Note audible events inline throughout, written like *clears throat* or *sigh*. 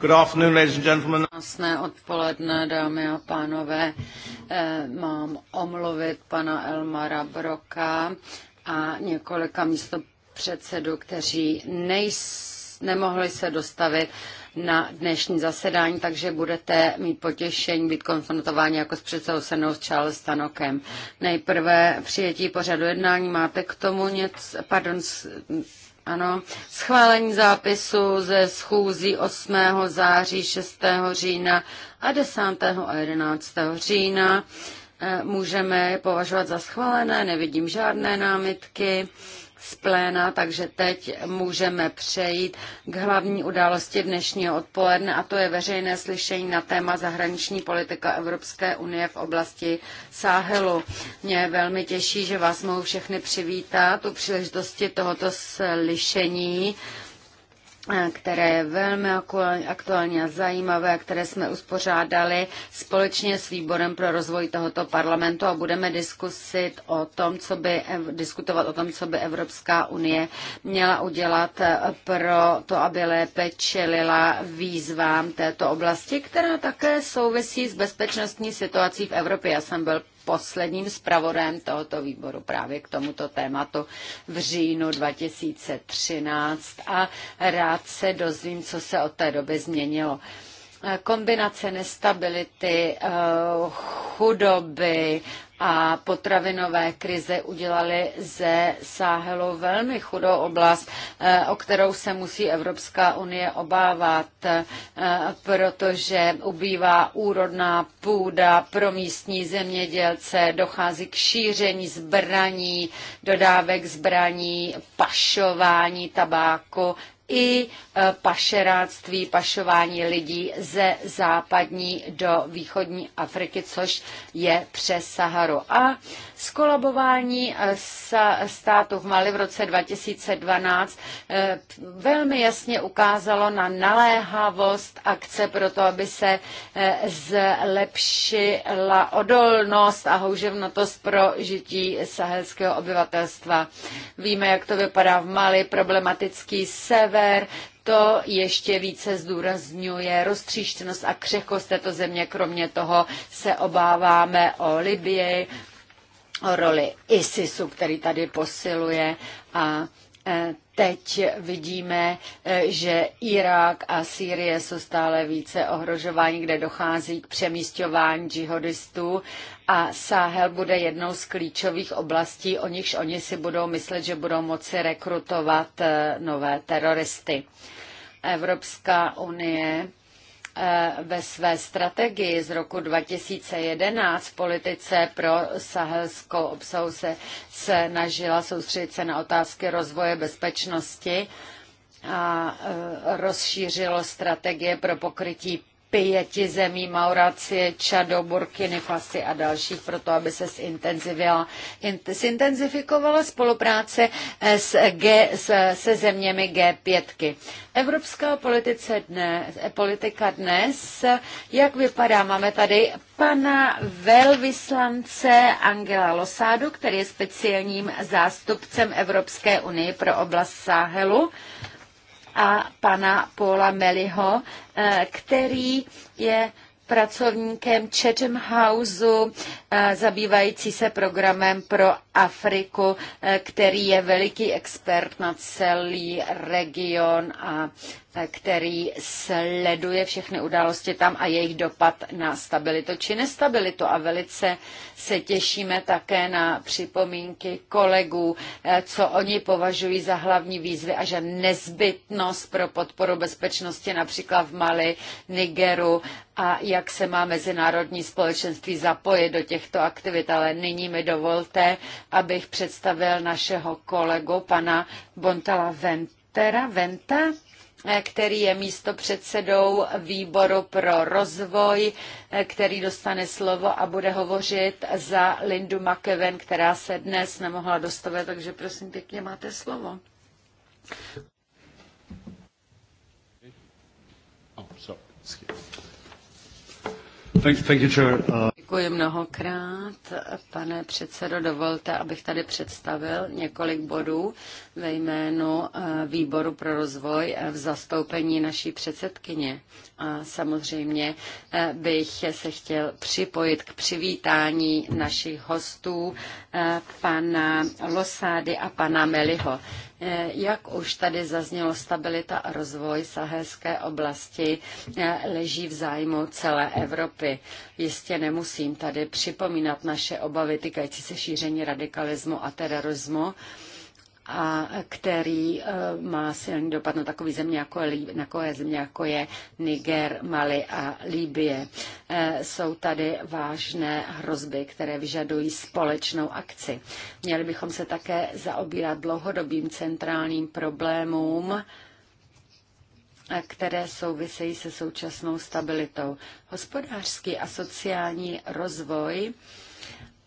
Good afternoon, ladies and gentlemen. Krásné odpoledne, dámy a pánové. Eh, mám omluvit pana Elmara Broka a několika místo předsedu, kteří nejs, nemohli se dostavit na dnešní zasedání, takže budete mít potěšení být konfrontováni jako s předsedou Senou s Charles Stanokem. Nejprve přijetí pořadu jednání. Máte k tomu něco, pardon, ano, schválení zápisu ze schůzí 8. září, 6. října a 10. a 11. října eh, můžeme považovat za schválené, nevidím žádné námitky z pléna, takže teď můžeme přejít k hlavní události dnešního odpoledne a to je veřejné slyšení na téma zahraniční politika Evropské unie v oblasti Sáhelu. Mě velmi těší, že vás mohu všechny přivítat u příležitosti tohoto slyšení které je velmi aktuální a zajímavé, které jsme uspořádali společně s výborem pro rozvoj tohoto parlamentu a budeme diskusit o tom, co by, diskutovat o tom, co by Evropská unie měla udělat eh, pro to, aby lépe čelila výzvám této oblasti, která také souvisí s bezpečnostní situací v Evropě. Já jsem byl posledním zpravodajem tohoto výboru právě k tomuto tématu v říjnu 2013 a rád se dozvím, co se od té doby změnilo kombinace nestability, eh, chudoby a potravinové krize udělaly ze Sáhelu velmi chudou oblast, eh, o kterou se musí Evropská unie obávat, eh, protože ubývá úrodná půda pro místní zemědělce, dochází k šíření zbraní, dodávek zbraní, pašování tabáku i e, pašeráctví, pašování lidí ze západní do východní Afriky, což je přes Saharu. A Skolabování eh, státu v Mali v roce 2012 eh, velmi jasně ukázalo na naléhavost akce pro to, aby se eh, zlepšila odolnost a houževnatost pro žití sahelského obyvatelstva. Víme, jak to vypadá v Mali, problematický sever, to ještě více zdůrazňuje roztříštěnost a křehkost této země. Kromě toho se obáváme o Libii, o roli ISISu, který tady posiluje a e, Teď vidíme, e, že Irák a Sýrie jsou stále více ohrožování, kde dochází k přemístování džihadistů a Sahel bude jednou z klíčových oblastí, o nichž oni si budou myslet, že budou moci rekrutovat e, nové teroristy. Evropská unie Eh, ve své strategii z roku 2011 v politice pro sahelskou obsahu se snažila soustředit se na otázky rozvoje bezpečnosti a eh, rozšířilo strategie pro pokrytí pěti zemí Mauracie, Čado, Burkiny, Fasy a dalších, proto aby se zintenzifikovala spolupráce eh, s G, se zeměmi G5. Evropská politice dne, eh, politika dnes, jak vypadá, máme tady pana velvyslance Angela Losádu, který je speciálním zástupcem Evropské unie pro oblast Sáhelu a pana Paula Meliho, eh, který je pracovníkem Chatham Houseu, eh, zabývající se programem pro Afriku, eh, který je veliký expert na celý region a eh, který sleduje všechny události tam a jejich dopad na stabilitu či nestabilitu. A velice se těšíme také na připomínky kolegů, eh, co oni považují za hlavní výzvy a že nezbytnost pro podporu bezpečnosti například v Mali, Nigeru a jak se má mezinárodní společenství zapojit do těchto aktivit. Ale nyní mi dovolte, abych představil našeho kolegu, pana Bontala Ventera. Venta? Eh, který je místo výboru pro rozvoj, eh, který dostane slovo a bude hovořit za Lindu McEwen, která se dnes nemohla dostavit, takže prosím pěkně máte slovo. Oh, thank, thank you, Chair. Uh... Děkuji mnohokrát. Pane předsedo, dovolte, abych tady představil několik bodů ve jménu eh, Výboru pro rozvoj eh, v zastoupení naší předsedkyně. A samozřejmě eh, bych se chtěl připojit k přivítání našich hostů, pana Losády a pana Meliho. Jak už tady zaznělo, stabilita a rozvoj sahelské oblasti leží v zájmu celé Evropy. Jistě nemusí musím tady připomínat naše obavy týkající se šíření radikalismu a terorismu, a který eh, má silný dopad na takové země, jako je, na země, jako je Niger, Mali a Líbie. Eh, jsou tady vážné hrozby, které vyžadují společnou akci. Měli bychom se také zaobírat dlouhodobým centrálním problémům, které souvisejí se současnou stabilitou. Hospodářský a sociální rozvoj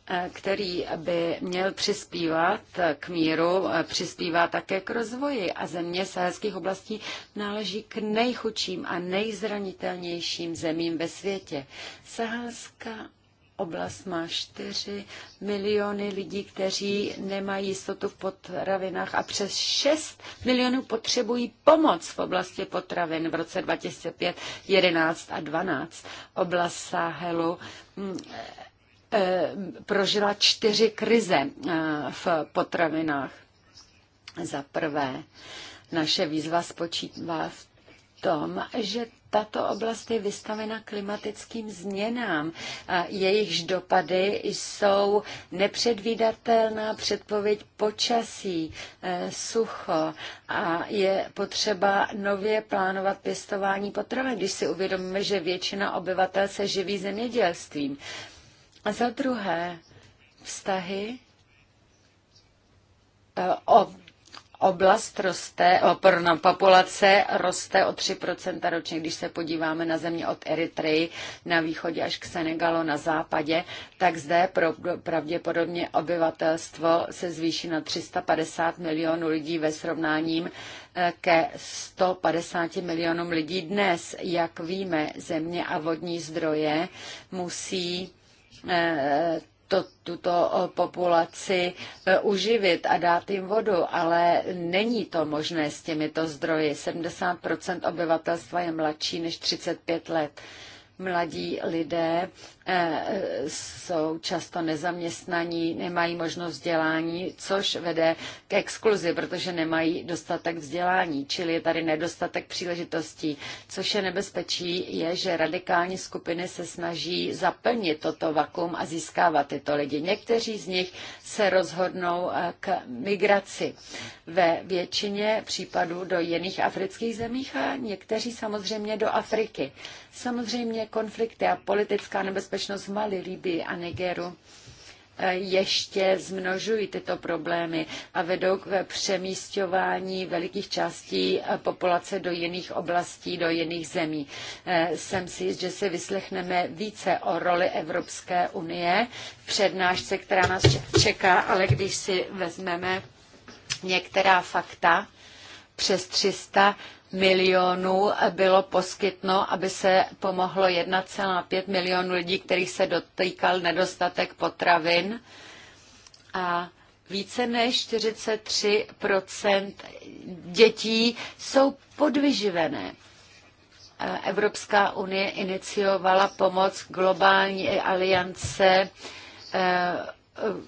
eh, který by měl přispívat k míru, eh, přispívá také k rozvoji a země sahelských oblastí náleží k nejchučím a nejzranitelnějším zemím ve světě. Sahelská oblast má 4 miliony lidí, kteří nemají jistotu v potravinách a přes 6 milionů potřebují pomoc v oblasti potravin v roce 2005, 11 a 12. Oblast Sahelu mm, eh, prožila čtyři krize eh, v potravinách. Za prvé, naše výzva spočívá v tom, že tato oblast je vystavena klimatickým změnám. A jejichž dopady jsou nepředvídatelná předpověď počasí, eh, sucho a je potřeba nově plánovat pěstování potravin, když si uvědomíme, že většina obyvatel se živí zemědělstvím. A za druhé, vztahy eh, o oblast roste, pardon, populace roste o 3% ročně. Když se podíváme na země od Eritreji na východě až k Senegalu na západě, tak zde pravděpodobně obyvatelstvo se zvýší na 350 milionů lidí ve srovnání eh, ke 150 milionům lidí dnes. Jak víme, země a vodní zdroje musí eh, to, tuto populaci e, uživit a dát jim vodu, ale není to možné s těmito zdroji. 70 obyvatelstva je mladší než 35 let. Mladí lidé Eh, eh, jsou často nezaměstnaní, nemají možnost vzdělání, což vede k exkluzi, protože nemají dostatek vzdělání, čili je tady nedostatek příležitostí. Což je nebezpečí, je, že radikální skupiny se snaží zaplnit toto vakuum a získávat tyto lidi. Někteří z nich se rozhodnou eh, k migraci ve většině případů do jiných afrických zemích a někteří samozřejmě do Afriky. Samozřejmě konflikty a politická nebezpečí bezpečnost v Mali, Libii a Nigeru eh, ještě zmnožují tyto problémy a vedou k přemístování velikých částí eh, populace do jiných oblastí, do jiných zemí. Eh, jsem si jist, že si vyslechneme více o roli Evropské unie v přednášce, která nás čeká, ale když si vezmeme některá fakta, přes 300 milionů bylo poskytno, aby se pomohlo 1,5 milionů lidí, kterých se dotýkal nedostatek potravin. A více než 43 dětí jsou podvyživené. Evropská unie iniciovala pomoc globální aliance, eh,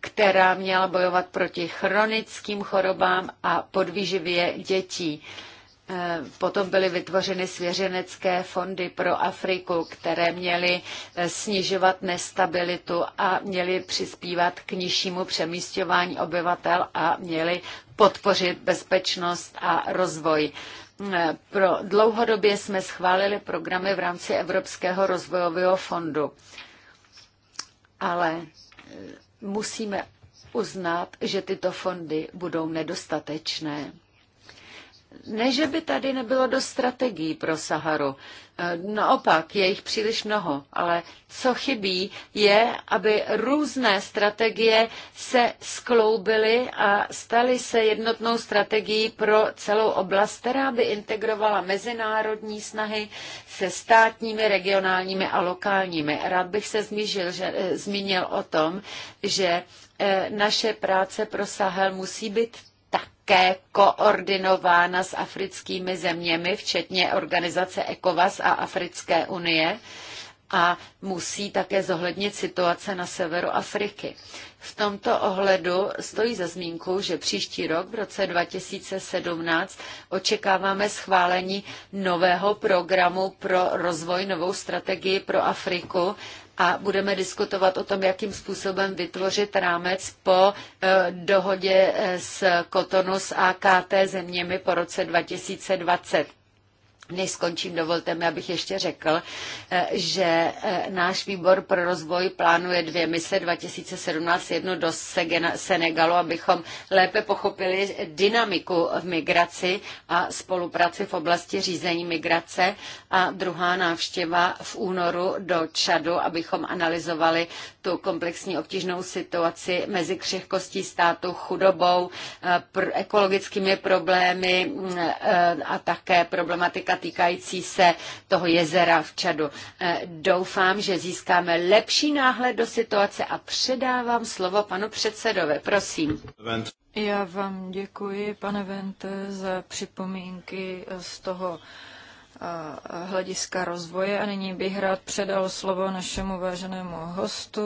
která měla bojovat proti chronickým chorobám a podvýživě dětí. Eh, potom byly vytvořeny svěřenecké fondy pro Afriku, které měly eh, snižovat nestabilitu a měly přispívat k nižšímu přemístování obyvatel a měly podpořit bezpečnost a rozvoj. Eh, pro dlouhodobě jsme schválili programy v rámci Evropského rozvojového fondu. Ale musíme uznat, že tyto fondy budou nedostatečné ne, že by tady nebylo dost strategií pro Saharu. Eh, naopak, je jich příliš mnoho, ale co chybí, je, aby různé strategie se skloubily a staly se jednotnou strategií pro celou oblast, která by integrovala mezinárodní snahy se státními, regionálními a lokálními. Rád bych se zmížil, že, eh, zmínil o tom, že eh, naše práce pro Sahel musí být také koordinována s africkými zeměmi, včetně organizace ECOWAS a Africké unie a musí také zohlednit situace na severu Afriky. V tomto ohledu stojí za zmínku, že příští rok, v roce 2017, očekáváme schválení nového programu pro rozvoj, novou strategii pro Afriku a budeme diskutovat o tom, jakým způsobem vytvořit rámec po eh, dohodě eh, s Kotonu s AKT zeměmi po roce 2020. Než skončím, dovolte mi, abych ještě řekl, eh, že eh, náš výbor pro rozvoj plánuje dvě mise 2017, jednu do Senegalu, abychom lépe pochopili dynamiku v migraci a spolupráci v oblasti řízení migrace a druhá návštěva v únoru do Čadu, abychom analyzovali tu komplexní obtížnou situaci mezi křehkostí státu, chudobou, eh, ekologickými problémy a také problematika týkající se toho jezera v Čadu. Eh, doufám, že získáme lepší náhled do situace a předávám slovo panu předsedovi. Prosím. Já vám děkuji, pane Vente, za připomínky z toho hlediska rozvoje. A nyní bych rád předal slovo našemu váženému hostu,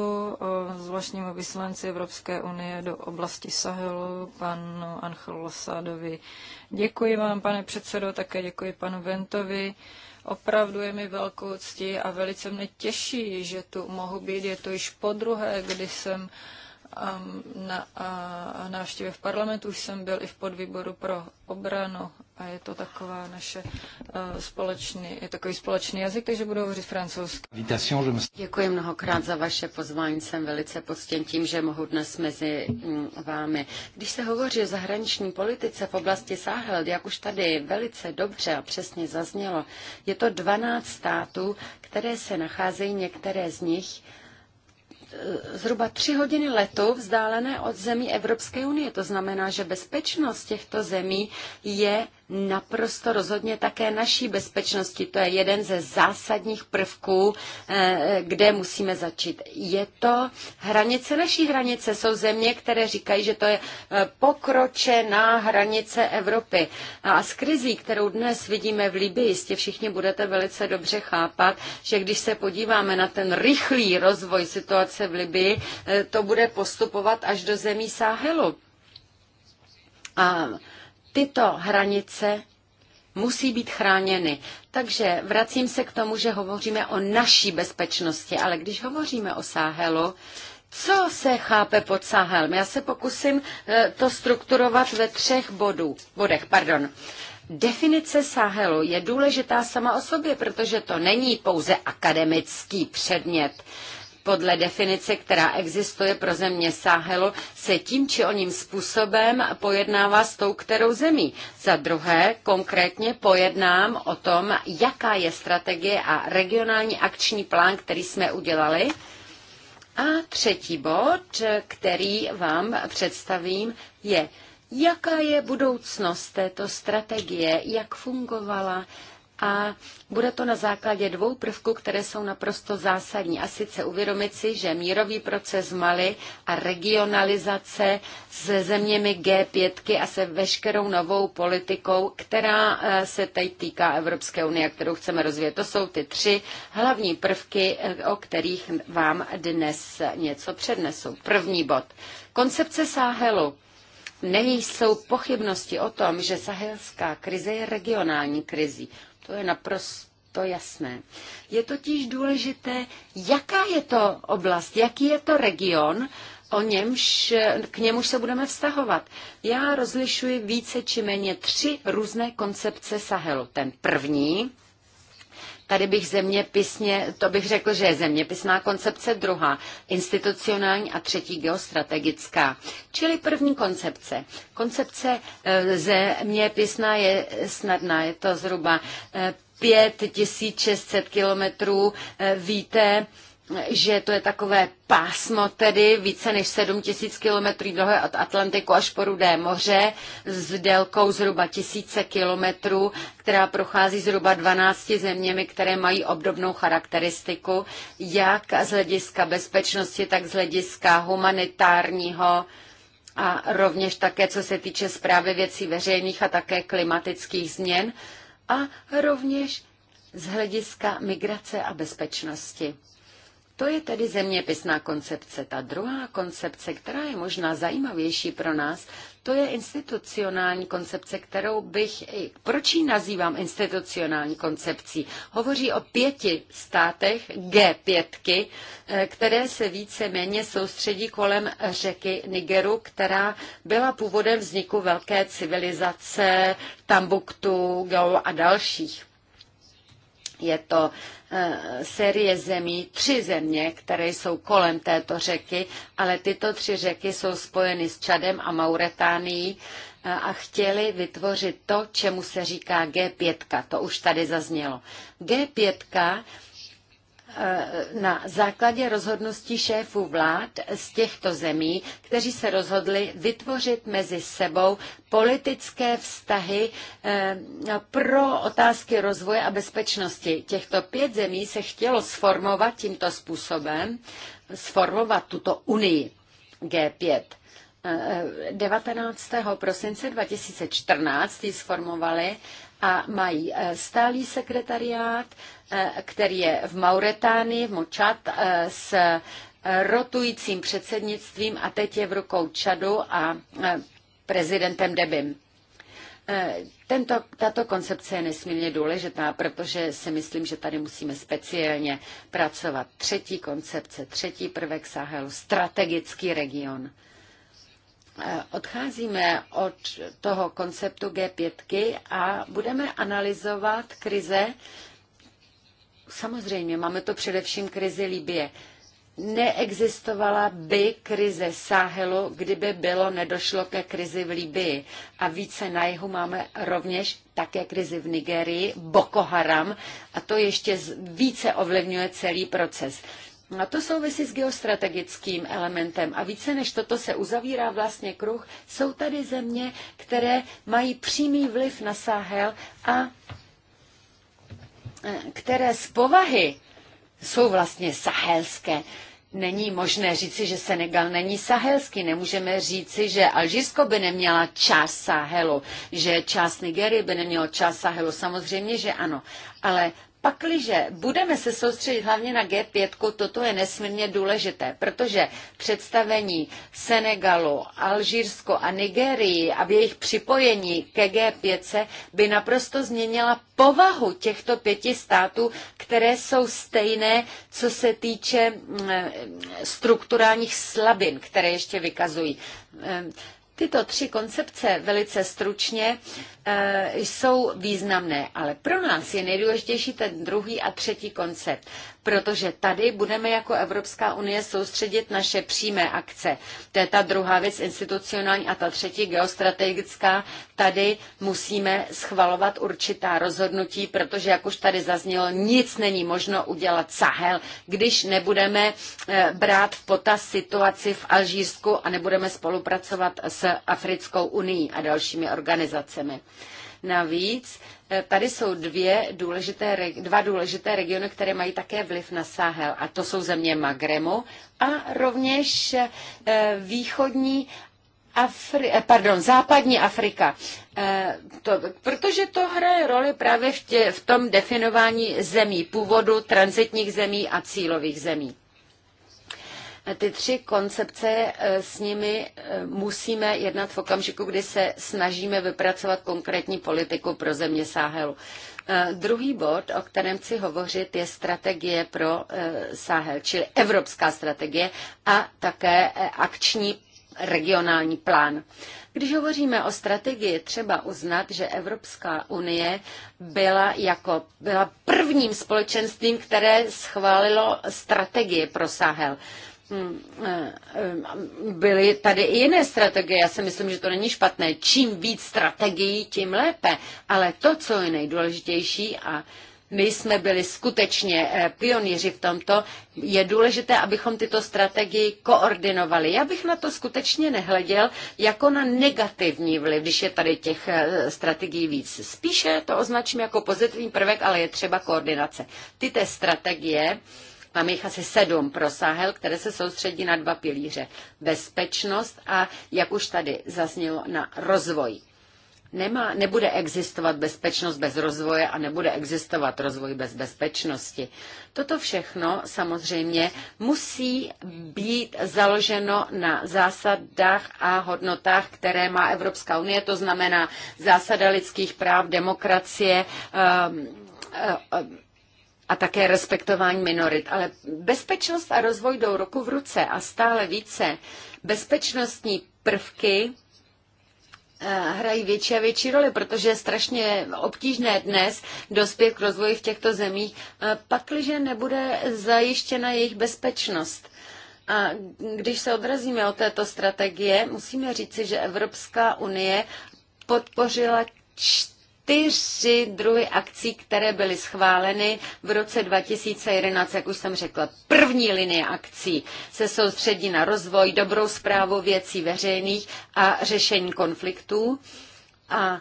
zvláštnímu vyslanci Evropské unie do oblasti Sahelu, panu Angelu Losádovi. Děkuji vám, pane předsedo, také děkuji panu Ventovi. Opravdu je mi velkou cti a velice mne těší, že tu mohu být. Je to již po druhé, kdy jsem um, na návštěvě v parlamentu, už jsem byl i v podvýboru pro obranu a je to taková naše uh, společný, je takový společný jazyk, takže budu hovořit francouzsky. Děkuji mnohokrát za vaše pozvání, jsem velice poctěn tím, že mohu dnes mezi mm, vámi. Když se hovoří o zahraniční politice v oblasti Sahel, jak už tady velice dobře a přesně zaznělo, je to 12 států, které se nacházejí, některé z nich eh, zhruba tři hodiny letu vzdálené od zemí Evropské unie. To znamená, že bezpečnost těchto zemí je naprosto rozhodně také naší bezpečnosti. To je jeden ze zásadních prvků, eh, kde musíme začít. Je to hranice naší hranice. Jsou země, které říkají, že to je eh, pokročená hranice Evropy. A s krizí, kterou dnes vidíme v Libii, jistě všichni budete velice dobře chápat, že když se podíváme na ten rychlý rozvoj situace v Libii, eh, to bude postupovat až do zemí Sáhelu. A tyto hranice musí být chráněny. Takže vracím se k tomu, že hovoříme o naší bezpečnosti, ale když hovoříme o Sáhelu, co se chápe pod Sahelem? Já se pokusím eh, to strukturovat ve třech bodů, bodech. Pardon. Definice Sahelu je důležitá sama o sobě, protože to není pouze akademický předmět. Podle definice, která existuje pro země Sahelu, se tím či oním způsobem pojednává s tou kterou zemí. Za druhé, konkrétně pojednám o tom, jaká je strategie a regionální akční plán, který jsme udělali. A třetí bod, který vám představím, je Jaká je budoucnost této strategie, jak fungovala, a bude to na základě dvou prvků, které jsou naprosto zásadní. A sice uvědomit si, že mírový proces Mali a regionalizace se zeměmi G5 a se veškerou novou politikou, která eh, se teď týká Evropské unie, kterou chceme rozvíjet. To jsou ty tři hlavní prvky, eh, o kterých vám dnes něco přednesu. První bod. Koncepce Sáhelu. Nejsou pochybnosti o tom, že sahelská krize je regionální krizí. To je naprosto jasné. Je totiž důležité, jaká je to oblast, jaký je to region, o němž, k němuž se budeme vztahovat. Já rozlišuji více či méně tři různé koncepce Sahelu. Ten první Tady bych zeměpisně, to bych řekl, že je zeměpisná koncepce druhá, institucionální a třetí geostrategická. Čili první koncepce. Koncepce eh, zeměpisná je snadná, je to zhruba 5600 eh, kilometrů. Eh, víte, že to je takové pásmo tedy více než 7 tisíc kilometrů dlouhé od Atlantiku až po Rudé moře s délkou zhruba tisíce kilometrů, která prochází zhruba 12 zeměmi, které mají obdobnou charakteristiku, jak z hlediska bezpečnosti, tak z hlediska humanitárního a rovněž také co se týče zprávy věcí veřejných a také klimatických změn a rovněž z hlediska migrace a bezpečnosti. To je tedy zeměpisná koncepce. Ta druhá koncepce, která je možná zajímavější pro nás, to je institucionální koncepce, kterou bych, proč ji nazývám institucionální koncepcí? Hovoří o pěti státech G5, eh, které se více méně soustředí kolem řeky Nigeru, která byla původem vzniku velké civilizace Tambuktu, Gao a dalších. Je to Eh, série zemí, tři země, které jsou kolem této řeky, ale tyto tři řeky jsou spojeny s Čadem a Mauretánií eh, a chtěli vytvořit to, čemu se říká G5. To už tady zaznělo. G5 Eh, na základě rozhodností šéfů vlád z těchto zemí, kteří se rozhodli vytvořit mezi sebou politické vztahy eh, pro otázky rozvoje a bezpečnosti. Těchto pět zemí se chtělo sformovat tímto způsobem, sformovat tuto unii G5. 19. Eh, prosince 2014 ji sformovali a mají eh, stálý sekretariát, eh, který je v Mauretánii, v Močat, eh, s rotujícím předsednictvím a teď je v rukou Čadu a prezidentem Debim. Tento, tato koncepce je nesmírně důležitá, protože si myslím, že tady musíme speciálně pracovat. Třetí koncepce, třetí prvek Sahelu, strategický region odcházíme od toho konceptu G5 a budeme analyzovat krize. Samozřejmě, máme to především krizi Libie. Neexistovala by krize Sahelu, kdyby bylo nedošlo ke krizi v Libii. A více na jihu máme rovněž také krizi v Nigerii, Boko Haram, a to ještě více ovlivňuje celý proces. A to souvisí s geostrategickým elementem. A více než toto se uzavírá vlastně kruh. Jsou tady země, které mají přímý vliv na Sahel a eh, které z povahy jsou vlastně sahelské. Není možné říci, že Senegal není sahelský. Nemůžeme říci, že Alžírsko by neměla část Sahelu, že část Nigerie by neměla část Sahelu. Samozřejmě, že ano. Ale Pakliže budeme se soustředit hlavně na G5, toto je nesmírně důležité, protože představení Senegalu, Alžírsko a Nigerii a v jejich připojení ke G5 by naprosto změnila povahu těchto pěti států, které jsou stejné, co se týče mm, strukturálních slabin, které ještě vykazují. Ehm, tyto tři koncepce velice stručně Eh, jsou významné, ale pro nás je nejdůležitější ten druhý a třetí koncept, protože tady budeme jako Evropská unie soustředit naše přímé akce. To je ta druhá věc institucionální a ta třetí geostrategická. Tady musíme schvalovat určitá rozhodnutí, protože, jak už tady zaznělo, nic není možno udělat sahel, když nebudeme eh, brát v potaz situaci v Alžírsku a nebudeme spolupracovat s Africkou unii a dalšími organizacemi. Navíc eh, tady jsou dvě důležité, dva důležité regiony, které mají také vliv na Sahel, a to jsou země Magremu a rovněž eh, východní Afri- eh, pardon, západní Afrika. E, to, protože to hraje roli právě v, tě, v tom definování zemí původu, transitních zemí a cílových zemí. Ty tři koncepce eh, s nimi eh, musíme jednat v okamžiku, kdy se snažíme vypracovat konkrétní politiku pro země Sáhelu. Eh, druhý bod, o kterém chci hovořit, je strategie pro Sáhel, čili evropská strategie a také akční regionální plán. Když hovoříme o strategii, třeba uznat, že Evropská unie byla, jako, byla prvním společenstvím, které schválilo strategii pro Sahel. Mm, eh, eh, byly tady i jiné strategie. Já si myslím, že to není špatné. Čím víc strategií, tím lépe. Ale to, co je nejdůležitější a my jsme byli skutečně eh, pionýři v tomto, je důležité, abychom tyto strategii koordinovali. Já bych na to skutečně nehleděl jako na negativní vliv, když je tady těch strategií víc. Spíše to označím jako pozitivní prvek, ale je třeba koordinace. Tyto strategie, Máme jich asi sedm pro Sahel, které se soustředí na dva pilíře. Bezpečnost a, jak už tady zaznělo, na rozvoj. Nemá, nebude existovat bezpečnost bez rozvoje a nebude existovat rozvoj bez bezpečnosti. Toto všechno samozřejmě musí být založeno na zásadách a hodnotách, které má Evropská unie, to znamená zásada lidských práv, demokracie, um, um, a také respektování minorit. Ale bezpečnost a rozvoj jdou ruku v ruce a stále více bezpečnostní prvky eh, hrají větší a větší roli, protože je strašně obtížné dnes dospět k rozvoji v těchto zemích, eh, pakliže nebude zajištěna jejich bezpečnost. A když se odrazíme od této strategie, musíme říci, že Evropská unie podpořila čtyři čtyři druhy akcí, které byly schváleny v roce 2011, jak už jsem řekla. První linie akcí se soustředí na rozvoj, dobrou zprávu věcí veřejných a řešení konfliktů. A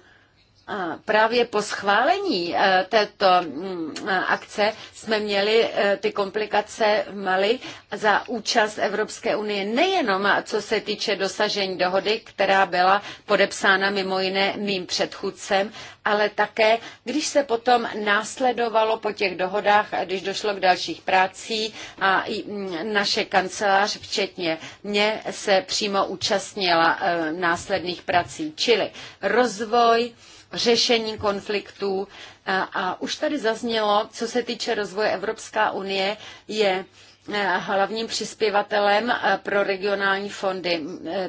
Právě po schválení e, této mm, e, akce jsme měli e, ty komplikace v Mali za účast Evropské unie nejenom co se týče dosažení dohody, která byla podepsána mimo jiné mým předchůdcem, ale také, když se potom následovalo po těch dohodách, když došlo k dalších prací a i mm, naše kancelář, včetně mě, se přímo účastnila následných prací, čili rozvoj, řešení konfliktů. A, a už tady zaznělo, co se týče rozvoje Evropská unie, je e, hlavním přispěvatelem e, pro regionální fondy.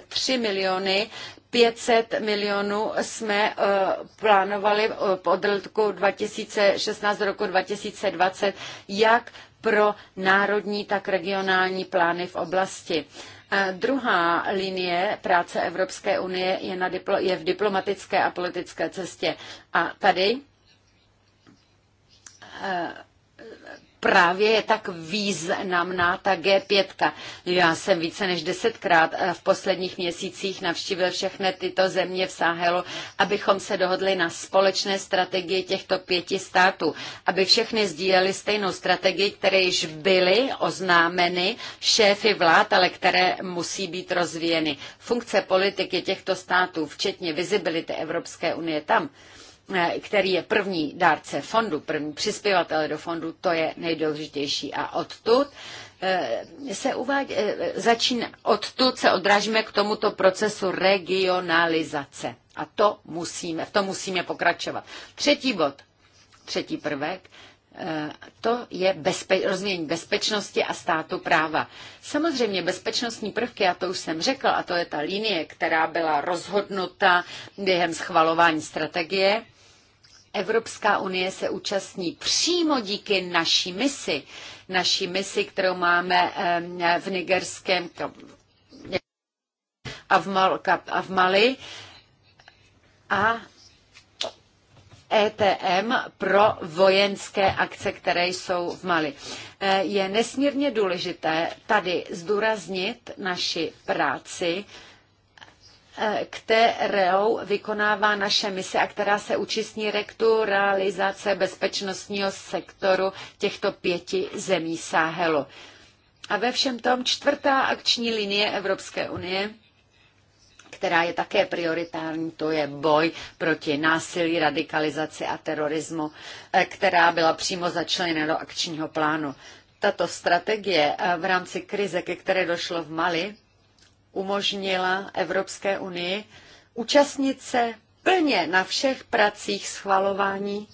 3 e, miliony 500 milionů jsme plánovali od roku 2016 do roku 2020 jak pro národní, tak regionální plány v oblasti Druhá linie práce Evropské unie je, na diplo- je v diplomatické a politické cestě. A tady eh, právě je tak významná ta G5. Já jsem více než desetkrát eh, v posledních měsících navštívil všechny tyto země v Sahelu, abychom se dohodli na společné strategii těchto pěti států, aby všechny sdíleli stejnou strategii, které již byly oznámeny šéfy vlád, ale které musí být rozvíjeny. Funkce politiky těchto států, včetně vizibility Evropské unie tam, Eh, který je první dárce fondu, první přispěvatel do fondu, to je nejdůležitější. A odtud eh, se uvádí, eh, začíná, odtud se odrážíme k tomuto procesu regionalizace. A to musíme, v tom musíme pokračovat. Třetí bod, třetí prvek, to je bezpe- rozvíjení bezpečnosti a státu práva. Samozřejmě bezpečnostní prvky, a to už jsem řekl, a to je ta linie, která byla rozhodnuta během schvalování strategie. Evropská unie se účastní přímo díky naší misi, naší misi, kterou máme eh, v nigerském a v, a v Mali. A ETM pro vojenské akce, které jsou v Mali. E, je nesmírně důležité tady zdůraznit naši práci, e, kterou vykonává naše mise a která se účastní realizace bezpečnostního sektoru těchto pěti zemí Sáhelu. A ve všem tom čtvrtá akční linie Evropské unie která je také prioritární, to je boj proti násilí, radikalizaci a terorismu, eh, která byla přímo začleněna do akčního plánu. Tato strategie eh, v rámci krize, ke které došlo v Mali, umožnila Evropské unii účastnit se plně na všech pracích schvalování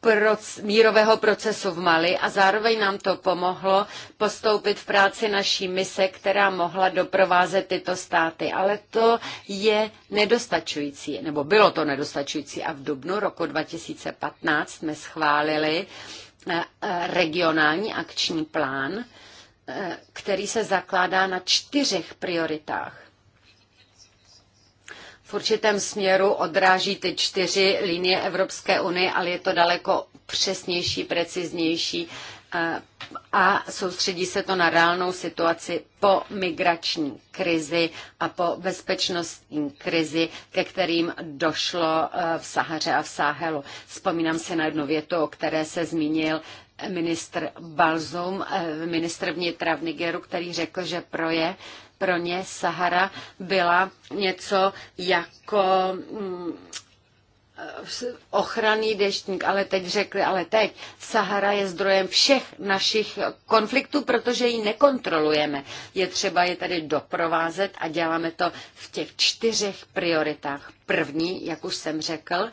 proc, mírového procesu v Mali a zároveň nám to pomohlo postoupit v práci naší mise, která mohla doprovázet tyto státy. Ale to je nedostačující, nebo bylo to nedostačující a v dubnu roku 2015 jsme schválili eh, regionální akční plán, eh, který se zakládá na čtyřech prioritách v určitém směru odráží ty čtyři linie Evropské unie, ale je to daleko přesnější, preciznější eh, a soustředí se to na reálnou situaci po migrační krizi a po bezpečnostní krizi, ke kterým došlo eh, v Sahaře a v Sáhelu. Vzpomínám si na jednu větu, o které se zmínil ministr Balzum, eh, ministr vnitra v Nigeru, který řekl, že proje pro ně Sahara byla něco jako mm, eh, ochranný deštník, ale teď řekli, ale teď Sahara je zdrojem všech našich konfliktů, protože ji nekontrolujeme. Je třeba je tady doprovázet a děláme to v těch čtyřech prioritách. První, jak už jsem řekl,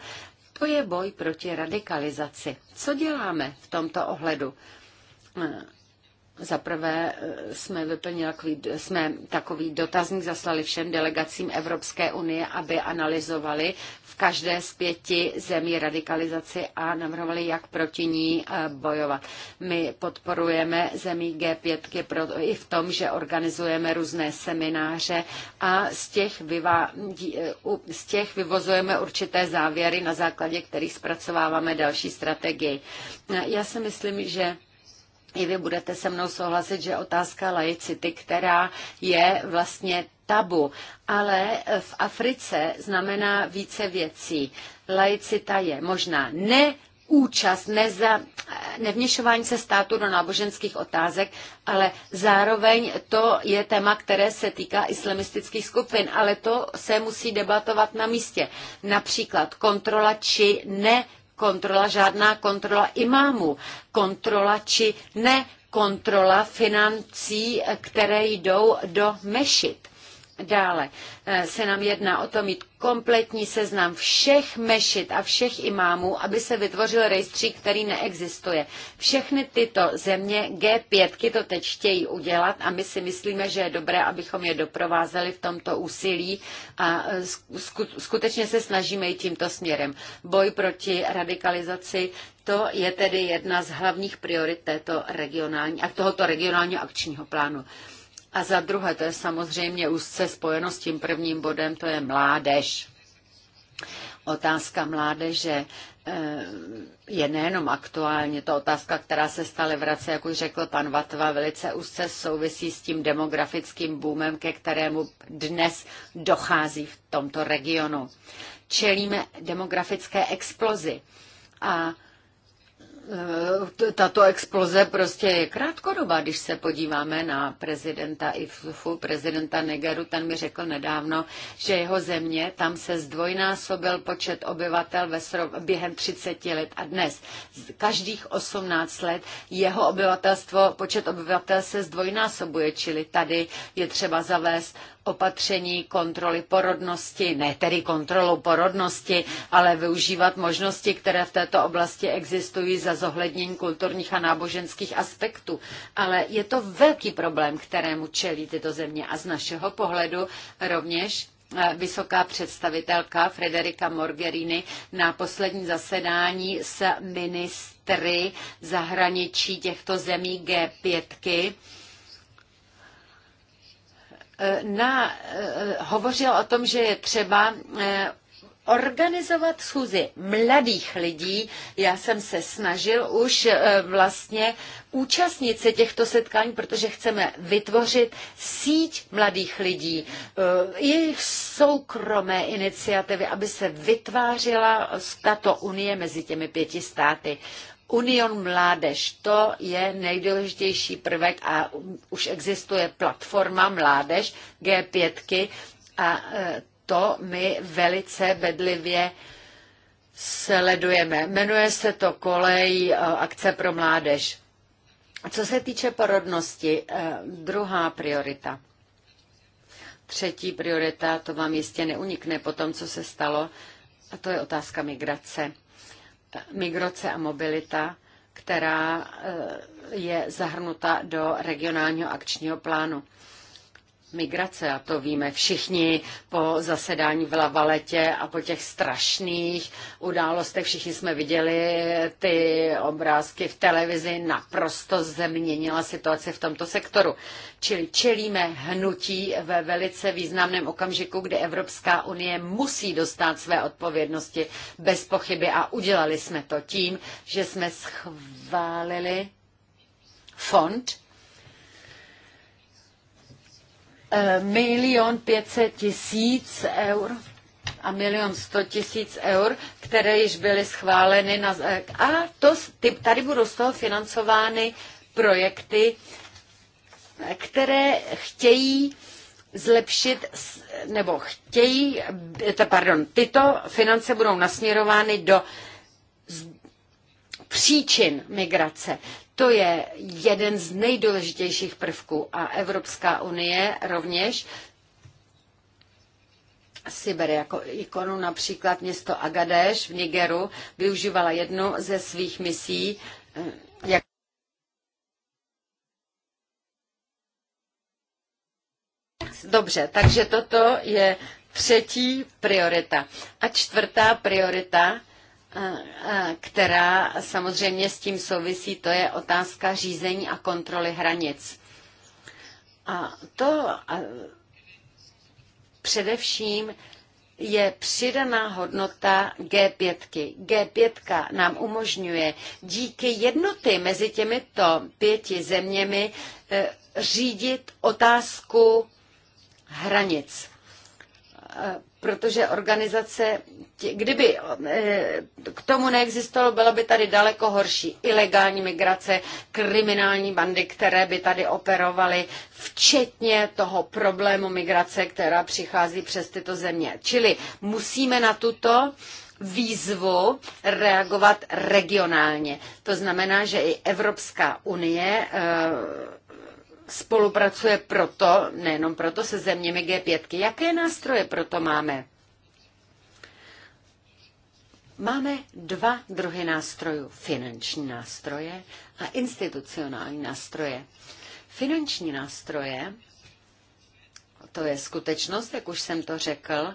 to je boj proti radikalizaci. Co děláme v tomto ohledu? Eh, prvé eh, jsme vyplnili jsme takový dotazník zaslali všem delegacím Evropské unie, aby analyzovali v každé z pěti zemí radikalizaci a navrhovali, jak proti ní eh, bojovat. My podporujeme zemí G5 i v tom, že organizujeme různé semináře a z těch, vyva, eh, z těch vyvozujeme určité závěry, na základě kterých zpracováváme další strategii. Já si myslím, že i vy budete se mnou souhlasit, že otázka laicity, která je vlastně tabu, ale v Africe znamená více věcí. Laicita je možná ne účast, neza, nevněšování se státu do náboženských otázek, ale zároveň to je téma, které se týká islamistických skupin, ale to se musí debatovat na místě. Například kontrola či ne kontrola, žádná kontrola imámu, kontrola či ne kontrola financí, které jdou do mešit. Dále eh, se nám jedná o to mít kompletní seznam všech mešit a všech imámů, aby se vytvořil rejstřík, který neexistuje. Všechny tyto země G5 to teď chtějí udělat a my si myslíme, že je dobré, abychom je doprovázeli v tomto úsilí a eh, skutečně se snažíme i tímto směrem. Boj proti radikalizaci, to je tedy jedna z hlavních priorit této regionální, tohoto regionálního akčního plánu. A za druhé, to je samozřejmě úzce spojeno s tím prvním bodem, to je mládež. Otázka mládeže eh, je nejenom aktuálně, to otázka, která se stále vrací, jak už řekl pan Vatva, velice úzce souvisí s tím demografickým boomem, ke kterému dnes dochází v tomto regionu. Čelíme demografické explozi a Eh, tato exploze prostě je krátkodobá. Když se podíváme na prezidenta Ifufu, prezidenta Negeru, ten mi řekl nedávno, že jeho země, tam se zdvojnásobil počet obyvatel ve srov, během 30 let a dnes každých 18 let jeho obyvatelstvo, počet obyvatel se zdvojnásobuje, čili tady je třeba zavést opatření kontroly porodnosti, ne tedy kontrolou porodnosti, ale využívat možnosti, které v této oblasti existují za zohlednění kulturních a náboženských aspektů. Ale je to velký problém, kterému čelí tyto země a z našeho pohledu rovněž eh, vysoká představitelka Frederika Morgherini na poslední zasedání s ministry zahraničí těchto zemí G5 Eh, na, eh, hovořil o tom, že je třeba eh, organizovat schůzi mladých lidí. Já jsem se snažil už vlastně účastnit se těchto setkání, protože chceme vytvořit síť mladých lidí, jejich soukromé iniciativy, aby se vytvářela tato unie mezi těmi pěti státy. Union Mládež, to je nejdůležitější prvek a už existuje platforma Mládež G5 a e, to my velice bedlivě sledujeme. Jmenuje se to kolej e, akce pro mládež. Co se týče porodnosti, e, druhá priorita. Třetí priorita, to vám jistě neunikne po tom, co se stalo, a to je otázka migrace migrace a mobilita, která eh, je zahrnuta do regionálního akčního plánu migrace, a to víme všichni po zasedání v Lavaletě a po těch strašných událostech. Všichni jsme viděli ty obrázky v televizi, naprosto změnila situace v tomto sektoru. Čili čelíme hnutí ve velice významném okamžiku, kdy Evropská unie musí dostat své odpovědnosti bez pochyby a udělali jsme to tím, že jsme schválili fond milion pětset tisíc eur a milion sto tisíc eur, které již byly schváleny. Na, a to, ty, tady budou z toho financovány projekty, které chtějí zlepšit, nebo chtějí, pardon, tyto finance budou nasměrovány do příčin migrace. To je jeden z nejdůležitějších prvků a Evropská unie rovněž si bere jako ikonu například město Agadeš v Nigeru, využívala jednu ze svých misí jako Dobře, takže toto je třetí priorita. A čtvrtá priorita která samozřejmě s tím souvisí, to je otázka řízení a kontroly hranic. A to a především je přidaná hodnota G5. G5 nám umožňuje díky jednoty mezi těmito pěti zeměmi e, řídit otázku hranic e, protože organizace, kdyby eh, k tomu neexistovalo, byla by tady daleko horší ilegální migrace, kriminální bandy, které by tady operovaly, včetně toho problému migrace, která přichází přes tyto země. Čili musíme na tuto výzvu reagovat regionálně. To znamená, že i Evropská unie eh, spolupracuje proto, nejenom proto, se zeměmi G5. Jaké nástroje proto máme? Máme dva druhy nástrojů. Finanční nástroje a institucionální nástroje. Finanční nástroje, to je skutečnost, jak už jsem to řekl,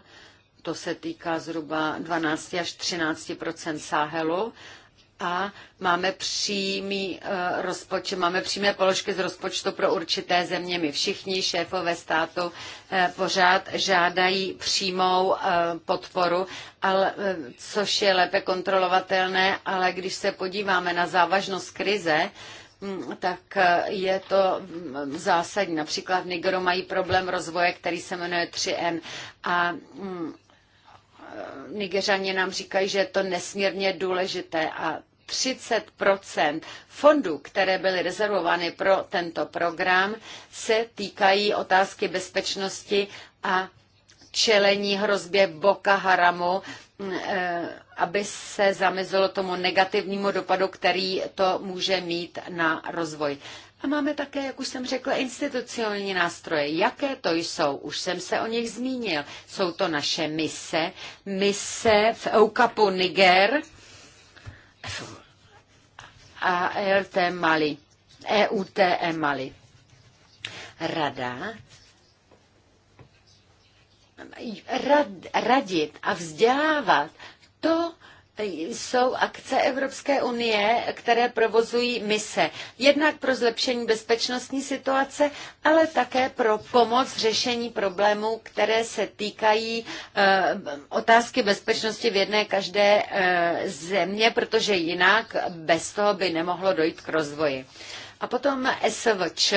to se týká zhruba 12 až 13 Sahelu a máme přímý eh, rozpočet, máme přímé položky z rozpočtu pro určité země. My všichni šéfové státu eh, pořád žádají přímou eh, podporu, ale, což je lépe kontrolovatelné, ale když se podíváme na závažnost krize, hm, tak je to hm, zásadní. Například v Nigeru mají problém rozvoje, který se jmenuje 3 m a hm, Nigeřani nám říkají, že je to nesmírně důležité a 30 fondů, které byly rezervovány pro tento program, se týkají otázky bezpečnosti a čelení hrozbě Boka Haramu, mm, eh, aby se zamezilo tomu negativnímu dopadu, který to může mít na rozvoj. A máme také, jak už jsem řekla, institucionální nástroje. Jaké to jsou? Už jsem se o nich zmínil. Jsou to naše mise. Mise v Eukapu Niger, ALT Mali, EUTM e Mali. Rada rad, radit a vzdělávat, to jsou akce Evropské unie, které provozují mise. Jednak pro zlepšení bezpečnostní situace, ale také pro pomoc řešení problémů, které se týkají eh, otázky bezpečnosti v jedné každé eh, země, protože jinak bez toho by nemohlo dojít k rozvoji. A potom SVČ,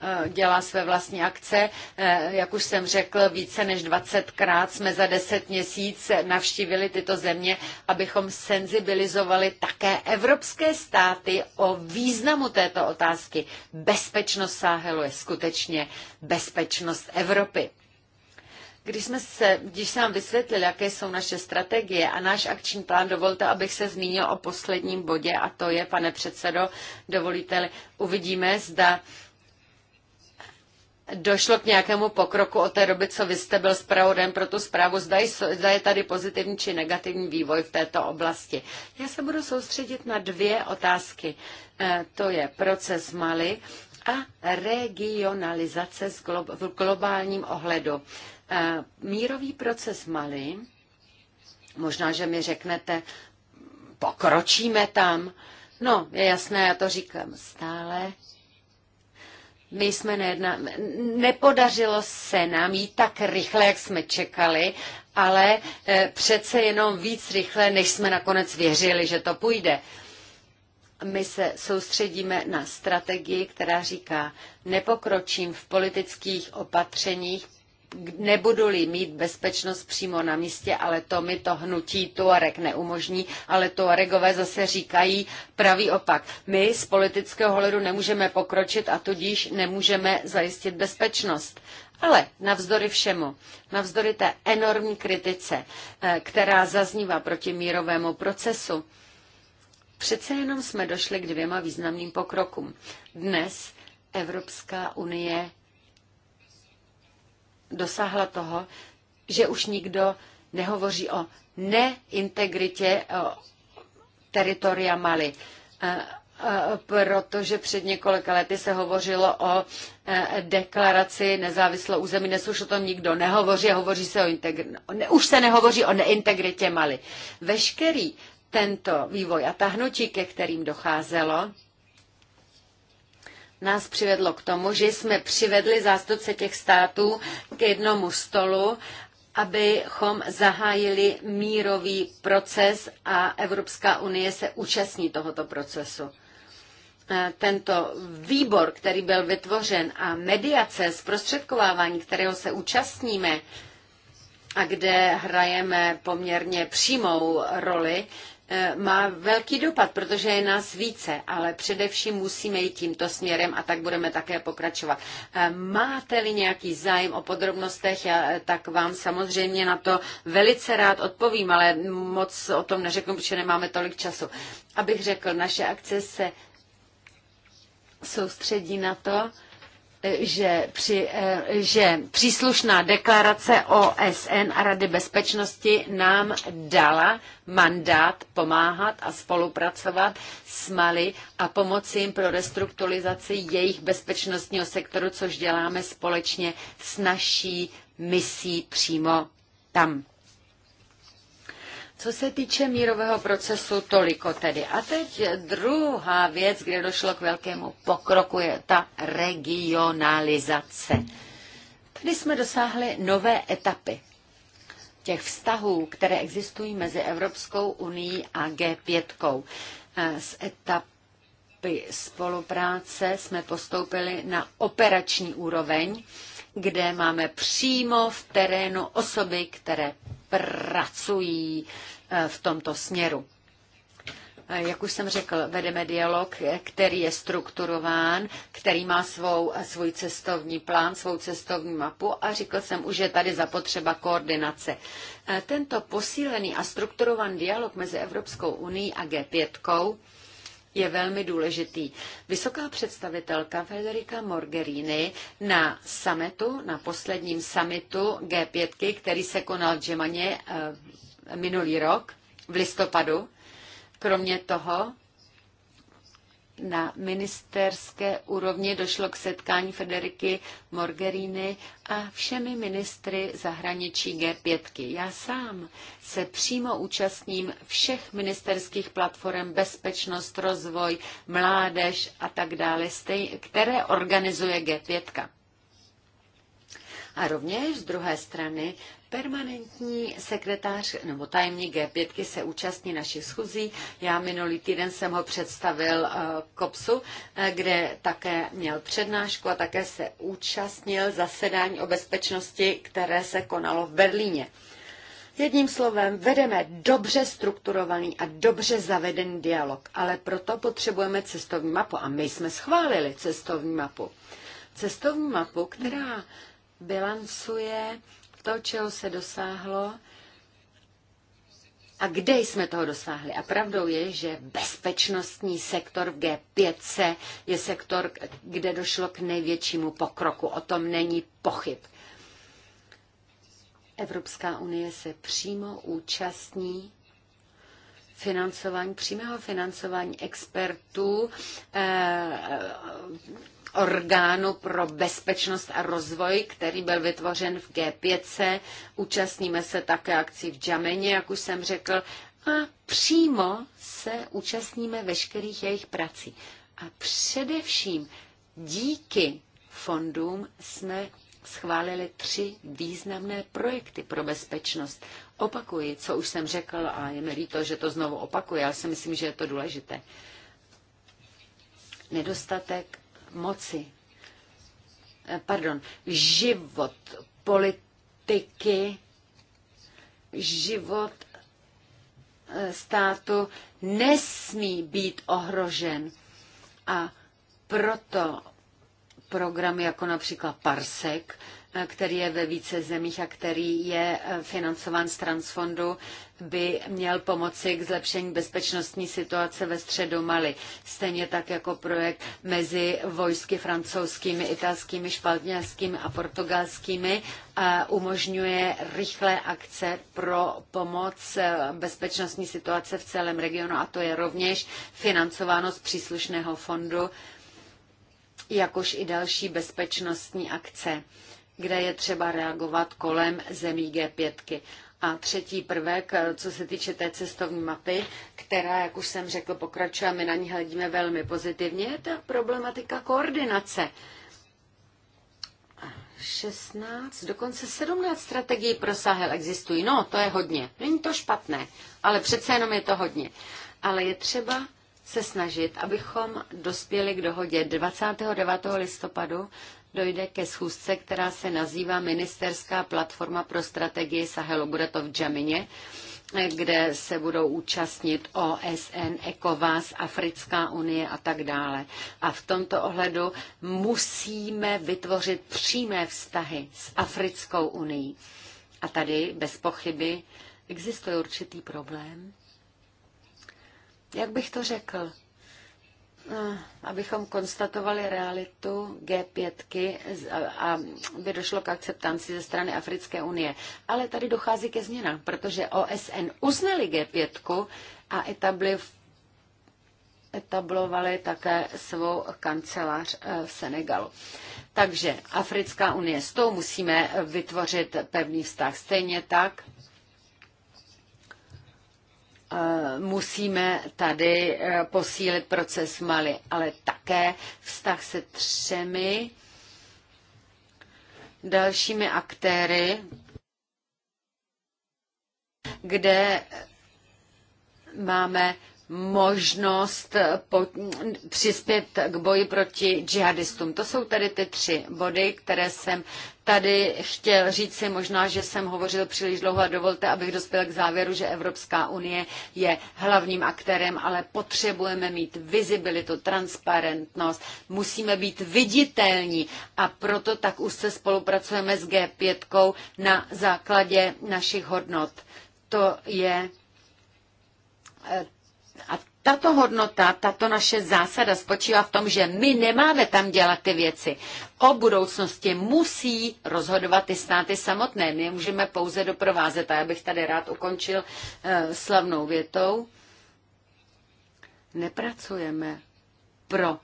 Eh, dělá své vlastní akce. Eh, jak už jsem řekl, více než 20krát jsme za 10 měsíc navštívili tyto země, abychom senzibilizovali také evropské státy o významu této otázky. Bezpečnost Sáhelu je skutečně bezpečnost Evropy. Když, jsme se, když jsem vám vysvětlil, jaké jsou naše strategie a náš akční plán, dovolte, abych se zmínil o posledním bodě, a to je, pane předsedo, dovolíte uvidíme, zda došlo k nějakému pokroku od té doby, co vy jste byl zpravodem pro tu zprávu. Zda, zda je tady pozitivní či negativní vývoj v této oblasti. Já se budu soustředit na dvě otázky. Eh, to je proces Mali a regionalizace v globálním ohledu. Eh, mírový proces Mali, možná, že mi řeknete, pokročíme tam. No, je jasné, já to říkám stále, my jsme nejedna, nepodařilo se nám jít tak rychle, jak jsme čekali, ale eh, přece jenom víc rychle, než jsme nakonec věřili, že to půjde. My se soustředíme na strategii, která říká, nepokročím v politických opatřeních, nebudu-li mít bezpečnost přímo na místě, ale to mi to hnutí Tuareg neumožní, ale Tuaregové zase říkají pravý opak. My z politického hledu nemůžeme pokročit a tudíž nemůžeme zajistit bezpečnost. Ale navzdory všemu, navzdory té enormní kritice, eh, která zaznívá proti mírovému procesu, přece jenom jsme došli k dvěma významným pokrokům. Dnes Evropská unie dosáhla toho, že už nikdo nehovoří o neintegritě teritoria Mali protože před několika lety se hovořilo o deklaraci nezávislou území. Dnes už o tom nikdo nehovoří, hovoří se o integr... No, už se nehovoří o neintegritě Mali. Veškerý tento vývoj a ta hnutí, ke kterým docházelo, nás přivedlo k tomu, že jsme přivedli zástupce těch států k jednomu stolu, abychom zahájili mírový proces a Evropská unie se účastní tohoto procesu e, tento výbor, který byl vytvořen a mediace, zprostředkovávání, kterého se účastníme a kde hrajeme poměrně přímou roli, E, má velký dopad, protože je nás více, ale především musíme jít tímto směrem a tak budeme také pokračovat. E, máte-li nějaký zájem o podrobnostech, e, tak vám samozřejmě na to velice rád odpovím, ale moc o tom neřeknu, protože nemáme tolik času. Abych řekl, naše akce se soustředí na to, že, při, eh, že příslušná deklarace OSN a Rady bezpečnosti nám dala mandát pomáhat a spolupracovat s Mali a pomoci jim pro restrukturalizaci jejich bezpečnostního sektoru, což děláme společně s naší misí přímo tam. Co se týče mírového procesu, toliko tedy. A teď druhá věc, kde došlo k velkému pokroku, je ta regionalizace. Tady jsme dosáhli nové etapy těch vztahů, které existují mezi Evropskou unii a G5. Eh, z etapy spolupráce jsme postoupili na operační úroveň, kde máme přímo v terénu osoby, které pracují eh, v tomto směru. Eh, jak už jsem řekl, vedeme dialog, eh, který je strukturován, který má svou, svůj cestovní plán, svou cestovní mapu a řekl jsem už, že tady zapotřeba koordinace. Tento posílený a strukturovaný dialog mezi Evropskou unii a G5 je velmi důležitý. Vysoká představitelka Federica Morgherini na sametu, na posledním sametu G5, který se konal v Džemaně eh, minulý rok v listopadu, kromě toho na ministerské úrovni došlo k setkání Federiky Morgerini a všemi ministry zahraničí G5. Já sám se přímo účastním všech ministerských platform bezpečnost, rozvoj, mládež a tak dále, které organizuje G5. A rovněž z druhé strany permanentní sekretář nebo tajemník G5 se účastní našich schůzí. Já minulý týden jsem ho představil eh, KOPSu, eh, kde také měl přednášku a také se účastnil zasedání o bezpečnosti, které se konalo v Berlíně. Jedním slovem, vedeme dobře strukturovaný a dobře zavedený dialog, ale proto potřebujeme cestovní mapu a my jsme schválili cestovní mapu. Cestovní mapu, která bilancuje to, čeho se dosáhlo a kde jsme toho dosáhli? A pravdou je, že bezpečnostní sektor v G5 je sektor, kde došlo k největšímu pokroku. O tom není pochyb. Evropská unie se přímo účastní financování, přímého financování expertů eh, orgánu pro bezpečnost a rozvoj, který byl vytvořen v G5. Účastníme se také akcí v Džameně, jak už jsem řekl, a přímo se účastníme veškerých jejich prací. A především díky fondům jsme schválili tři významné projekty pro bezpečnost. Opakuji, co už jsem řekl a je mi líto, že to znovu opakuji, ale si myslím, že je to důležité. Nedostatek moci. Eh, pardon, život politiky, život eh, státu nesmí být ohrožen. A proto programy jako například Parsek, eh, který je ve více zemích a který je financován z transfondu, by měl pomoci k zlepšení bezpečnostní situace ve středu Mali. Stejně tak jako projekt mezi vojsky francouzskými, italskými, španělskými a portugalskými a eh, umožňuje rychlé akce pro pomoc eh, bezpečnostní situace v celém regionu a to je rovněž financováno z příslušného fondu, jakož i další bezpečnostní akce kde je třeba reagovat kolem zemí G5. A třetí prvek, eh, co se týče té cestovní mapy, která, jak už jsem řekl, pokračuje a my na ní hledíme velmi pozitivně, je ta problematika koordinace. 16, dokonce 17 strategií pro Sahel existují. No, to je hodně. Není to špatné, ale přece jenom je to hodně. Ale je třeba se snažit, abychom dospěli k dohodě 29. listopadu dojde ke schůzce, která se nazývá Ministerská platforma pro strategii Sahelu. Bude to v Džamině, kde se budou účastnit OSN, ECOWAS, Africká unie a tak dále. A v tomto ohledu musíme vytvořit přímé vztahy s Africkou unii. A tady bez pochyby existuje určitý problém. Jak bych to řekl? Eh, abychom konstatovali realitu G5 a by došlo k akceptanci ze strany Africké unie. Ale tady dochází ke změnám, protože OSN uznali G5 a etabli, etablovali také svou kancelář eh, v Senegalu. Takže Africká unie, s tou musíme vytvořit pevný vztah. Stejně tak Eh, musíme tady eh, posílit proces Mali, ale také vztah se třemi dalšími aktéry, kde máme možnost eh, po, přispět k boji proti džihadistům. To jsou tady ty tři body, které jsem tady chtěl říct si možná, že jsem hovořil příliš dlouho a dovolte, abych dospěl k závěru, že Evropská unie je hlavním aktérem, ale potřebujeme mít vizibilitu, transparentnost, musíme být viditelní a proto tak už se spolupracujeme s G5 na základě našich hodnot. To je eh, a tato hodnota, tato naše zásada spočívá v tom, že my nemáme tam dělat ty věci. O budoucnosti musí rozhodovat ty státy samotné. My můžeme pouze doprovázet. A já bych tady rád ukončil eh, slavnou větou. Nepracujeme pro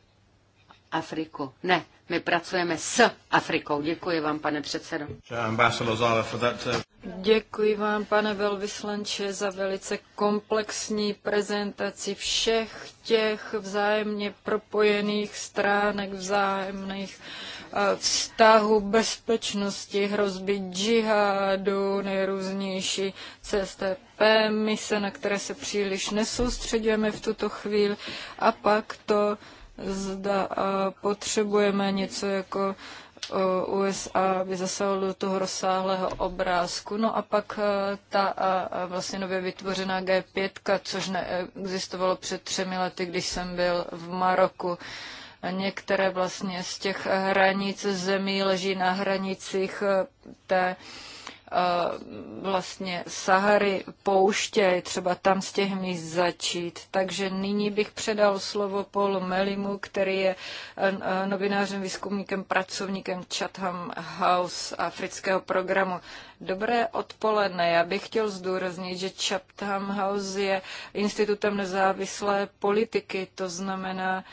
Afriku. Ne, my pracujeme s Afrikou. Děkuji vám, pane předsedo. Uh, Děkuji vám, pane velvyslanče, za velice komplexní prezentaci všech těch vzájemně propojených stránek, vzájemných eh, vztahu bezpečnosti, hrozby džihádu, nejrůznější CSTP, mise, na které se příliš nesoustředujeme v tuto chvíli, a pak to zda potřebujeme něco jako USA aby zasahl do toho rozsáhlého obrázku. No a pak e, ta vlastně nově vytvořená G5, což neexistovalo před třemi lety, když jsem byl v Maroku. Některé vlastně z těch hranic zemí leží na hranicích e, té Eh, vlastně Sahary, pouště, třeba tam z těch míst začít. Takže nyní bych předal slovo Paulu Melimu, který je eh, eh, novinářem, výzkumníkem, pracovníkem Chatham House afrického programu. Dobré odpoledne. Já bych chtěl zdůraznit, že Chatham House je institutem nezávislé politiky, to znamená,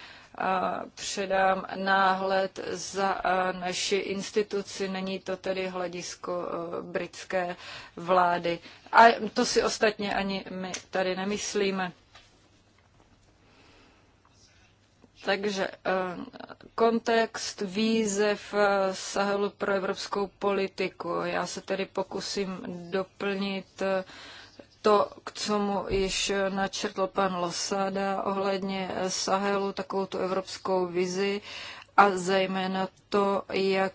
předám náhled za naši instituci. Není to tedy hledisko e, britské vlády. A to si ostatně ani my tady nemyslíme. Takže e, kontext výzev e, Sahelu pro evropskou politiku. Já se tedy pokusím doplnit to, k čemu již načrtl pan Losada ohledně Sahelu, takovou tu evropskou vizi a zejména to, jak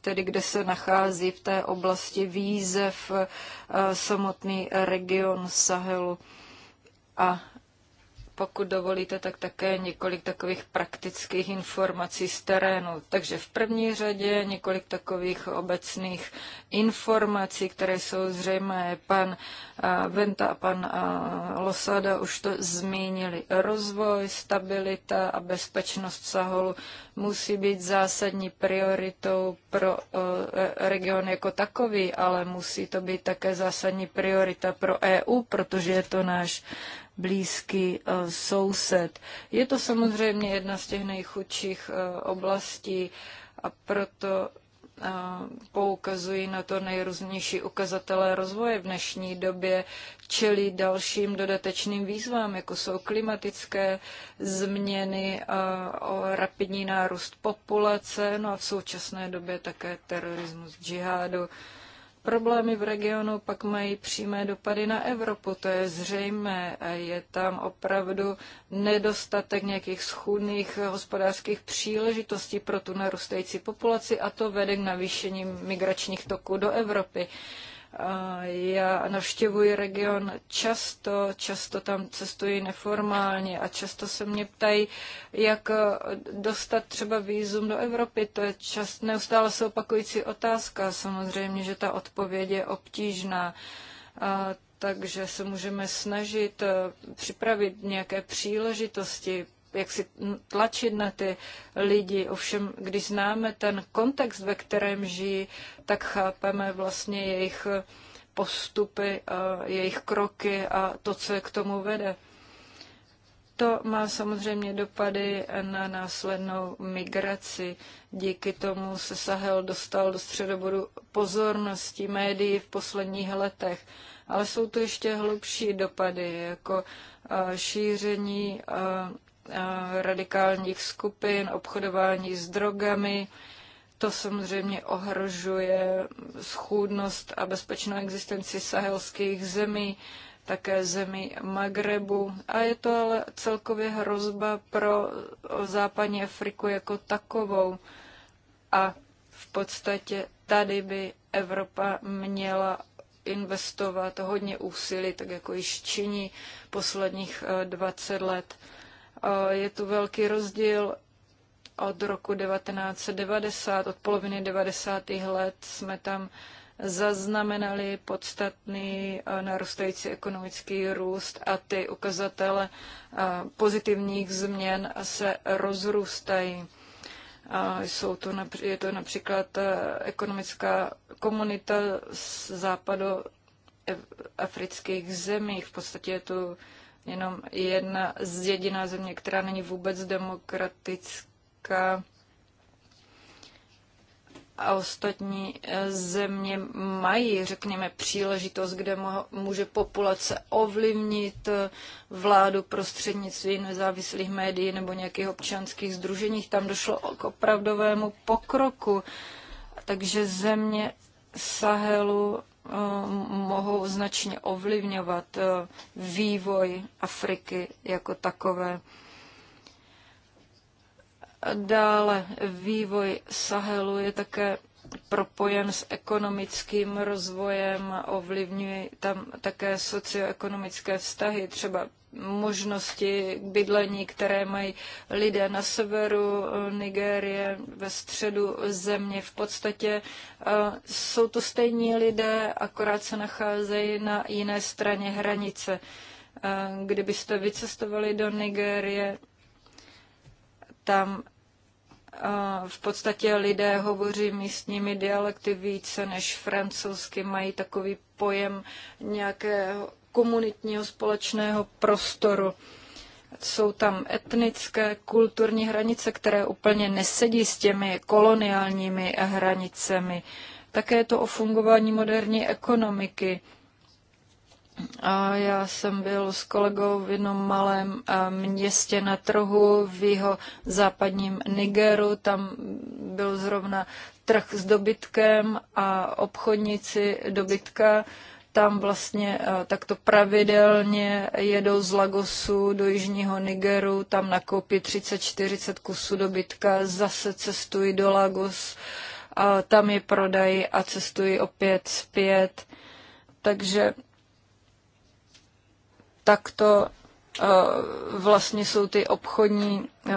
tedy kde se nachází v té oblasti výzev eh, samotný region Sahelu. A pokud dovolíte, tak také několik takových praktických informací z terénu. Takže v první řadě několik takových obecných informací, které jsou zřejmé. Pan Venta a pan Losada už to zmínili. Rozvoj, stabilita a bezpečnost Saholu musí být zásadní prioritou pro e, region jako takový, ale musí to být také zásadní priorita pro EU, protože je to náš blízký e, soused. Je to samozřejmě jedna z těch nejchudších e, oblastí a proto e, poukazují na to nejrůznější ukazatele rozvoje v dnešní době, čelí dalším dodatečným výzvám, jako jsou klimatické změny, o rapidní nárůst populace, no a v současné době také terorismus džihádu. Problémy v regionu pak mají přímé dopady na Evropu, to je zřejmé. A je tam opravdu nedostatek nějakých schůdných hospodářských příležitostí pro tu narůstající populaci a to vede k navýšení migračních toků do Evropy. Já navštěvuji region často, často tam cestuji neformálně a často se mě ptají, jak dostat třeba výzum do Evropy. To je čas, neustále se opakující otázka. Samozřejmě, že ta odpověď je obtížná. A takže se můžeme snažit eh, připravit nějaké příležitosti jak si tlačit na ty lidi. Ovšem, když známe ten kontext, ve kterém žijí, tak chápeme vlastně jejich postupy, a jejich kroky a to, co je k tomu vede. To má samozřejmě dopady na následnou migraci. Díky tomu se Sahel dostal do středobodu pozornosti médií v posledních letech. Ale jsou tu ještě hlubší dopady, jako šíření Eh, radikálních skupin, obchodování s drogami. To samozřejmě ohrožuje schůdnost a bezpečnou existenci sahelských zemí, také zemí Magrebu. A je to ale celkově hrozba pro západní Afriku jako takovou. A v podstatě tady by Evropa měla investovat hodně úsilí, tak jako již činí posledních 20 eh, let. Je tu velký rozdíl od roku 1990, od poloviny 90. let jsme tam zaznamenali podstatný narůstající ekonomický růst a ty ukazatele pozitivních změn se rozrůstají. Jsou to, je to například ekonomická komunita z západu afrických zemí. V podstatě je to jenom jedna z jediná země, která není vůbec demokratická a ostatní eh, země mají, řekněme, příležitost, kde může populace ovlivnit eh, vládu prostřednictvím nezávislých médií nebo nějakých občanských združení. Tam došlo k opravdovému pokroku. Takže země Sahelu Eh, mohou značně ovlivňovat eh, vývoj Afriky jako takové. Dále vývoj Sahelu je také propojen s ekonomickým rozvojem, ovlivňuje tam také socioekonomické vztahy, třeba možnosti bydlení, které mají lidé na severu Nigérie, ve středu země. V podstatě jsou to stejní lidé, akorát se nacházejí na jiné straně hranice. Kdybyste vycestovali do Nigérie, tam v podstatě lidé hovoří místními dialekty více než francouzsky, mají takový pojem nějakého komunitního společného prostoru. Jsou tam etnické, kulturní hranice, které úplně nesedí s těmi koloniálními hranicemi. Také je to o fungování moderní ekonomiky. Já jsem byl s kolegou v jednom malém eh, městě na trhu v jeho západním Nigeru. Tam byl zrovna trh s dobytkem a obchodníci dobytka tam vlastně eh, takto pravidelně jedou z Lagosu do jižního Nigeru, tam nakoupí 30-40 kusů dobytka, zase cestují do Lagos, a tam je prodají a cestují opět zpět. Takže takto eh, vlastně jsou ty obchodní eh,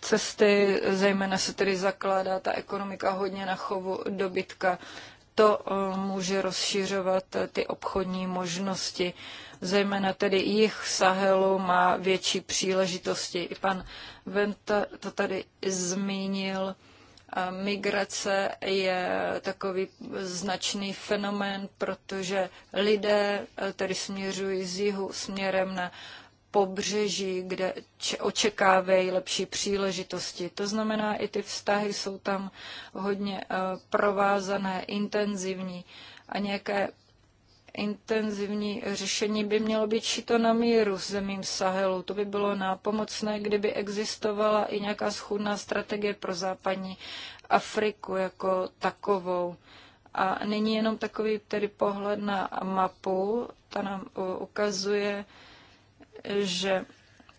cesty, zejména se tedy zakládá ta ekonomika hodně na chovu dobytka. To eh, může rozšiřovat ty obchodní možnosti. Zejména tedy jich Sahelu má větší příležitosti. I pan Venta to tady zmínil. Migrace je takový značný fenomén, protože lidé eh, tedy směřují z jihu směrem na pobřeží, kde očekávají lepší příležitosti. To znamená, i ty vztahy jsou tam hodně eh, provázané, intenzivní a nějaké intenzivní řešení by mělo být šito na míru zemím Sahelu. To by bylo nápomocné, kdyby existovala i nějaká schůdná strategie pro západní Afriku jako takovou. A není jenom takový tedy pohled na mapu, ta nám ukazuje, že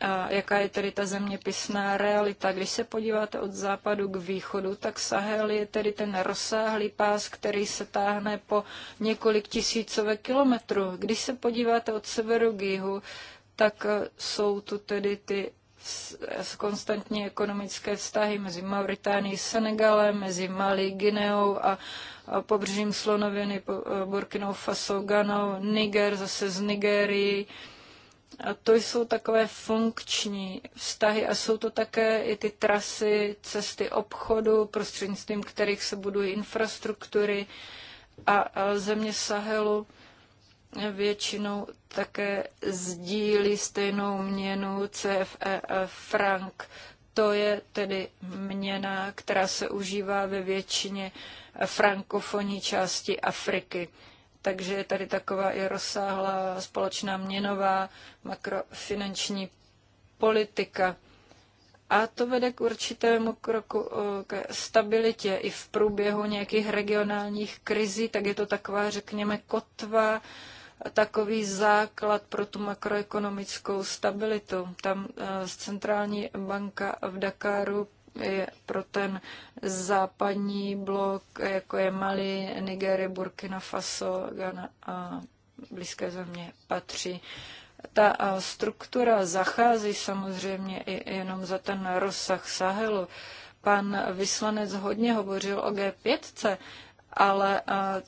a jaká je tedy ta zeměpisná realita. Když se podíváte od západu k východu, tak Sahel je tedy ten rozsáhlý pás, který se táhne po několik tisícové kilometrů. Když se podíváte od severu k jihu, tak eh, jsou tu tedy ty konstantní ekonomické vztahy mezi Mauritánií, Senegalem, mezi Mali, Gineou a pobřežím Slonoviny, eh, Burkinou Faso, Ganou, Niger zase z Nigerii. A to jsou takové funkční vztahy a jsou to také i ty trasy, cesty obchodu, prostřednictvím kterých se budují infrastruktury a, země Sahelu většinou také sdílí stejnou měnu CFE frank. To je tedy měna, která se užívá ve většině frankofonní části Afriky. Takže je tady taková i rozsáhlá společná měnová makrofinanční politika. A to vede k určitému kroku eh, k stabilitě i v průběhu nějakých regionálních krizí, tak je to taková, řekněme, kotva, takový základ pro tu makroekonomickou stabilitu. Tam eh, centrální banka v Dakaru je pro ten západní blok, jako je Mali, Nigerie, Burkina Faso, Ghana a blízké země patří. Ta struktura zachází samozřejmě i jenom za ten rozsah Sahelu. Pan vyslanec hodně hovořil o G5, ale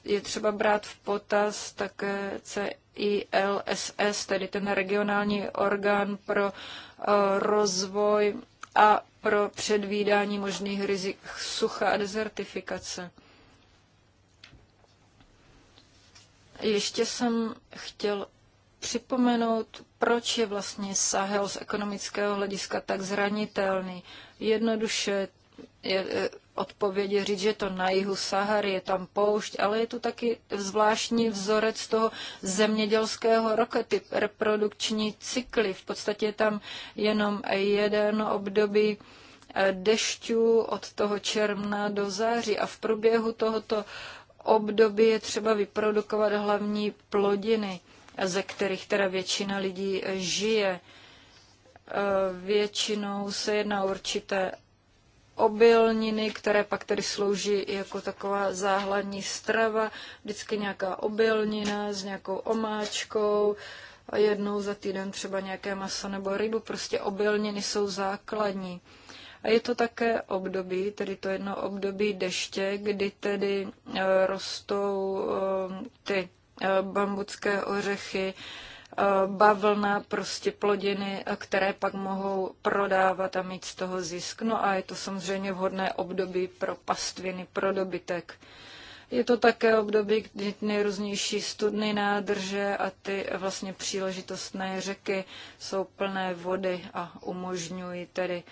je třeba brát v potaz také CILSS, tedy ten regionální orgán pro rozvoj a pro předvídání možných rizik sucha a dezertifikace. Ještě jsem chtěl připomenout, proč je vlastně Sahel z ekonomického hlediska tak zranitelný. Jednoduše je odpovědi říct, že to na jihu Sahary, je tam poušť, ale je tu taky zvláštní vzorec toho zemědělského rokety, reprodukční cykly. V podstatě je tam jenom jeden období eh, dešťů od toho června do září a v průběhu tohoto období je třeba vyprodukovat hlavní plodiny, ze kterých teda většina lidí žije. Eh, většinou se jedná určité obilniny, které pak tedy slouží jako taková záhladní strava, vždycky nějaká obilnina s nějakou omáčkou, a jednou za týden třeba nějaké maso nebo rybu, prostě obilniny jsou základní. A je to také období, tedy to jedno období deště, kdy tedy eh, rostou eh, ty eh, bambucké ořechy, Eh, bavlna, prostě plodiny, eh, které pak mohou prodávat a mít z toho zisk. No a je to samozřejmě vhodné období pro pastviny, pro dobytek. Je to také období, kdy nejrůznější studny nádrže a ty vlastně příležitostné řeky jsou plné vody a umožňují tedy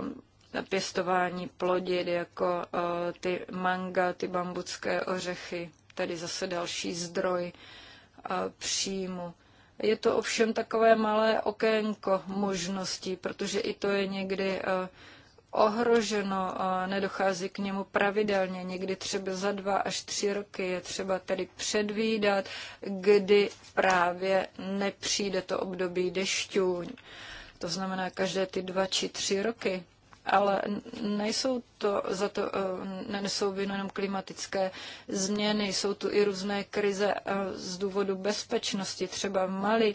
um, pěstování plodit jako uh, ty manga, ty bambucké ořechy, tedy zase další zdroj uh, příjmu. Je to ovšem takové malé okénko možností, protože i to je někdy eh, ohroženo, eh, nedochází k němu pravidelně, někdy třeba za dva až tři roky je třeba tedy předvídat, kdy právě nepřijde to období dešťů. To znamená každé ty dva či tři roky ale nejsou to, za to eh, nenesou vinu jenom klimatické změny, jsou tu i různé krize eh, z důvodu bezpečnosti, třeba v Mali.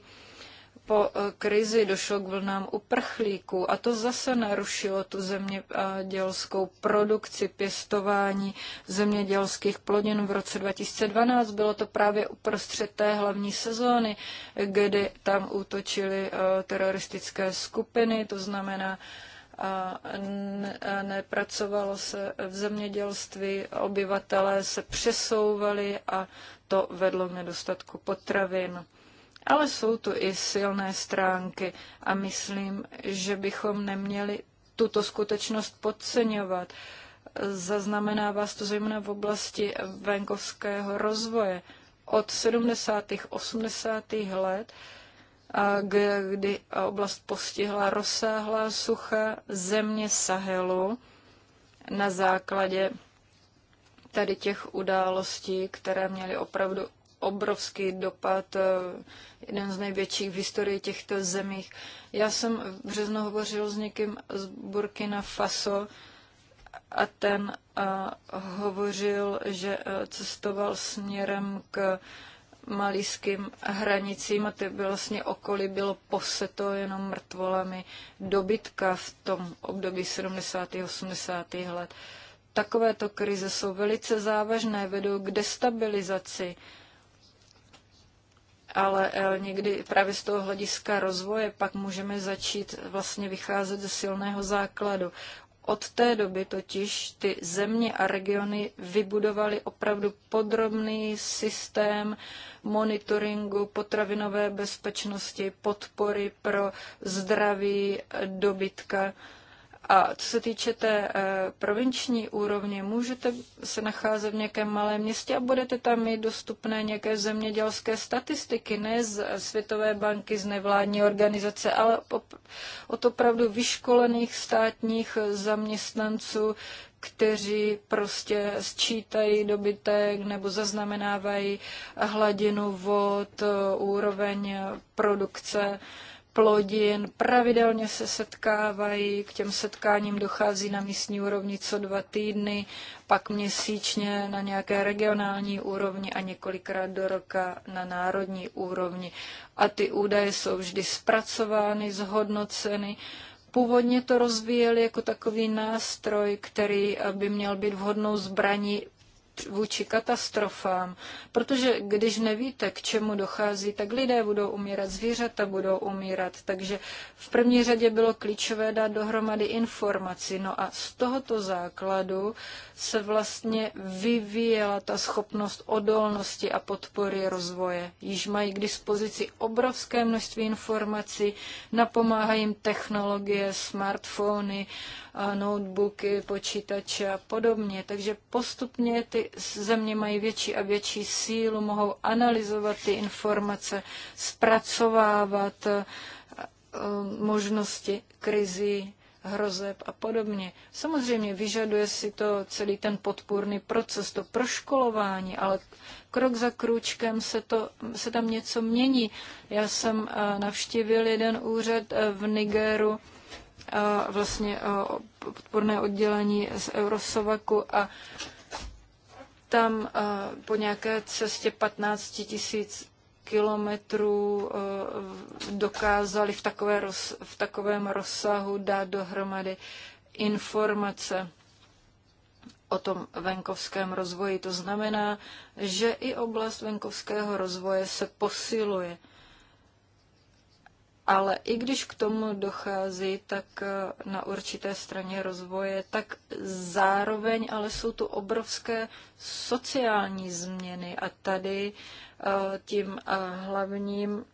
Po eh, krizi došlo k vlnám uprchlíků a to zase narušilo tu zemědělskou produkci, pěstování zemědělských plodin. V roce 2012 bylo to právě uprostřed té hlavní sezóny, kdy tam útočily teroristické skupiny, to znamená, a nepracovalo se v zemědělství, obyvatelé se přesouvali a to vedlo k nedostatku potravin. Ale jsou tu i silné stránky a myslím, že bychom neměli tuto skutečnost podceňovat. Zaznamená vás to zejména v oblasti venkovského rozvoje. Od 70. 80. let kdy oblast postihla rozsáhlá sucha země Sahelu na základě tady těch událostí, které měly opravdu obrovský dopad, eh, jeden z největších v historii těchto zemích. Já jsem v březnu hovořil s někým z Burkina Faso a ten eh, hovořil, že eh, cestoval směrem k malýským hranicím a ty by vlastně okolí bylo poseto jenom mrtvolami dobytka v tom období 70. a 80. let. Takovéto krize jsou velice závažné, vedou k destabilizaci, ale eh, někdy právě z toho hlediska rozvoje pak můžeme začít vlastně vycházet ze silného základu. Od té doby totiž ty země a regiony vybudovaly opravdu podrobný systém monitoringu potravinové bezpečnosti, podpory pro zdraví dobytka a co se týče té eh, provinční úrovně, můžete se nacházet v nějakém malém městě a budete tam mít dostupné nějaké zemědělské statistiky, ne z eh, Světové banky, z nevládní organizace, ale od opravdu vyškolených státních eh, zaměstnanců, kteří prostě sčítají dobytek nebo zaznamenávají hladinu vod, úroveň produkce plodin, pravidelně se setkávají, k těm setkáním dochází na místní úrovni co dva týdny, pak měsíčně na nějaké regionální úrovni a několikrát do roka na národní úrovni. A ty údaje jsou vždy zpracovány, zhodnoceny. Původně to rozvíjeli jako takový nástroj, který by měl být vhodnou zbraní vůči katastrofám. Protože když nevíte, k čemu dochází, tak lidé budou umírat, zvířata budou umírat. Takže v první řadě bylo klíčové dát dohromady informaci. No a z tohoto základu se vlastně vyvíjela ta schopnost odolnosti a podpory rozvoje. Již mají k dispozici obrovské množství informací, napomáhají jim technologie, smartfony, notebooky, počítače a podobně. Takže postupně ty země mají větší a větší sílu, mohou analyzovat ty informace, zpracovávat eh, možnosti krizi, hrozeb a podobně. Samozřejmě vyžaduje si to celý ten podpůrný proces, to proškolování, ale krok za krůčkem se, to, se tam něco mění. Já jsem eh, navštívil jeden úřad eh, v Nigeru, vlastně podporné oddělení z Eurosovaku a tam po nějaké cestě 15 tisíc kilometrů dokázali v, takové roz, v takovém rozsahu dát dohromady informace o tom venkovském rozvoji. To znamená, že i oblast venkovského rozvoje se posiluje. Ale i když k tomu dochází, tak eh, na určité straně rozvoje, tak zároveň ale jsou tu obrovské sociální změny a tady eh, tím eh, hlavním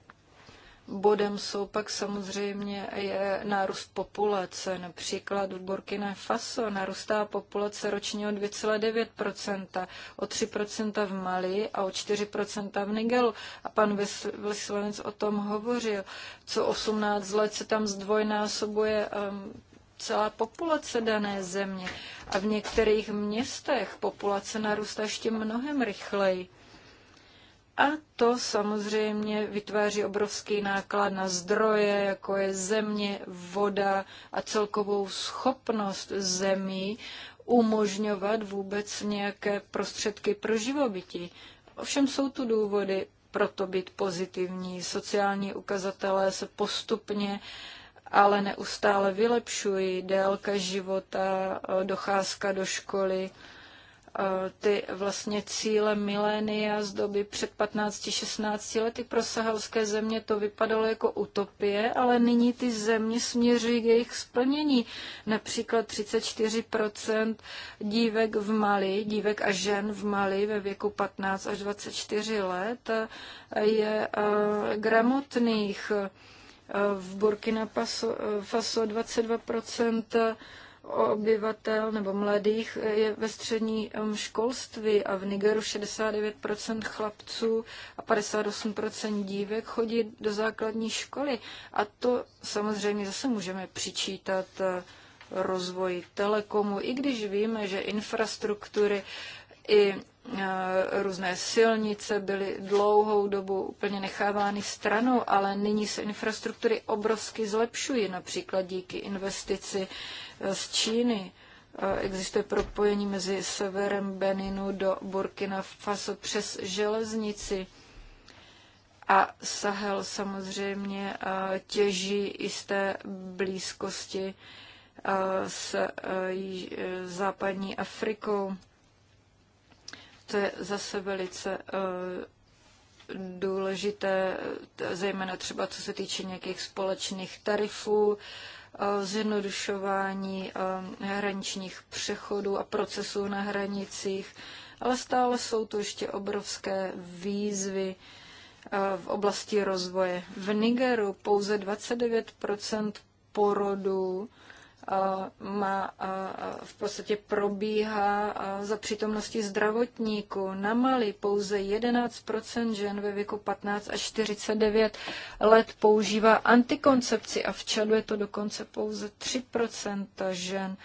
bodem jsou pak samozřejmě je nárůst populace. Například v Burkina Faso narůstá populace ročně o 2,9%, o 3% v Mali a o 4% v Nigeru. A pan vyslanec o tom hovořil. Co 18 let se tam zdvojnásobuje um, celá populace dané země. A v některých městech populace narůstá ještě mnohem rychleji. A to samozřejmě vytváří obrovský náklad na zdroje, jako je země, voda a celkovou schopnost zemí umožňovat vůbec nějaké prostředky pro živobytí. Ovšem jsou tu důvody pro to být pozitivní. Sociální ukazatelé se postupně ale neustále vylepšují. Délka života, eh, docházka do školy, ty vlastně cíle milénia z doby před 15-16 lety pro sahelské země to vypadalo jako utopie, ale nyní ty země směřují k jejich splnění. Například 34% dívek v Mali, dívek a žen v Mali ve věku 15 až 24 let eh, je eh, gramotných. Eh, v Burkina Faso 22 obyvatel nebo mladých je ve středním um, školství a v Nigeru 69% chlapců a 58% dívek chodí do základní školy. A to samozřejmě zase můžeme přičítat uh, rozvoji telekomu, i když víme, že infrastruktury i Eh, různé silnice byly dlouhou dobu úplně nechávány stranou, ale nyní se infrastruktury obrovsky zlepšují, například díky investici eh, z Číny. Eh, existuje propojení mezi severem Beninu do Burkina Faso přes železnici. A Sahel samozřejmě těží i z té blízkosti s západní Afrikou. To je zase velice eh, důležité, zejména třeba co se týče nějakých společných tarifů, eh, zjednodušování eh, hraničních přechodů a procesů na hranicích, ale stále jsou tu ještě obrovské výzvy v oblasti rozvoje. V Nigeru pouze 29 porodů má, v podstatě probíhá za přítomnosti zdravotníků. Na Mali pouze 11 žen ve věku 15 až 49 let používá antikoncepci a v Čadu je to dokonce pouze 3 žen.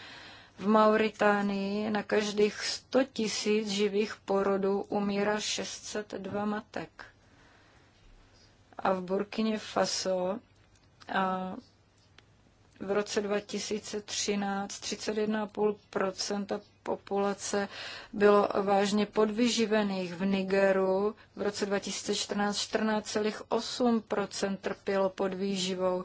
V Mauritánii na každých 100 tisíc živých porodů umírá 602 matek. A v Burkině Faso a v roce 2013 31,5 populace bylo vážně podvyživených v Nigeru. V roce 2014 14,8 trpělo podvýživou.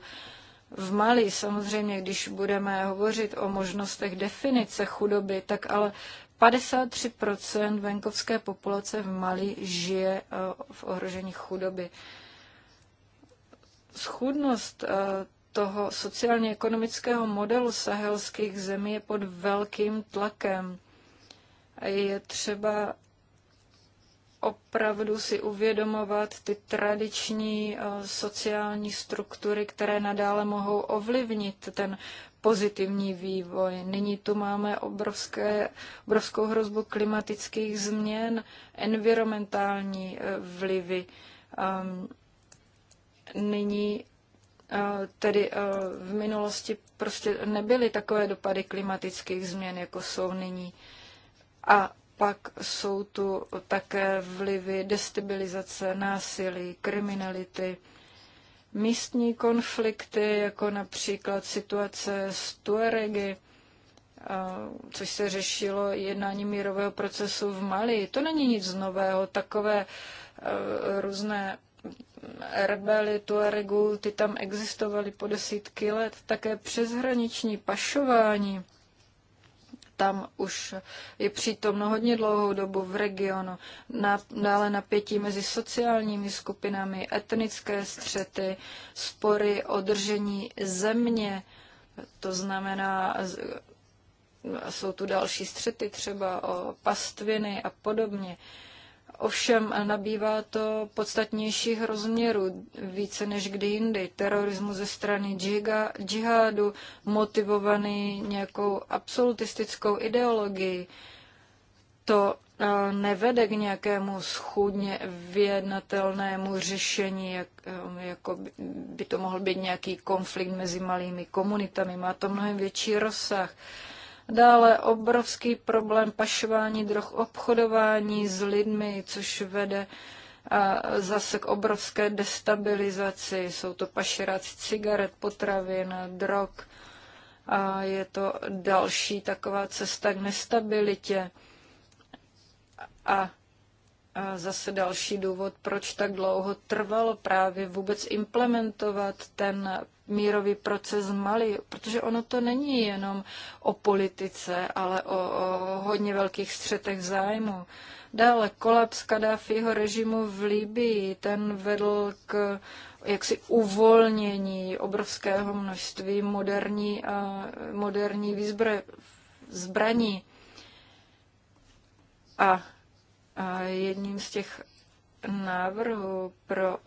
V Mali samozřejmě, když budeme hovořit o možnostech definice chudoby, tak ale 53 venkovské populace v Mali žije eh, v ohrožení chudoby schudnost eh, toho sociálně-ekonomického modelu sahelských zemí je pod velkým tlakem. A je třeba opravdu si uvědomovat ty tradiční eh, sociální struktury, které nadále mohou ovlivnit ten pozitivní vývoj. Nyní tu máme obrovské, obrovskou hrozbu klimatických změn, environmentální eh, vlivy. Ehm, nyní Eh, tedy eh, v minulosti prostě nebyly takové dopady klimatických změn, jako jsou nyní. A pak jsou tu také vlivy destabilizace, násilí, kriminality, místní konflikty, jako například situace s Tuaregy, eh, což se řešilo jednání mírového procesu v Mali. To není nic nového, takové různé rebeli Tuaregu, ty tam existovaly po desítky let, také přeshraniční pašování. Tam už je přítomno hodně dlouhou dobu v regionu. Na, dále napětí mezi sociálními skupinami, etnické střety, spory o držení země. To znamená, jsou tu další střety třeba o pastviny a podobně. Uh, Ovšem nabývá to podstatnějších rozměrů více než kdy jindy. Terorismu ze strany džihádu motivovaný nějakou absolutistickou ideologií. To nevede k nějakému schůdně vyjednatelnému řešení, jak, jako by to mohl být nějaký konflikt mezi malými komunitami. Má to mnohem větší rozsah. Dále obrovský problém pašování droh, obchodování s lidmi, což vede a zase k obrovské destabilizaci. Jsou to pašeráci cigaret, potravin, drog. A je to další taková cesta k nestabilitě. A, a zase další důvod, proč tak dlouho trvalo právě vůbec implementovat ten mírový proces v Mali, protože ono to není jenom o politice, ale o, o hodně velkých střetech zájmu. Dále kolaps Kadáfiho režimu v Libii, ten vedl k jaksi uvolnění obrovského množství moderní, moderní výzbr- zbraní. A, a jedním z těch návrhů pro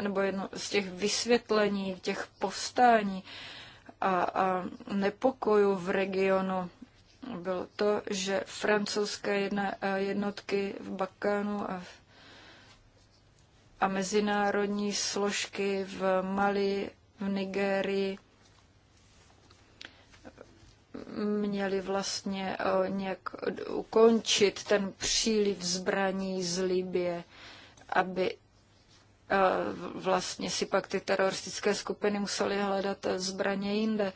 nebo jedno z těch vysvětlení, těch povstání a, a nepokojů v regionu bylo to, že francouzské jedna, eh, jednotky v Bakánu a, a mezinárodní složky v Mali, v Nigérii měli vlastně eh, nějak ukončit ten příliv zbraní z Libie, aby vlastně si pak ty teroristické skupiny musely hledat zbraně jinde.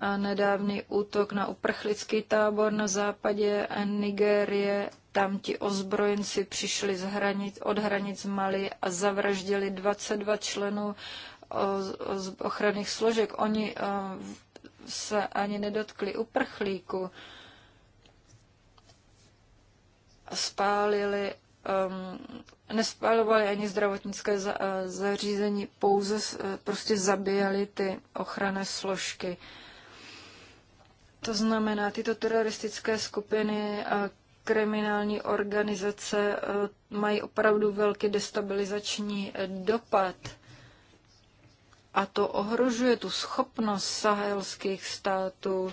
A nedávný útok na uprchlický tábor na západě Nigérie, tam ti ozbrojenci přišli z hranic, od hranic Mali a zavraždili 22 členů ochranných složek. Oni eh, se ani nedotkli uprchlíku. Spálili um, nespalovali ani zdravotnické za, eh, zařízení, pouze eh, prostě zabíjali ty ochranné složky. To znamená, tyto teroristické skupiny a kriminální organizace eh, mají opravdu velký destabilizační dopad. A to ohrožuje tu schopnost sahelských států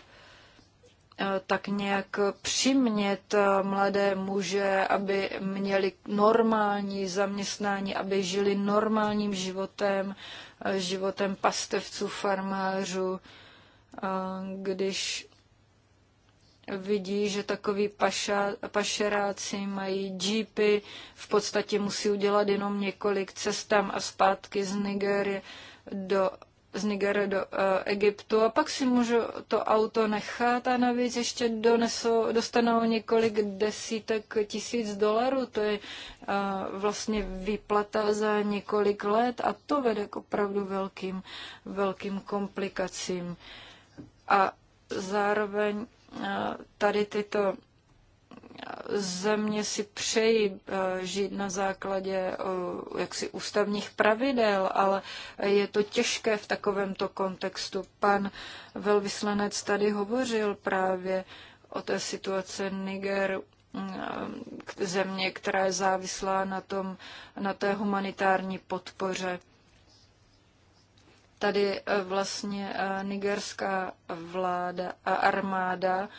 Eh, tak nějak přimět eh, mladé muže, aby měli normální zaměstnání, aby žili normálním životem, eh, životem pastevců, farmářů, když vidí, že takový paša, pašeráci mají džípy, v podstatě musí udělat jenom několik cestám a zpátky z Nigerie do z Nigeru do uh, Egyptu a pak si můžu to auto nechat a navíc ještě donesou, dostanou několik desítek tisíc dolarů. To je uh, vlastně výplata za několik let a to vede k opravdu velkým, velkým komplikacím. A zároveň uh, tady tyto země si přeji eh, žít na základě eh, jaksi ústavních pravidel, ale je to těžké v takovémto kontextu. Pan velvyslanec tady hovořil právě o té situace Nigeru eh, země, která je závislá na, tom, na té humanitární podpoře. Tady vlastně nigerská vláda a armáda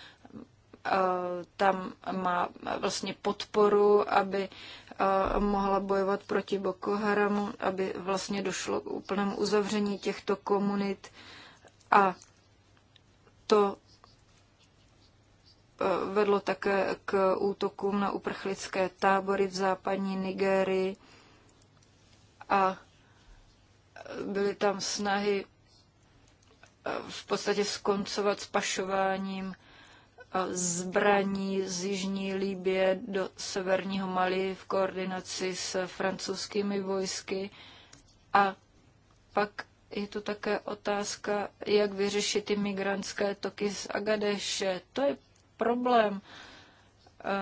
Eh, tam má vlastně podporu, aby eh, mohla bojovat proti Boko Haramu, aby vlastně došlo k úplnému uzavření těchto komunit a to eh, vedlo také k útokům na uprchlické tábory v západní Nigérii a byly tam snahy v podstatě skoncovat s pašováním zbraní z Jižní Líbě do severního Mali v koordinaci s francouzskými vojsky. A pak je to také otázka, jak vyřešit ty migrantské toky z Agadeše. To je problém.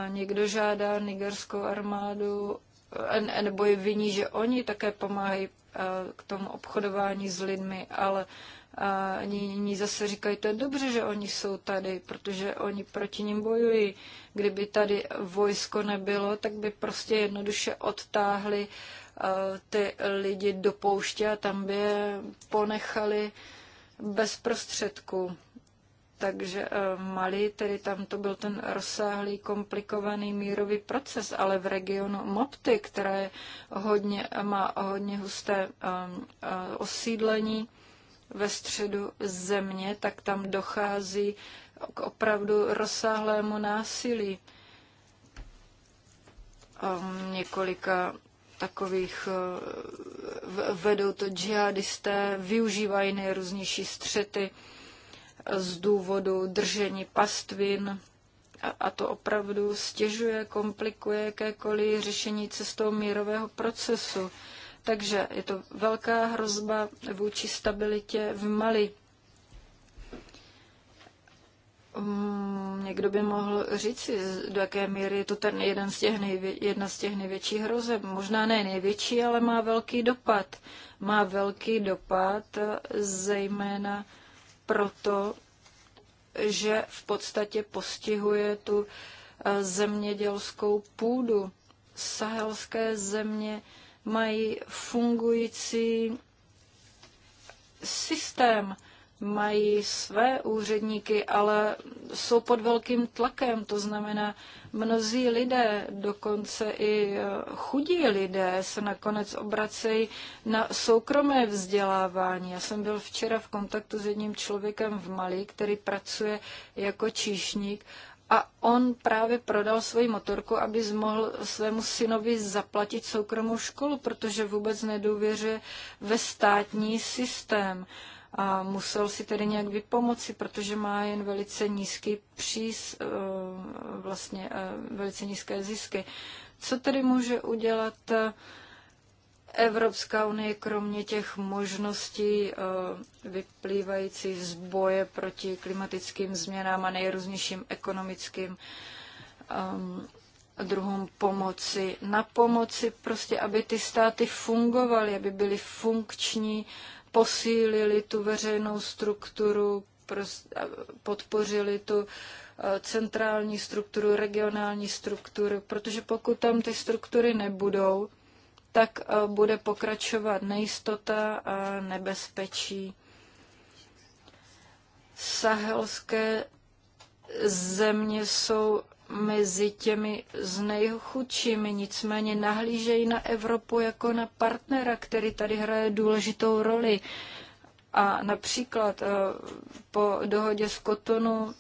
Někdo žádá nigerskou armádu nebo je viní, že oni také pomáhají k tomu obchodování s lidmi, ale a oni zase říkají, to je dobře, že oni jsou tady, protože oni proti ním bojují. Kdyby tady vojsko nebylo, tak by prostě jednoduše odtáhli eh, ty lidi do pouště a tam by je ponechali bez prostředku. Takže eh, Mali, tedy tam to byl ten rozsáhlý, komplikovaný mírový proces, ale v regionu Mopty, které hodně, má hodně husté eh, osídlení, ve středu země, tak tam dochází k opravdu rozsáhlému násilí. A několika takových eh, vedou to džihadisté, využívají nejrůznější střety z důvodu držení pastvin a, a to opravdu stěžuje, komplikuje jakékoliv řešení cestou mírového procesu. Takže je to velká hrozba vůči stabilitě v Mali. Mm, někdo by mohl říct, do jaké míry je to ten jeden z těch nejvě- jedna z těch největších hrozeb. Možná ne největší, ale má velký dopad. Má velký dopad eh, zejména proto, že v podstatě postihuje tu eh, zemědělskou půdu. Sahelské země mají fungující systém, mají své úředníky, ale jsou pod velkým tlakem. To znamená, mnozí lidé, dokonce i eh, chudí lidé, se nakonec obracejí na soukromé vzdělávání. Já jsem byl včera v kontaktu s jedním člověkem v Mali, který pracuje jako číšník a on právě prodal svoji motorku, aby mohl svému synovi zaplatit soukromou školu, protože vůbec nedůvěřuje ve státní systém. A musel si tedy nějak vypomoci, protože má jen velice nízký přís, eh, vlastně eh, velice nízké zisky. Co tedy může udělat eh, Evropská unie, kromě těch možností eh, vyplývajících z boje proti klimatickým změnám a nejrůznějším ekonomickým ehm, druhům pomoci, na pomoci prostě, aby ty státy fungovaly, aby byly funkční, posílili tu veřejnou strukturu, podpořili tu eh, centrální strukturu, regionální strukturu, protože pokud tam ty struktury nebudou, tak eh, bude pokračovat nejistota a nebezpečí. Sahelské země jsou mezi těmi z nejchudšími, nicméně nahlížejí na Evropu jako na partnera, který tady hraje důležitou roli. A například eh, po dohodě s Kotonu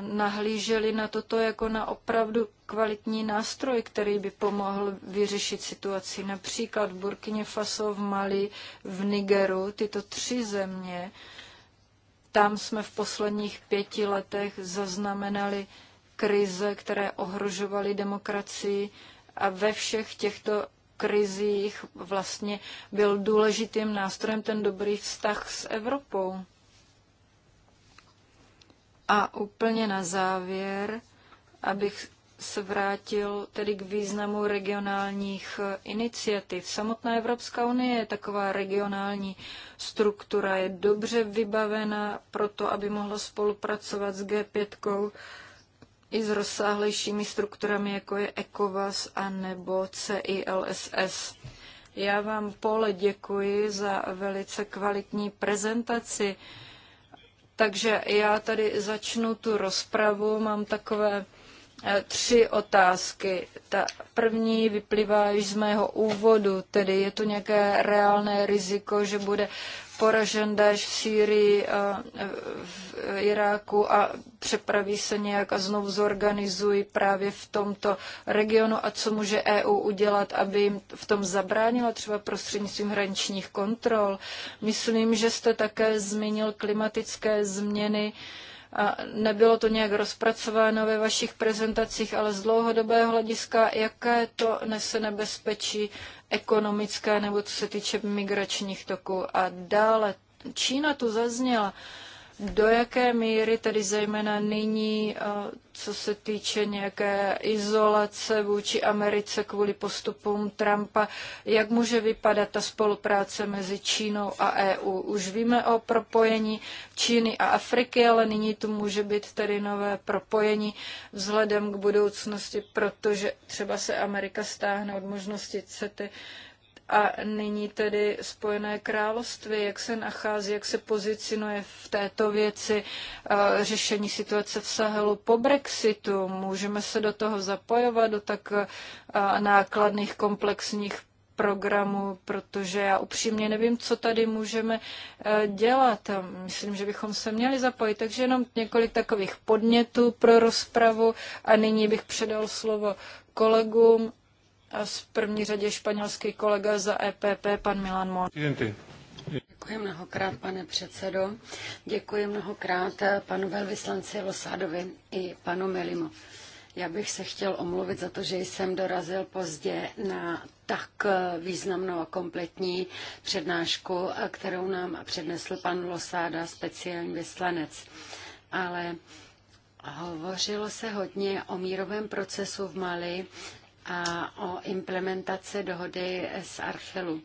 nahlíželi na toto jako na opravdu kvalitní nástroj, který by pomohl vyřešit situaci. Například v Burkině Faso, v Mali, v Nigeru, tyto tři země, tam jsme v posledních pěti letech zaznamenali krize, které ohrožovaly demokracii a ve všech těchto krizích vlastně byl důležitým nástrojem ten dobrý vztah s Evropou. A úplně na závěr, abych se vrátil tedy k významu regionálních eh, iniciativ. Samotná Evropská unie je taková regionální struktura, je dobře vybavena pro to, aby mohla spolupracovat s G5 i s rozsáhlejšími strukturami, jako je ECOVAS a nebo CILSS. Já vám, Pole, děkuji za velice kvalitní prezentaci. Takže já tady začnu tu rozpravu, mám takové Eh, tři otázky. Ta první vyplývá již z mého úvodu, tedy je tu nějaké reálné riziko, že bude poražen Daesh v Sýrii, eh, v Iráku a přepraví se nějak a znovu zorganizují právě v tomto regionu a co může EU udělat, aby jim v tom zabránila třeba prostřednictvím hraničních kontrol. Myslím, že jste také zmínil klimatické změny. Uh, nebylo to nějak rozpracováno ve vašich prezentacích, ale z dlouhodobého hlediska, jaké to nese nebezpečí ekonomické nebo co se týče migračních toků. A dále Čína tu zazněla. Uh, do jaké míry tedy zejména nyní, eh, co se týče nějaké izolace vůči Americe kvůli postupům Trumpa, jak může vypadat ta spolupráce mezi Čínou a EU? Už víme o propojení Číny a Afriky, ale nyní tu může být tedy nové propojení vzhledem k budoucnosti, protože třeba se Amerika stáhne od možnosti CETY. A nyní tedy Spojené království, jak se nachází, jak se pozicinuje v této věci eh, řešení situace v Sahelu po Brexitu. Můžeme se do toho zapojovat, do tak eh, nákladných komplexních programu, protože já upřímně nevím, co tady můžeme eh, dělat. Myslím, že bychom se měli zapojit. Takže jenom několik takových podnětů pro rozpravu a nyní bych předal slovo kolegům a v první řadě španělský kolega za EPP, pan Milan Mon. Děkuji mnohokrát, pane předsedo. Děkuji mnohokrát panu velvyslanci Losádovi i panu Melimo. Já bych se chtěl omluvit za to, že jsem dorazil pozdě na tak významnou a kompletní přednášku, kterou nám přednesl pan Losáda, speciální vyslanec. Ale Hovořilo se hodně o mírovém procesu v Mali a o implementaci dohody s Arfelu.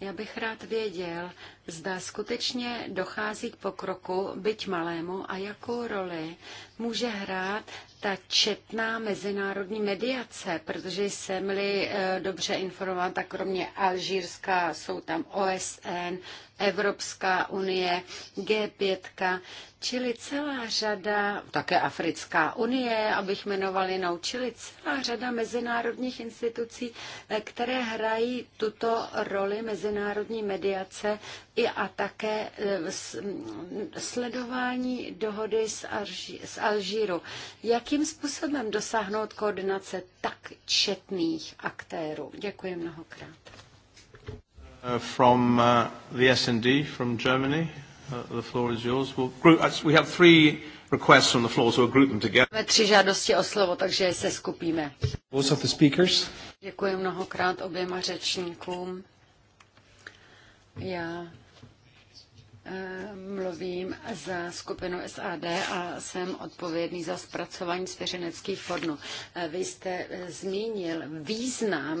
Já bych rád věděl, zda skutečně dochází k pokroku, byť malému, a jakou roli může hrát ta četná mezinárodní mediace, protože jsem-li eh, dobře informován, tak kromě Alžírska jsou tam OSN, Evropská unie, G5, čili celá řada, také Africká unie, abych jmenoval jinou, čili celá řada mezinárodních institucí, eh, které hrají tuto roli mezinárodní mediace i a také eh, sledování dohody z Alžíru. Jakým způsobem dosáhnout koordinace tak četných aktérů? Děkuji mnohokrát. Uh, from uh, the S&D from Germany. Uh, the floor is yours. We'll group, uh, we have three requests on the floor, so we'll group them together. Máme tři žádosti o slovo, takže se skupíme. Both of the speakers. Děkuji mnohokrát oběma řečníkům. Já eh, mluvím za skupinu SAD a jsem odpovědný za zpracování svěřeneckých fondů. Eh, vy jste eh, zmínil význam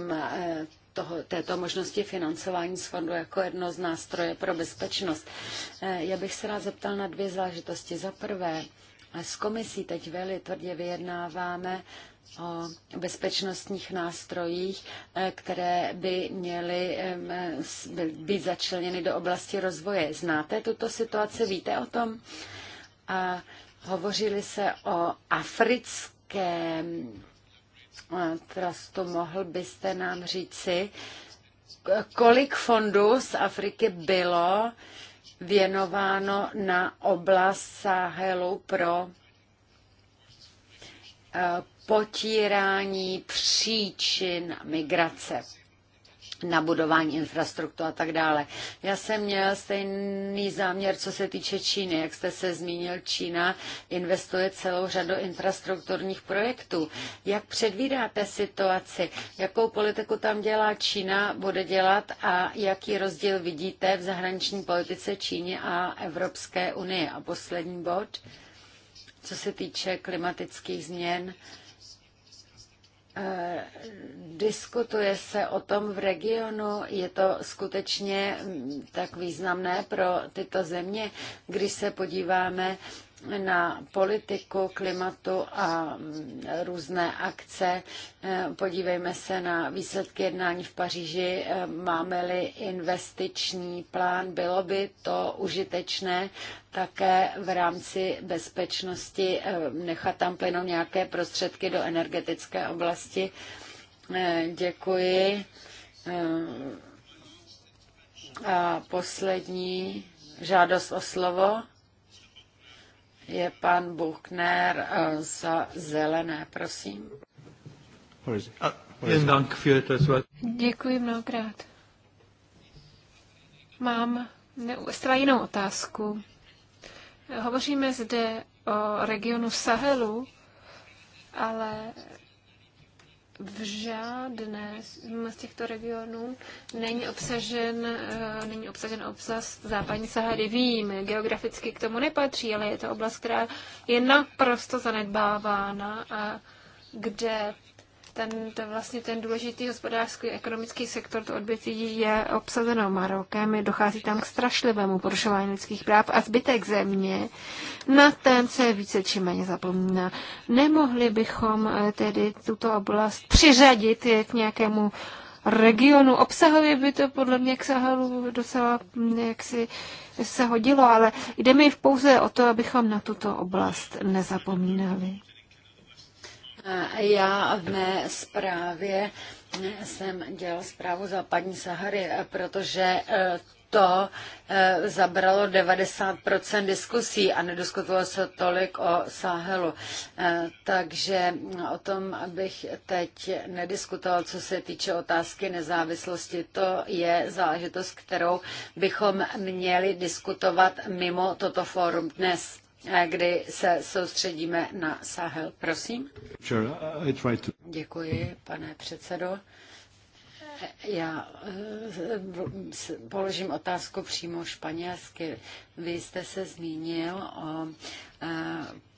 toho, této možnosti financování z fondu jako jedno z nástroje pro bezpečnost. Eh, já bych se rád zeptal na dvě záležitosti. Za prvé, s komisí teď velmi tvrdě vyjednáváme o bezpečnostních nástrojích, eh, které by měly být začleněny do oblasti rozvoje. Znáte tuto situaci? Víte o tom? A hovořili se o africkém Trastu, mohl byste nám říci, kolik fondů z Afriky bylo věnováno na oblast Sahelu pro eh, potírání příčin migrace na budování infrastruktur a tak dále. Já jsem měl stejný záměr, co se týče Číny. Jak jste se zmínil, Čína investuje celou řadu infrastrukturních projektů. Jak předvídáte situaci? Jakou politiku tam dělá Čína, bude dělat a jaký rozdíl vidíte v zahraniční politice Číny a Evropské unie? A poslední bod, co se týče klimatických změn, Eh, diskutuje se o tom v regionu, je to skutečně mm, tak významné pro tyto země. Když se podíváme na politiku klimatu a mm, různé akce. E, podívejme se na výsledky jednání v Paříži. E, máme-li investiční plán, bylo by to užitečné také v rámci bezpečnosti e, nechat tam plynou nějaké prostředky do energetické oblasti. Děkuji. A poslední žádost o slovo je pan Buchner eh, za zelené, prosím. Děkuji mnohokrát. Mám zcela jinou otázku. Hovoříme zde o regionu Sahelu, ale v žádné z těchto regionů není obsažen, eh, není obsažen obsah západní Sahary. Vím, geograficky k tomu nepatří, ale je to oblast, která je naprosto zanedbávána a kde ten, ten vlastně ten důležitý hospodářský ekonomický sektor, to odvětví je obsazeno Marokem, dochází tam k strašlivému porušování lidských práv a zbytek země, na ten se více či méně zapomíná. Nemohli bychom eh, tedy tuto oblast přiřadit eh, k nějakému regionu. Obsahově by to podle mě k Sahelu docela mm, jaksi se hodilo, ale jde mi pouze o to, abychom na tuto oblast nezapomínali. Já v mé zprávě jsem dělal zprávu západní Sahary, protože eh, to eh, zabralo 90% diskusí a nediskutovalo se tolik o Sahelu. Eh, takže o tom bych teď nediskutoval, co se týče otázky nezávislosti. To je záležitost, kterou bychom měli diskutovat mimo toto fórum dnes kdy se soustředíme na Sahel. Prosím. Děkuji, pane předsedo. Já eh, položím otázku přímo španělsky. Vy jste se zmínil o eh,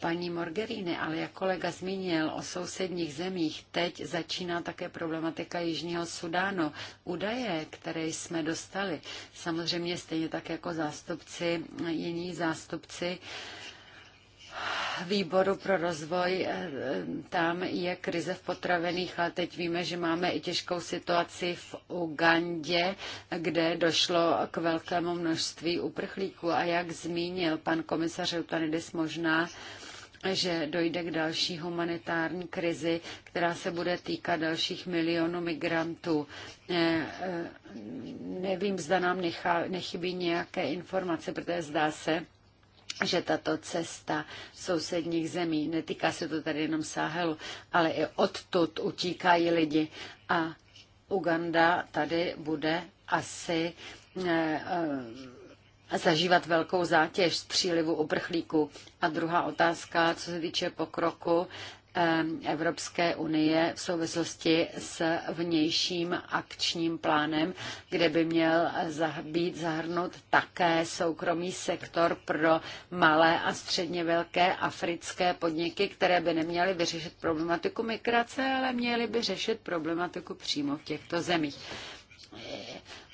paní Morgerini, ale jak kolega zmínil o sousedních zemích, teď začíná také problematika Jižního Sudánu. Údaje, které jsme dostali, samozřejmě stejně tak jako zástupci, jiní zástupci, výboru pro rozvoj, eh, eh, tam je krize v potravených, ale teď víme, že máme i těžkou situaci v Ugandě, kde došlo k velkému množství uprchlíků. A jak zmínil pan komisař Eutanides, možná že dojde k další humanitární krizi, která se bude týkat dalších milionů migrantů. Eh, nevím, zda nám nechá, nechybí nějaké informace, protože zdá se, že tato cesta sousedních zemí, netýká se to tady jenom Sahelu, ale i odtud utíkají lidi. A Uganda tady bude asi eh, eh, zažívat velkou zátěž z přílivu uprchlíků. A druhá otázka, co se týče pokroku Evropské unie v souvislosti s vnějším akčním plánem, kde by měl být zahrnut také soukromý sektor pro malé a středně velké africké podniky, které by neměly vyřešit problematiku migrace, ale měly by řešit problematiku přímo v těchto zemích.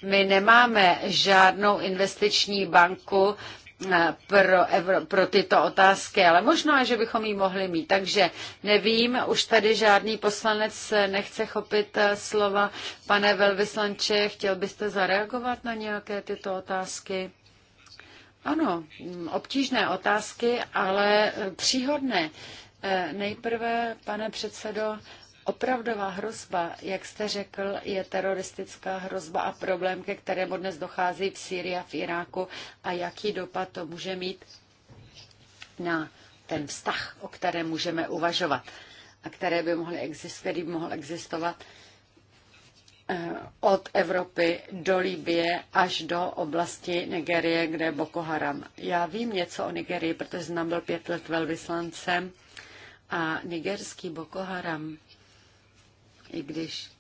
My nemáme žádnou investiční banku, Eh, pro, Evro, pro tyto otázky, ale možná, že bychom ji mohli mít. Takže nevím, už tady žádný poslanec nechce chopit eh, slova. Pane velvyslanče, chtěl byste zareagovat na nějaké tyto otázky? Ano, mm, obtížné otázky, ale eh, příhodné. Nejprve, pane předsedo, Opravdová hrozba, jak jste řekl, je teroristická hrozba a problém, ke kterému dnes dochází v Sýrii a v Iráku a jaký dopad to může mít na ten vztah, o kterém můžeme uvažovat a které by mohly existovat, který by mohl existovat eh, od Evropy do Libie až do oblasti Nigerie, kde je Boko Haram. Já vím něco o Nigerii, protože jsem byl pět let velvyslancem a nigerský Boko Haram i když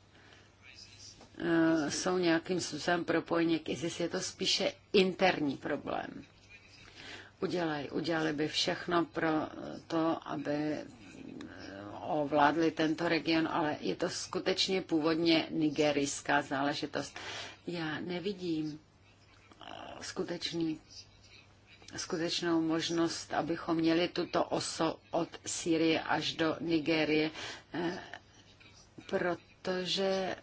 eh, jsou nějakým způsobem propojeni k ISIS, je to spíše interní problém. Udělají, udělali by všechno pro to, aby eh, ovládli tento region, ale je to skutečně původně nigerijská záležitost. Já nevidím eh, skutečný, skutečnou možnost, abychom měli tuto oso od Sýrie až do Nigérie protože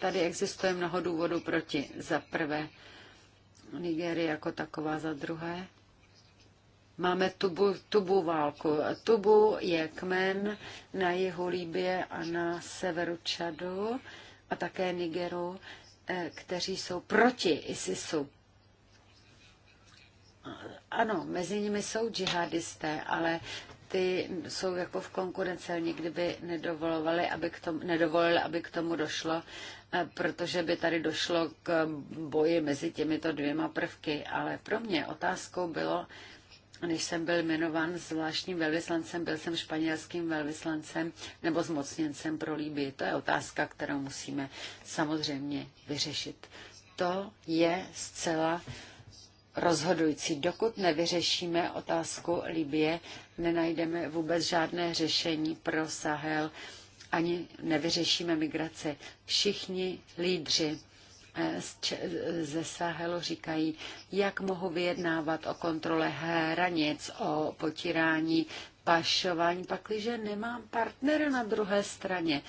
tady existuje mnoho důvodů proti. Za prvé Nigérie jako taková, za druhé Máme tubu, tubu válku. Tubu je kmen na jihu líbě a na severu Čadu a také Nigeru, eh, kteří jsou proti ISISu. Ano, mezi nimi jsou džihadisté, ale ty jsou jako v konkurenci, nikdy by nedovolovali, aby k tomu, nedovolili, aby k tomu došlo, eh, protože by tady došlo k boji mezi těmito dvěma prvky. Ale pro mě otázkou bylo, než jsem byl jmenován zvláštním velvyslancem, byl jsem španělským velvyslancem nebo zmocněncem pro Líbii. To je otázka, kterou musíme samozřejmě vyřešit. To je zcela uh, rozhodující. Dokud nevyřešíme otázku Libie, nenajdeme vůbec žádné řešení pro Sahel, ani nevyřešíme migraci. Všichni lídři eh, ze Sahelu říkají, jak mohu vyjednávat o kontrole hranic, o potírání pašování, pakliže nemám partnera na druhé straně.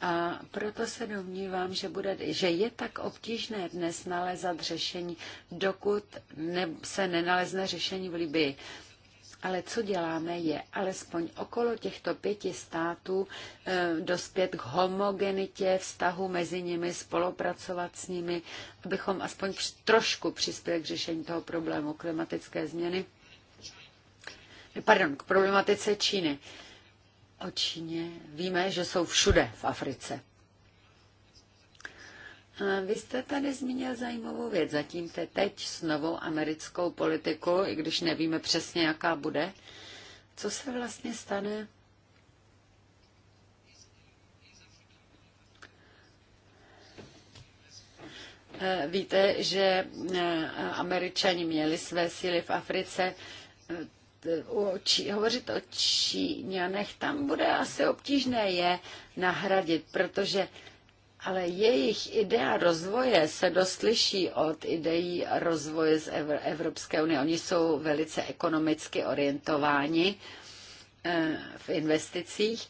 A proto se domnívám, že, bude, že je tak obtížné dnes nalézat řešení, dokud ne, se nenalezne řešení v Libii. Ale co děláme je alespoň okolo těchto pěti států e, dospět k homogenitě vztahu mezi nimi, spolupracovat s nimi, abychom aspoň trošku přispěli k řešení toho problému klimatické změny. Pardon, k problematice Číny. E, o Číně víme, že jsou všude v Africe. Vy jste tady zmínil zajímavou věc. Zatím te teď s novou americkou politikou, i když nevíme přesně, jaká bude. Co se vlastně stane? E, víte, že e, američani měli své síly v Africe e, o Čí, hovořit o Číňanech, tam bude asi obtížné je nahradit, protože ale jejich idea rozvoje se doslyší od ideí rozvoje z Evropské unie. Oni jsou velice ekonomicky orientováni eh, v investicích,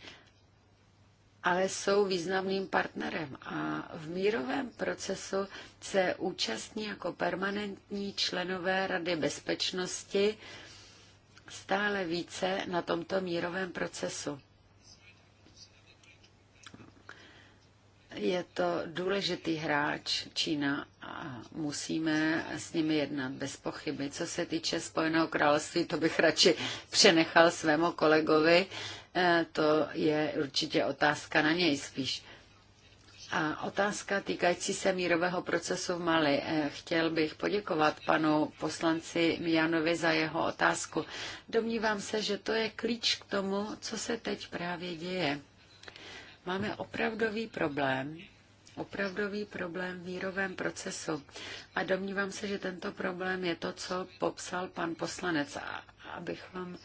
ale jsou významným partnerem a v mírovém procesu se účastní jako permanentní členové Rady bezpečnosti stále více na tomto mírovém procesu. Je to důležitý hráč Čína a musíme s nimi jednat bez pochyby. Co se týče Spojeného království, to bych radši přenechal svému kolegovi. Eh, to je určitě otázka na něj spíš. A otázka týkající se mírového procesu v Mali. Eh, chtěl bych poděkovat panu poslanci Mijanovi za jeho otázku. Domnívám se, že to je klíč k tomu, co se teď právě děje. Máme opravdový problém, opravdový problém v mírovém procesu. A domnívám se, že tento problém je to, co popsal pan poslanec. A abych vám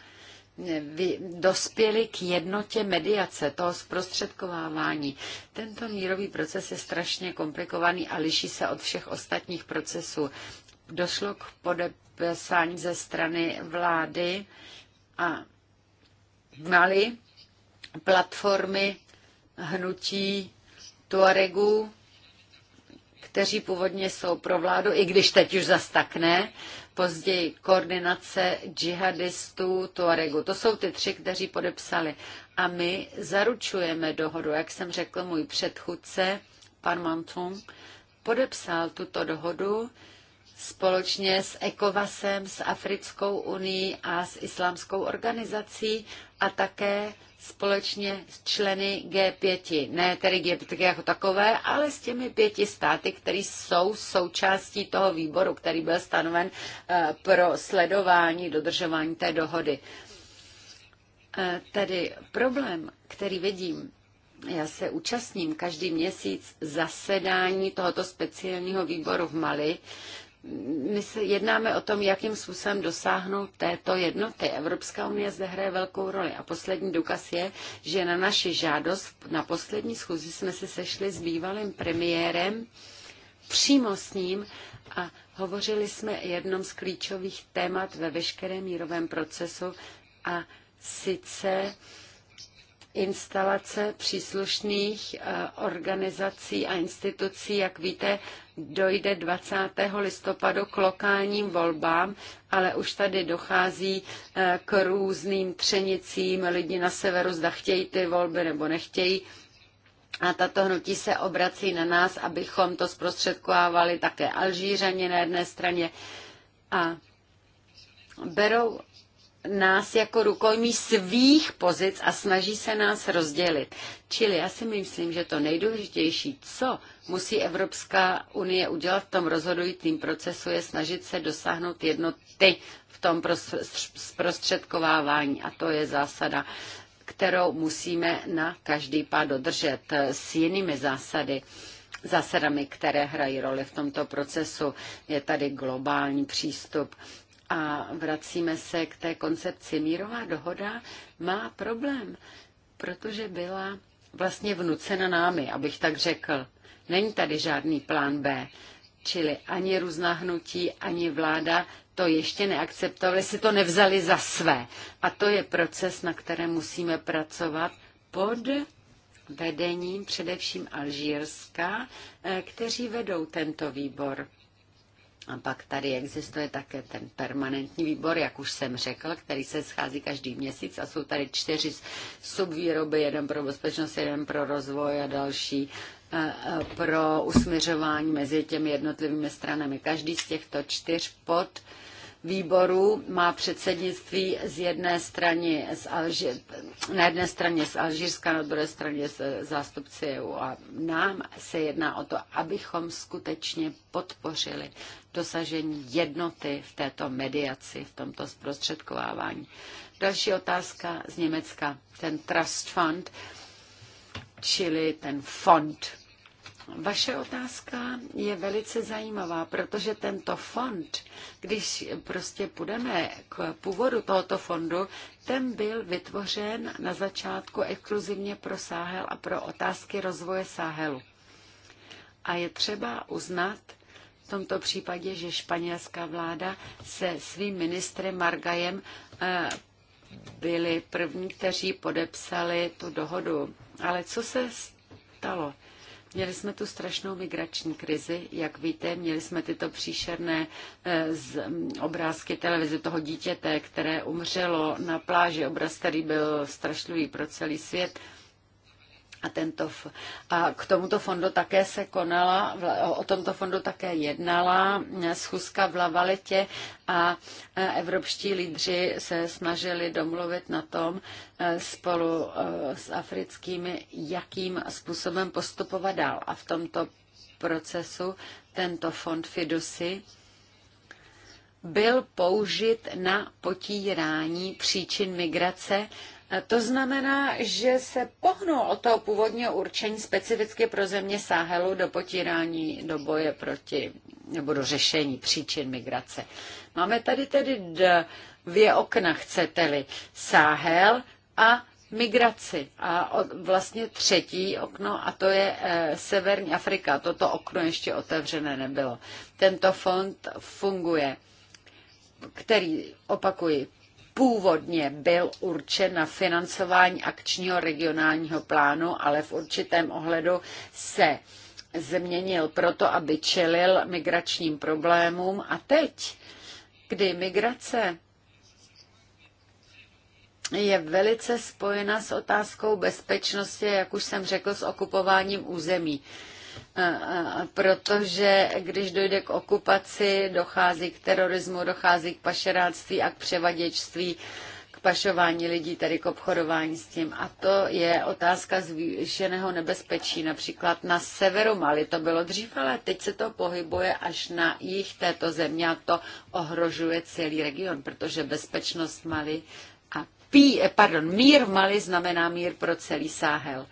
Vlastně dospěli k jednotě mediace, toho zprostředkovávání. Tento mírový proces je strašně komplikovaný a liší se od všech ostatních procesů. Došlo k podepsání ze strany vlády a Mali platformy hnutí Tuaregů, kteří původně jsou pro vládu, i když teď už zas tak ne, později koordinace džihadistů Tuaregu. To jsou ty tři, kteří podepsali. A my zaručujeme dohodu, jak jsem řekl můj předchůdce, pan Mantung, podepsal tuto dohodu společně s ECOVASem, s Africkou unii a s Islámskou organizací a také společně s členy G5. Ne tedy G5 jako takové, ale s těmi pěti státy, které jsou součástí toho výboru, který byl stanoven eh, pro sledování dodržování té dohody. Eh, tedy problém, který vidím, já se účastním každý měsíc zasedání tohoto speciálního výboru v Mali, my se jednáme o tom, jakým způsobem dosáhnout této jednoty. Evropská unie zde hraje velkou roli. A poslední důkaz je, že na naši žádost na poslední schůzi jsme se sešli s bývalým premiérem, přímo s ním a hovořili jsme o jednom z klíčových témat ve veškerém mírovém procesu a sice instalace příslušných eh, organizací a institucí, jak víte, dojde 20. listopadu k lokálním volbám, ale už tady dochází eh, k různým třenicím. Lidi na severu zda chtějí ty volby nebo nechtějí. A tato hnutí se obrací na nás, abychom to zprostředkovávali také Alžířani na jedné straně. A berou nás jako rukojmí svých pozic a snaží se nás rozdělit. Čili já si myslím, že to nejdůležitější, co musí Evropská unie udělat v tom rozhodujícím procesu, je snažit se dosáhnout jednoty v tom zprostředkovávání. A to je zásada, kterou musíme na každý pád dodržet eh, s jinými zásady zásadami, které hrají roli v tomto procesu. Je tady globální přístup a vracíme se k té koncepci. Mírová dohoda má problém, protože byla vlastně vnucena námi, abych tak řekl. Není tady žádný plán B, čili ani různá hnutí, ani vláda to ještě neakceptovali, si to nevzali za své. A to je proces, na kterém musíme pracovat pod vedením především Alžírska, eh, kteří vedou tento výbor. A pak tady existuje také ten permanentní výbor, jak už jsem řekl, který se schází každý měsíc a jsou tady čtyři subvýroby, jeden pro bezpečnost, jeden pro rozvoj a další eh, eh, pro usměřování mezi těmi jednotlivými stranami. Každý z těchto čtyř pod výboru má předsednictví z jedné strany z Alži- na jedné straně z Alžírska, na druhé straně z zástupci EU. A nám se jedná o to, abychom skutečně podpořili dosažení jednoty v této mediaci, v tomto zprostředkovávání. Další otázka z Německa. Ten Trust Fund, čili ten fond vaše otázka je velice zajímavá, protože tento fond, když prostě půjdeme k původu tohoto fondu, ten byl vytvořen na začátku exkluzivně pro Sáhel a pro otázky rozvoje Sáhelu. A je třeba uznat, v tomto případě, že španělská vláda se svým ministrem Margajem eh, byli první, kteří podepsali tu dohodu. Ale co se stalo? Měli jsme tu strašnou migrační krizi, jak víte, měli jsme tyto příšerné eh, z mm, obrázky televize toho dítěte, které umřelo na pláži, obraz, který byl strašlivý pro celý svět. A, tento, a k tomuto fondu také se konala, o tomto fondu také jednala eh, schůzka v Lavaletě a eh, evropští lídři se snažili domluvit na tom eh, spolu s africkými, jakým způsobem postupovat dál. A v tomto procesu tento fond Fidusy byl použit na potírání příčin migrace to znamená, že se pohnul od toho původního určení specificky pro země Sahelu do potírání, do boje proti, nebo do řešení příčin migrace. Máme tady tedy dvě okna, chcete-li, Sahel a migraci. A vlastně třetí okno, a to je eh, Severní Afrika. Toto okno ještě otevřené nebylo. Tento fond funguje který, opakuji, původně byl určen na financování akčního regionálního plánu, ale v určitém ohledu se změnil proto, aby čelil migračním problémům. A teď, kdy migrace je velice spojena s otázkou bezpečnosti, jak už jsem řekl, s okupováním území protože když dojde k okupaci, dochází k terorismu, dochází k pašeráctví a k převaděčství, k pašování lidí, tedy k obchodování s tím. A to je otázka zvýšeného nebezpečí. Například na severu Mali to bylo dřív, ale teď se to pohybuje až na jih této země a to ohrožuje celý region, protože bezpečnost Mali a pí, pardon, mír v Mali znamená mír pro celý Sáhel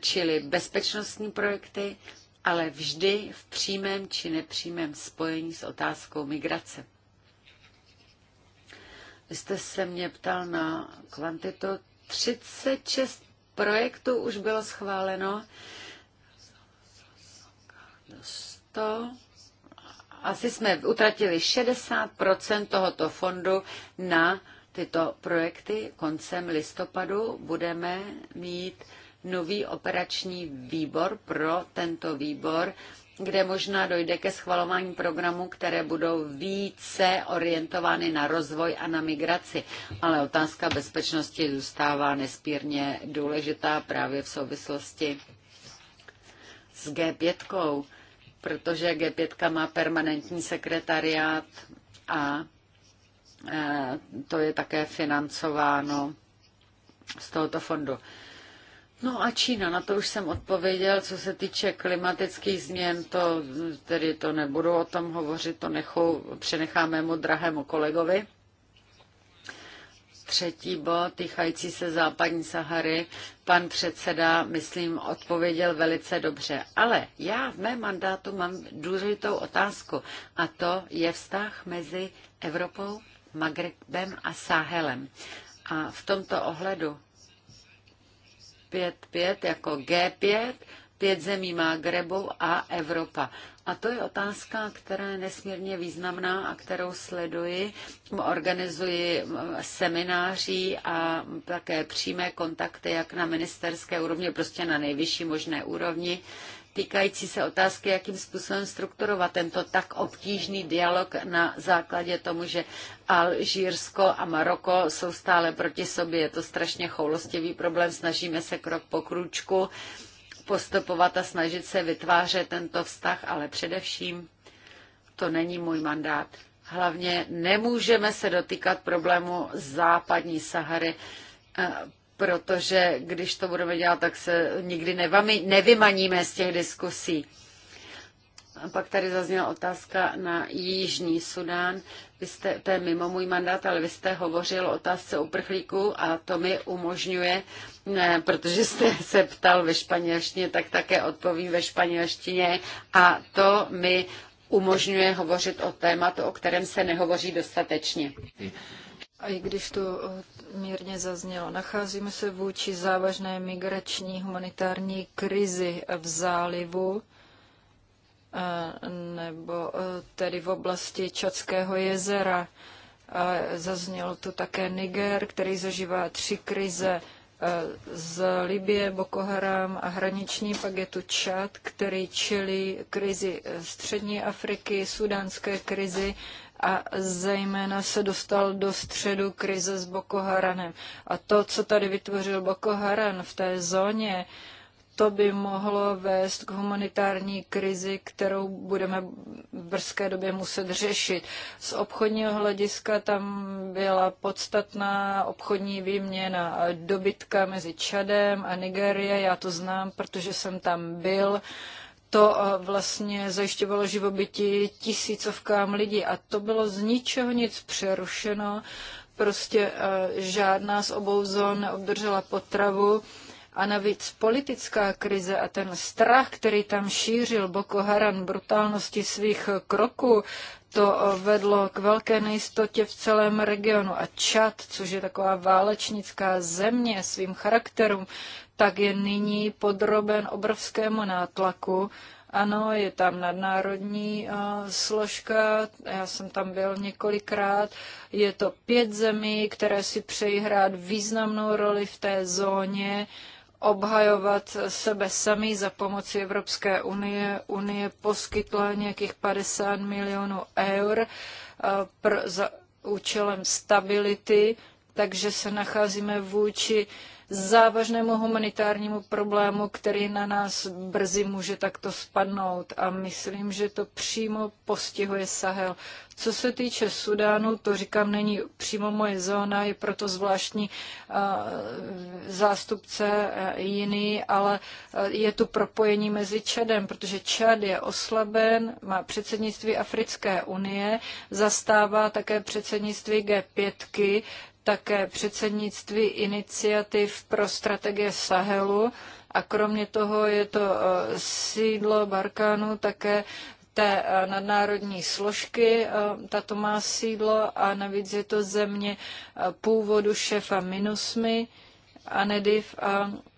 čili bezpečnostní projekty, ale vždy v přímém či nepřímém spojení s otázkou migrace. Vy jste se mě ptal na kvantitu. 36 projektů už bylo schváleno. 100. Asi jsme utratili 60% tohoto fondu na tyto projekty. Koncem listopadu budeme mít nový operační výbor pro tento výbor, kde možná dojde ke schvalování programů, které budou více orientovány na rozvoj a na migraci. Ale otázka bezpečnosti zůstává nespírně důležitá právě v souvislosti s G5, protože G5 má permanentní sekretariát a e, to je také financováno z tohoto fondu. No a Čína, na to už jsem odpověděl, co se týče klimatických změn, to tedy to nebudu o tom hovořit, to nechou, přenechám mému drahému kolegovi. Třetí bod, týkající se západní Sahary, pan předseda, myslím, odpověděl velice dobře. Ale já v mém mandátu mám důležitou otázku a to je vztah mezi Evropou, Magrebem a Sahelem. A v tomto ohledu 5-5 jako G5, pět zemí Magrebu a Evropa. A to je otázka, která je nesmírně významná a kterou sleduji. Organizuji semináří a také přímé kontakty jak na ministerské úrovni, prostě na nejvyšší možné úrovni týkající se otázky, jakým způsobem strukturovat tento tak obtížný dialog na základě tomu, že Alžírsko a Maroko jsou stále proti sobě. Je to strašně choulostivý problém, snažíme se krok po kručku postupovat a snažit se vytvářet tento vztah, ale především to není můj mandát. Hlavně nemůžeme se dotýkat problému západní Sahary, eh, protože když to budeme dělat, tak se nikdy nevami, nevymaníme z těch diskusí. A pak tady zazněla otázka na Jižní Sudán. Vy jste, to je mimo můj mandát, ale vy jste hovořil o otázce uprchlíků a to mi umožňuje, ne, protože jste *laughs* se ptal ve španělštině, tak také odpovím ve španělštině a to mi umožňuje hovořit o tématu, o kterém se nehovoří dostatečně. A i když to mírně zaznělo, nacházíme se vůči závažné migrační humanitární krizi v zálivu e, nebo e, tedy v oblasti Čadského jezera. A zaznělo tu také Niger, který zažívá tři krize e, z Libie, Boko Haram a hraniční, pak je tu Čad, který čelí krizi střední Afriky, sudánské krizi a zejména se dostal do středu krize s Boko Haranem. A to, co tady vytvořil Boko Haran v té zóně, to by mohlo vést k humanitární krizi, kterou budeme v brzké době muset řešit. Z obchodního hlediska tam byla podstatná obchodní výměna dobytka mezi Čadem a Nigerie. Já to znám, protože jsem tam byl. Uh, to eh, vlastně zajišťovalo živobytí tisícovkám lidí a to bylo z ničeho nic přerušeno, prostě eh, žádná z obou zón neobdržela potravu a navíc politická krize a ten strach, který tam šířil Boko Haram brutálnosti svých eh, kroků, to vedlo k velké nejistotě v celém regionu. A Čad, což je taková válečnická země svým charakterem, tak je nyní podroben obrovskému nátlaku. Ano, je tam nadnárodní složka, já jsem tam byl několikrát. Je to pět zemí, které si přejí hrát významnou roli v té zóně, obhajovat sebe sami za pomoci Evropské unie. Unie poskytla nějakých 50 milionů eur za účelem stability, takže se nacházíme vůči závažnému humanitárnímu problému, který na nás brzy může takto spadnout. A myslím, že to přímo postihuje Sahel. Co se týče Sudánu, to říkám, není přímo moje zóna, je proto zvláštní zástupce jiný, ale je tu propojení mezi Čadem, protože Čad je oslaben, má předsednictví Africké unie, zastává také předsednictví G5, také předsednictví iniciativ pro strategie Sahelu a kromě toho je to eh, sídlo Barkánu také té eh, nadnárodní složky, eh, tato má sídlo a navíc je to země původu šefa Minusmy Anediv,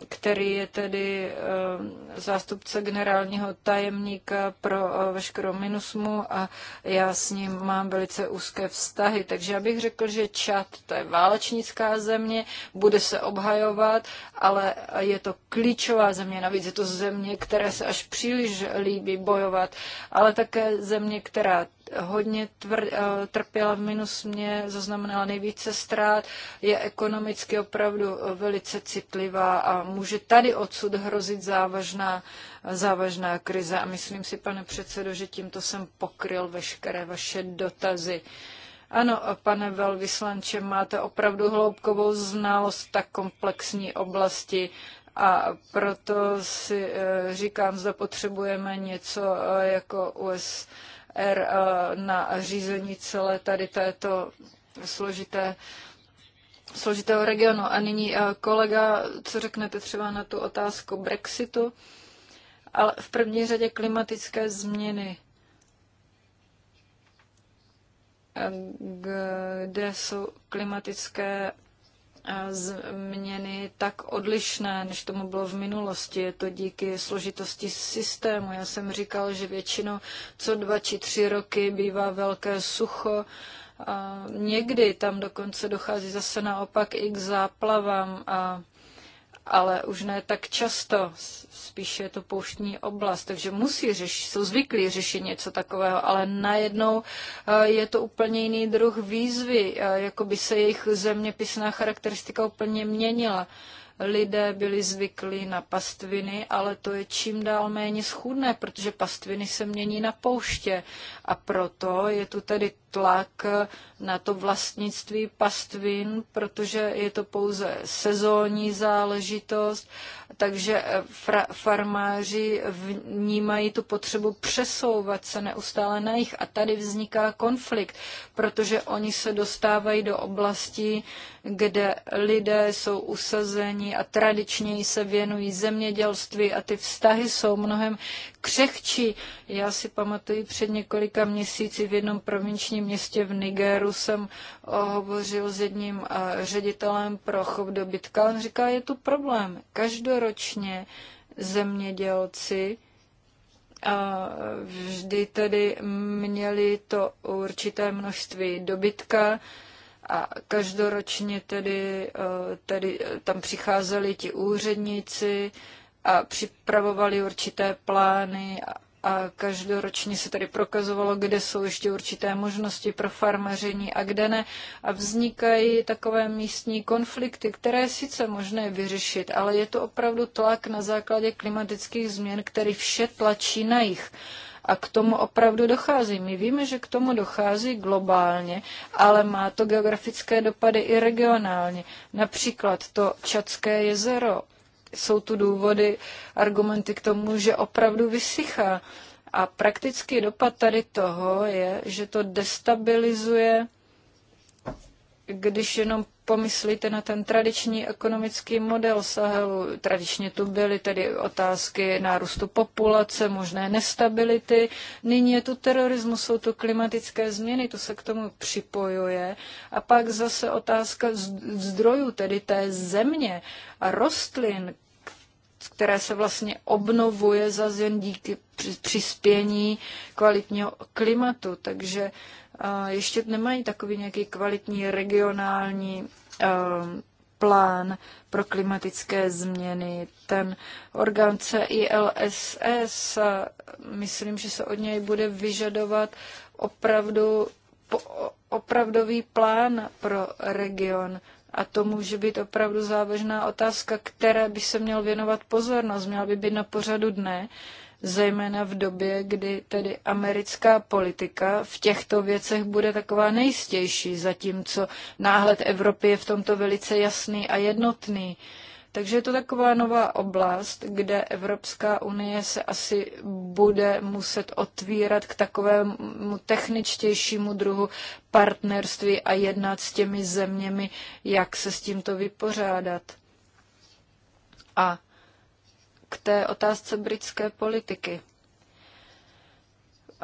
který je tedy eh, zástupce generálního tajemníka pro eh, veškerou minusmu a já s ním mám velice úzké vztahy. Takže já bych řekl, že Čad to je válečnická země, bude se obhajovat, ale je to klíčová země. Navíc je to země, které se až příliš líbí bojovat, ale také země, která hodně tvr, eh, trpěla v minus mě, zaznamenala nejvíce ztrát, je ekonomicky opravdu eh, velice citlivá a může tady odsud hrozit závažná, závažná krize. A myslím si, pane předsedo, že tímto jsem pokryl veškeré vaše dotazy. Ano, pane velvyslanče, máte opravdu hloubkovou znalost tak komplexní oblasti a proto si eh, říkám, zda potřebujeme něco jako US R eh, na řízení celé tady této složité složitého regionu. A nyní eh, kolega, co řeknete třeba na tu otázku Brexitu, ale v první řadě klimatické změny. Eh, kde jsou klimatické změny tak odlišné, než tomu bylo v minulosti. Je to díky složitosti systému. Já jsem říkal, že většinou co dva či tři roky bývá velké sucho. A někdy tam dokonce dochází zase naopak i k záplavám, a, ale už ne tak často spíše je to pouštní oblast, takže musí řešit, jsou zvyklí řešit něco takového, ale najednou eh, je to úplně jiný druh výzvy, eh, jako by se jejich zeměpisná charakteristika úplně měnila. Lidé byli zvyklí na pastviny, ale to je čím dál méně schůdné, protože pastviny se mění na pouště. A proto je tu tedy tlak na to vlastnictví pastvin, protože je to pouze sezónní záležitost, takže eh, farmáři vnímají tu potřebu přesouvat se neustále na jich a tady vzniká konflikt, protože oni se dostávají do oblasti, kde lidé jsou usazeni a tradičněji se věnují zemědělství a ty vztahy jsou mnohem křehčí. Já si pamatuju, před několika měsíci v jednom provinčním městě v Nigeru jsem hovořil s jedním eh, ředitelem pro chov dobytka. On říká, je tu problém. Každoročně zemědělci eh, vždy tedy měli to určité množství dobytka, a každoročně tedy, eh, tedy tam přicházeli ti úředníci a připravovali určité plány a každoročně se tady prokazovalo, kde jsou ještě určité možnosti pro farmaření a kde ne. A vznikají takové místní konflikty, které je sice možné vyřešit, ale je to opravdu tlak na základě klimatických změn, který vše tlačí na jich. A k tomu opravdu dochází. My víme, že k tomu dochází globálně, ale má to geografické dopady i regionálně. Například to Čadské jezero jsou tu důvody, argumenty k tomu, že opravdu vysychá. A praktický dopad tady toho je, že to destabilizuje, když jenom pomyslíte na ten tradiční ekonomický model Sahelu. Tradičně tu byly tedy otázky nárůstu populace, možné nestability. Nyní je tu terorismus, jsou tu klimatické změny, to se k tomu připojuje. A pak zase otázka zdrojů, tedy té země a rostlin, které se vlastně obnovuje za zem díky přispění kvalitního klimatu. Takže ještě nemají takový nějaký kvalitní regionální plán pro klimatické změny. Ten orgán CILSS, myslím, že se od něj bude vyžadovat opravdu opravdový plán pro region. A to může být opravdu závažná otázka, které by se měl věnovat pozornost, měla by být na pořadu dne, zejména v době, kdy tedy americká politika v těchto věcech bude taková nejistější, zatímco náhled Evropy je v tomto velice jasný a jednotný. Takže je to taková nová oblast, kde Evropská unie se asi bude muset otvírat k takovému techničtějšímu druhu partnerství a jednat s těmi zeměmi, jak se s tímto vypořádat. A k té otázce britské politiky.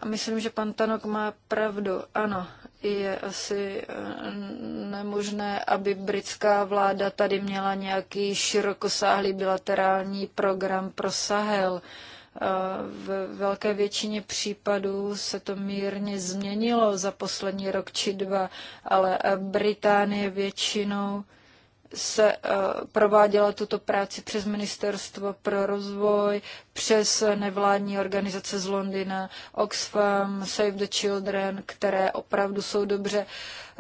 A myslím, že pan Tanok má pravdu. Ano, je asi eh, nemožné, aby britská vláda tady měla nějaký širokosáhlý bilaterální program pro Sahel. Eh, v velké většině případů se to mírně změnilo za poslední rok či dva, ale Británie většinou se eh, prováděla tuto práci přes Ministerstvo pro rozvoj, přes nevládní organizace z Londýna, Oxfam, Save the Children, které opravdu jsou dobře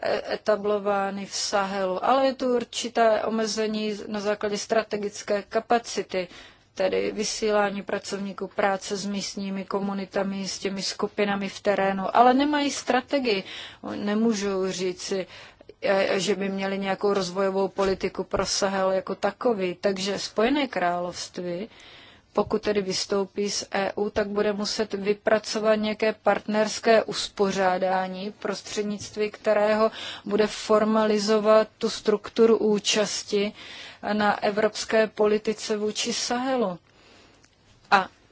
eh, etablovány v Sahelu. Ale je tu určité omezení na základě strategické kapacity, tedy vysílání pracovníků práce s místními komunitami, s těmi skupinami v terénu, ale nemají strategii. Nemůžou říci, E, že by měli nějakou rozvojovou politiku pro Sahel jako takový. Takže Spojené království, pokud tedy vystoupí z EU, tak bude muset vypracovat nějaké partnerské uspořádání, prostřednictví kterého bude formalizovat tu strukturu účasti na evropské politice vůči Sahelu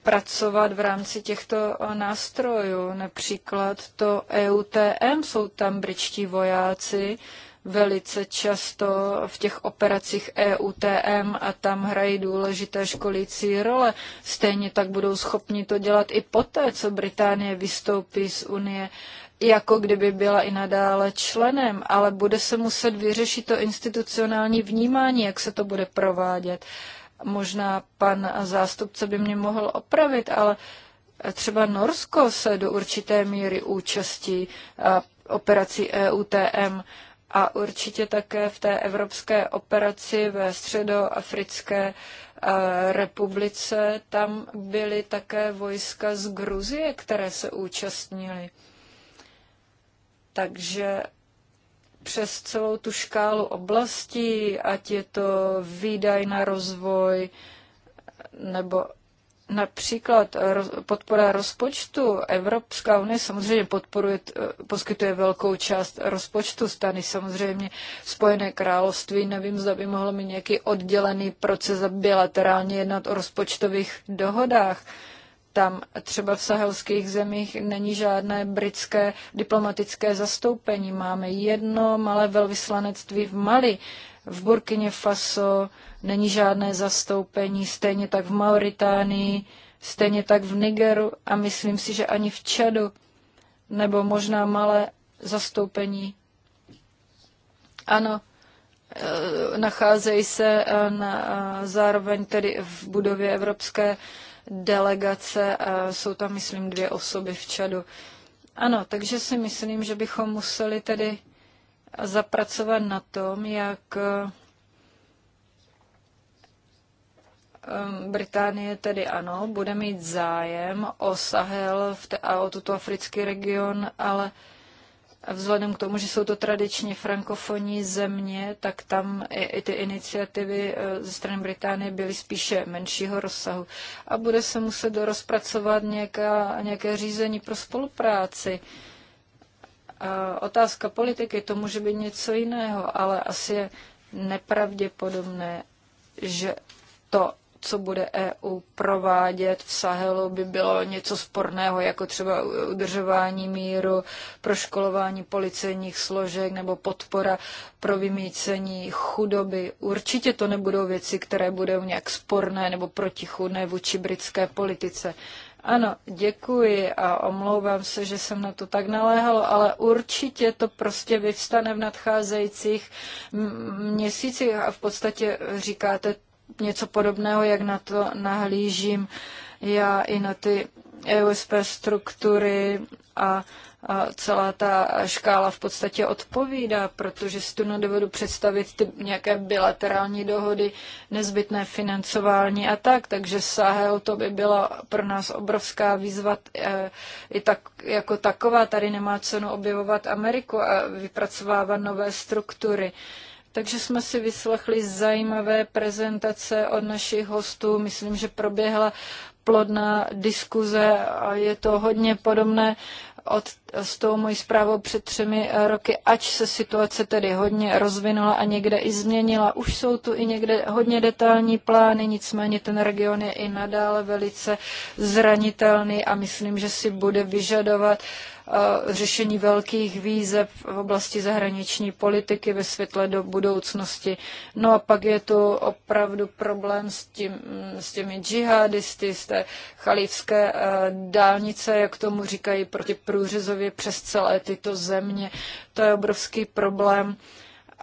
pracovat v rámci těchto eh, nástrojů. Například to EUTM, jsou tam britští vojáci, velice často v těch operacích EUTM a tam hrají důležité školící role. Stejně tak budou schopni to dělat i poté, co Británie vystoupí z Unie jako kdyby byla i nadále členem, ale bude se muset vyřešit to institucionální vnímání, jak se to bude provádět. Možná pan zástupce by mě mohl opravit, ale třeba Norsko se do určité míry účastí eh, operací EUTM a určitě také v té evropské operaci ve středoafrické eh, republice, tam byly také vojska z Gruzie, které se účastnily. Takže přes celou tu škálu oblastí, ať je to výdaj na rozvoj nebo například podpora rozpočtu. Evropská unie samozřejmě podporuje, poskytuje velkou část rozpočtu stany. Samozřejmě Spojené království, nevím, zda by mohlo mít nějaký oddělený proces a bilaterálně jednat o rozpočtových dohodách. Tam třeba v sahelských zemích není žádné britské diplomatické zastoupení. Máme jedno malé velvyslanectví v Mali, v Burkině Faso není žádné zastoupení, stejně tak v Mauritánii, stejně tak v Nigeru a myslím si, že ani v Čadu, nebo možná malé zastoupení. Ano, eh, nacházejí se eh, na, eh, zároveň tedy v budově Evropské delegace a jsou tam, myslím, dvě osoby v Čadu. Ano, takže si myslím, že bychom museli tedy zapracovat na tom, jak ehm, Británie tedy ano, bude mít zájem o Sahel a o tuto africký region, ale uh, Vzhledem k tomu, že jsou to tradičně frankofonní země, tak tam i, i ty iniciativy eh, ze strany Británie byly spíše menšího rozsahu. A bude se muset rozpracovat nějaká, nějaké řízení pro spolupráci. A otázka politiky, to může být něco jiného, ale asi je nepravděpodobné, že to co bude EU provádět v Sahelu, by bylo něco sporného, jako třeba udržování míru, proškolování policejních složek nebo podpora pro vymícení chudoby. Určitě to nebudou věci, které budou nějak sporné nebo protichudné vůči britské politice. Ano, děkuji a omlouvám se, že jsem na to tak naléhalo, ale určitě to prostě vyvstane v nadcházejících měsících a v podstatě říkáte něco podobného, jak na to nahlížím já i na ty EUSP struktury a a celá ta škála v podstatě odpovídá, protože si tu nedovedu představit ty nějaké bilaterální dohody, nezbytné financování a tak, takže Sahel to by byla pro nás obrovská výzva e, i tak, jako taková, tady nemá cenu objevovat Ameriku a vypracovávat nové struktury. E, takže jsme si vyslechli zajímavé prezentace od našich hostů. Myslím, že proběhla plodná diskuze a je to hodně podobné od, s tou mojí zprávou před třemi roky, ač se situace tedy hodně rozvinula a někde i změnila. Už jsou tu i někde hodně detailní plány, nicméně ten region je i nadále velice zranitelný a myslím, že si bude vyžadovat uh, Eh, řešení velkých výzev v oblasti zahraniční politiky ve světle do budoucnosti. No a pak je to opravdu problém s, tím, mm, s těmi džihadisty, z té chalívské eh, dálnice, jak tomu říkají, proti průřezově přes celé tyto země. To je obrovský problém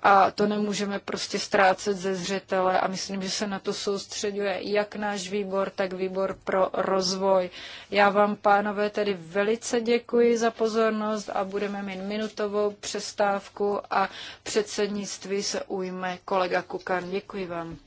a to nemůžeme prostě ztrácet ze zřetele a myslím, že se na to soustředuje jak náš výbor, tak výbor pro rozvoj. Já vám, pánové, tedy velice děkuji za pozornost a budeme mít minutovou přestávku a předsednictví se ujme kolega Kukan. Děkuji vám.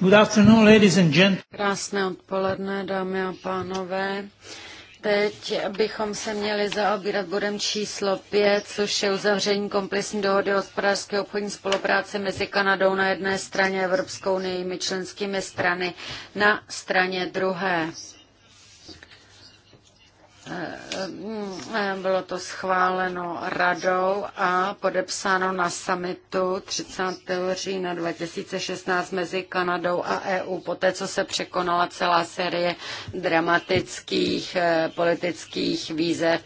Good afternoon, ladies and gentlemen. Krásné odpoledne, dámy a pánové. Teď bychom se měli zaobírat bodem číslo 5, což je uzavření komplexní dohody o hospodářské obchodní spolupráce mezi Kanadou na jedné straně a Evropskou unii členskými strany na straně druhé. Eh, eh, bylo to schváleno radou a podepsáno na summitu 30. října 2016 mezi Kanadou a EU, poté co se překonala celá série dramatických eh, politických výzev.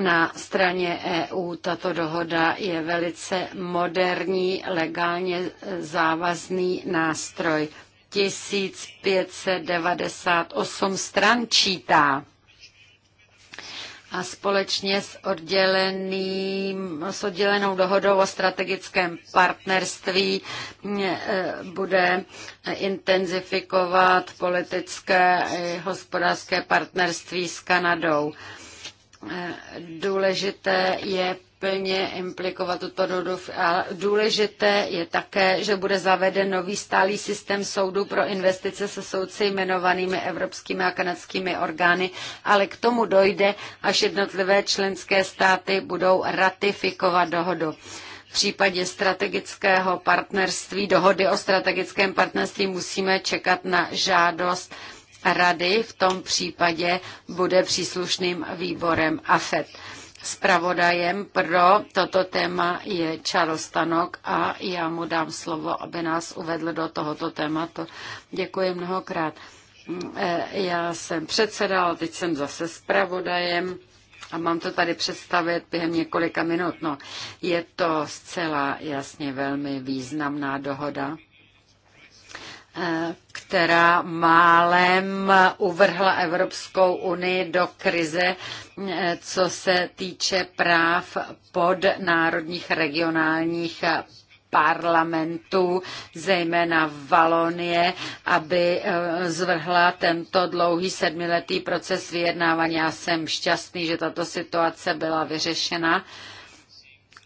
Na straně EU tato dohoda je velice moderní, legálně závazný nástroj. 1598 stran čítá a společně s, odděleným, s oddělenou dohodou o strategickém partnerství eh, bude intenzifikovat politické i hospodářské partnerství s Kanadou. Eh, důležité je plně implikovat tuto dohodu. A důležité je také, že bude zaveden nový stálý systém soudu pro investice se soudci jmenovanými evropskými a kanadskými orgány, ale k tomu dojde, až jednotlivé členské státy budou ratifikovat dohodu. V případě strategického partnerství, dohody o strategickém partnerství musíme čekat na žádost rady, v tom případě bude příslušným výborem AFET. Spravodajem pro toto téma je Charles Tanok a já mu dám slovo, aby nás uvedl do tohoto tématu. Děkuji mnohokrát. Eh, já jsem předsedal, teď jsem zase spravodajem a mám to tady představit během několika minut. No, je to zcela jasně velmi významná dohoda která málem uvrhla Evropskou unii do krize, co se týče práv pod národních regionálních parlamentů, zejména Valonie, aby eh, zvrhla tento dlouhý sedmiletý proces vyjednávání. Já jsem šťastný, že tato situace byla vyřešena.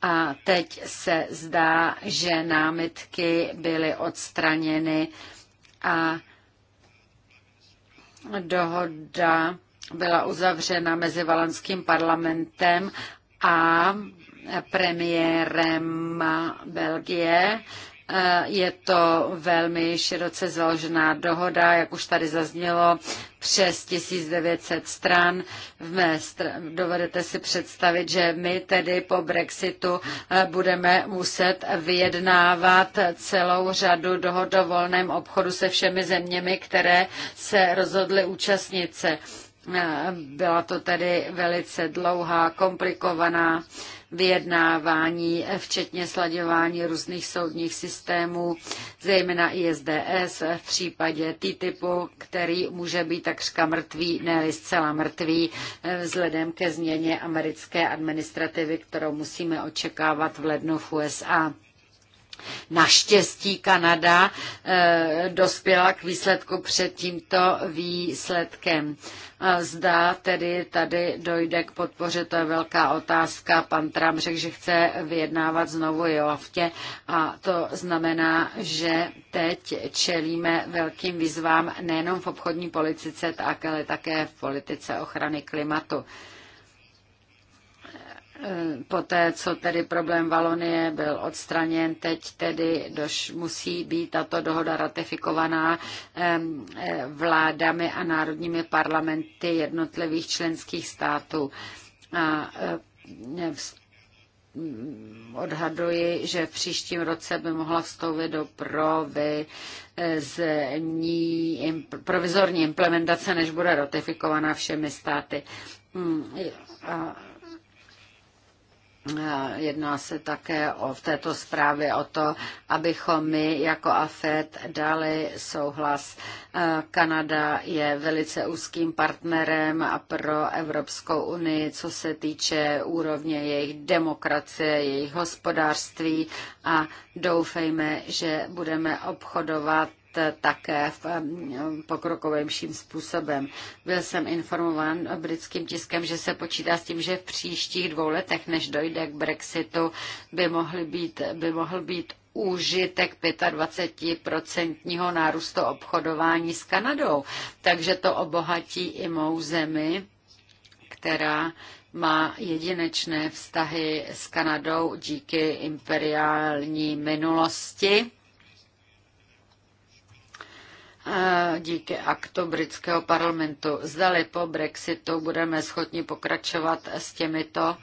A teď se zdá, že námitky byly odstraněny a dohoda byla uzavřena mezi Valenským parlamentem a premiérem Belgie. Eh, je to velmi široce založená dohoda, jak už tady zaznělo, přes 1900 stran. V mé str- dovedete si představit, že my tedy po Brexitu eh, budeme muset vyjednávat celou řadu dohod o volném obchodu se všemi zeměmi, které se rozhodly účastnit se. Eh, byla to tedy velice dlouhá, komplikovaná vyjednávání, eh, včetně sladěvání různých soudních systémů, zejména ISDS v případě TTIPu, který může být takřka mrtvý, ne zcela mrtvý, eh, vzhledem ke změně americké administrativy, kterou musíme očekávat v lednu v USA. Naštěstí Kanada eh, dospěla k výsledku před tímto výsledkem. Zda tedy tady dojde k podpoře, to je velká otázka. Pan Trump řekl, že chce vyjednávat znovu Joaftě a to znamená, že teď čelíme velkým výzvám nejenom v obchodní politice, ale také v politice ochrany klimatu. Eh, poté, co tedy problém Valonie byl odstraněn, teď tedy doš, musí být tato dohoda ratifikovaná eh, vládami a národními parlamenty jednotlivých členských států. A eh, mm, odhaduji, že v příštím roce by mohla vstoupit do provy z ní provizorní implementace, než bude ratifikovaná všemi státy. Mm, a Jedná se také o, v této zprávě o to, abychom my jako AFED dali souhlas. Eh, Kanada je velice úzkým partnerem a pro Evropskou unii, co se týče úrovně jejich demokracie, jejich hospodářství a doufejme, že budeme obchodovat také v pokrokovějším způsobem. Byl jsem informován britským tiskem, že se počítá s tím, že v příštích dvou letech, než dojde k Brexitu, by, mohly být, by mohl být užitek 25% nárůstu obchodování s Kanadou. Takže to obohatí i mou zemi, která má jedinečné vztahy s Kanadou díky imperiální minulosti díky aktu britského parlamentu. Zdali po Brexitu budeme schopni pokračovat s těmito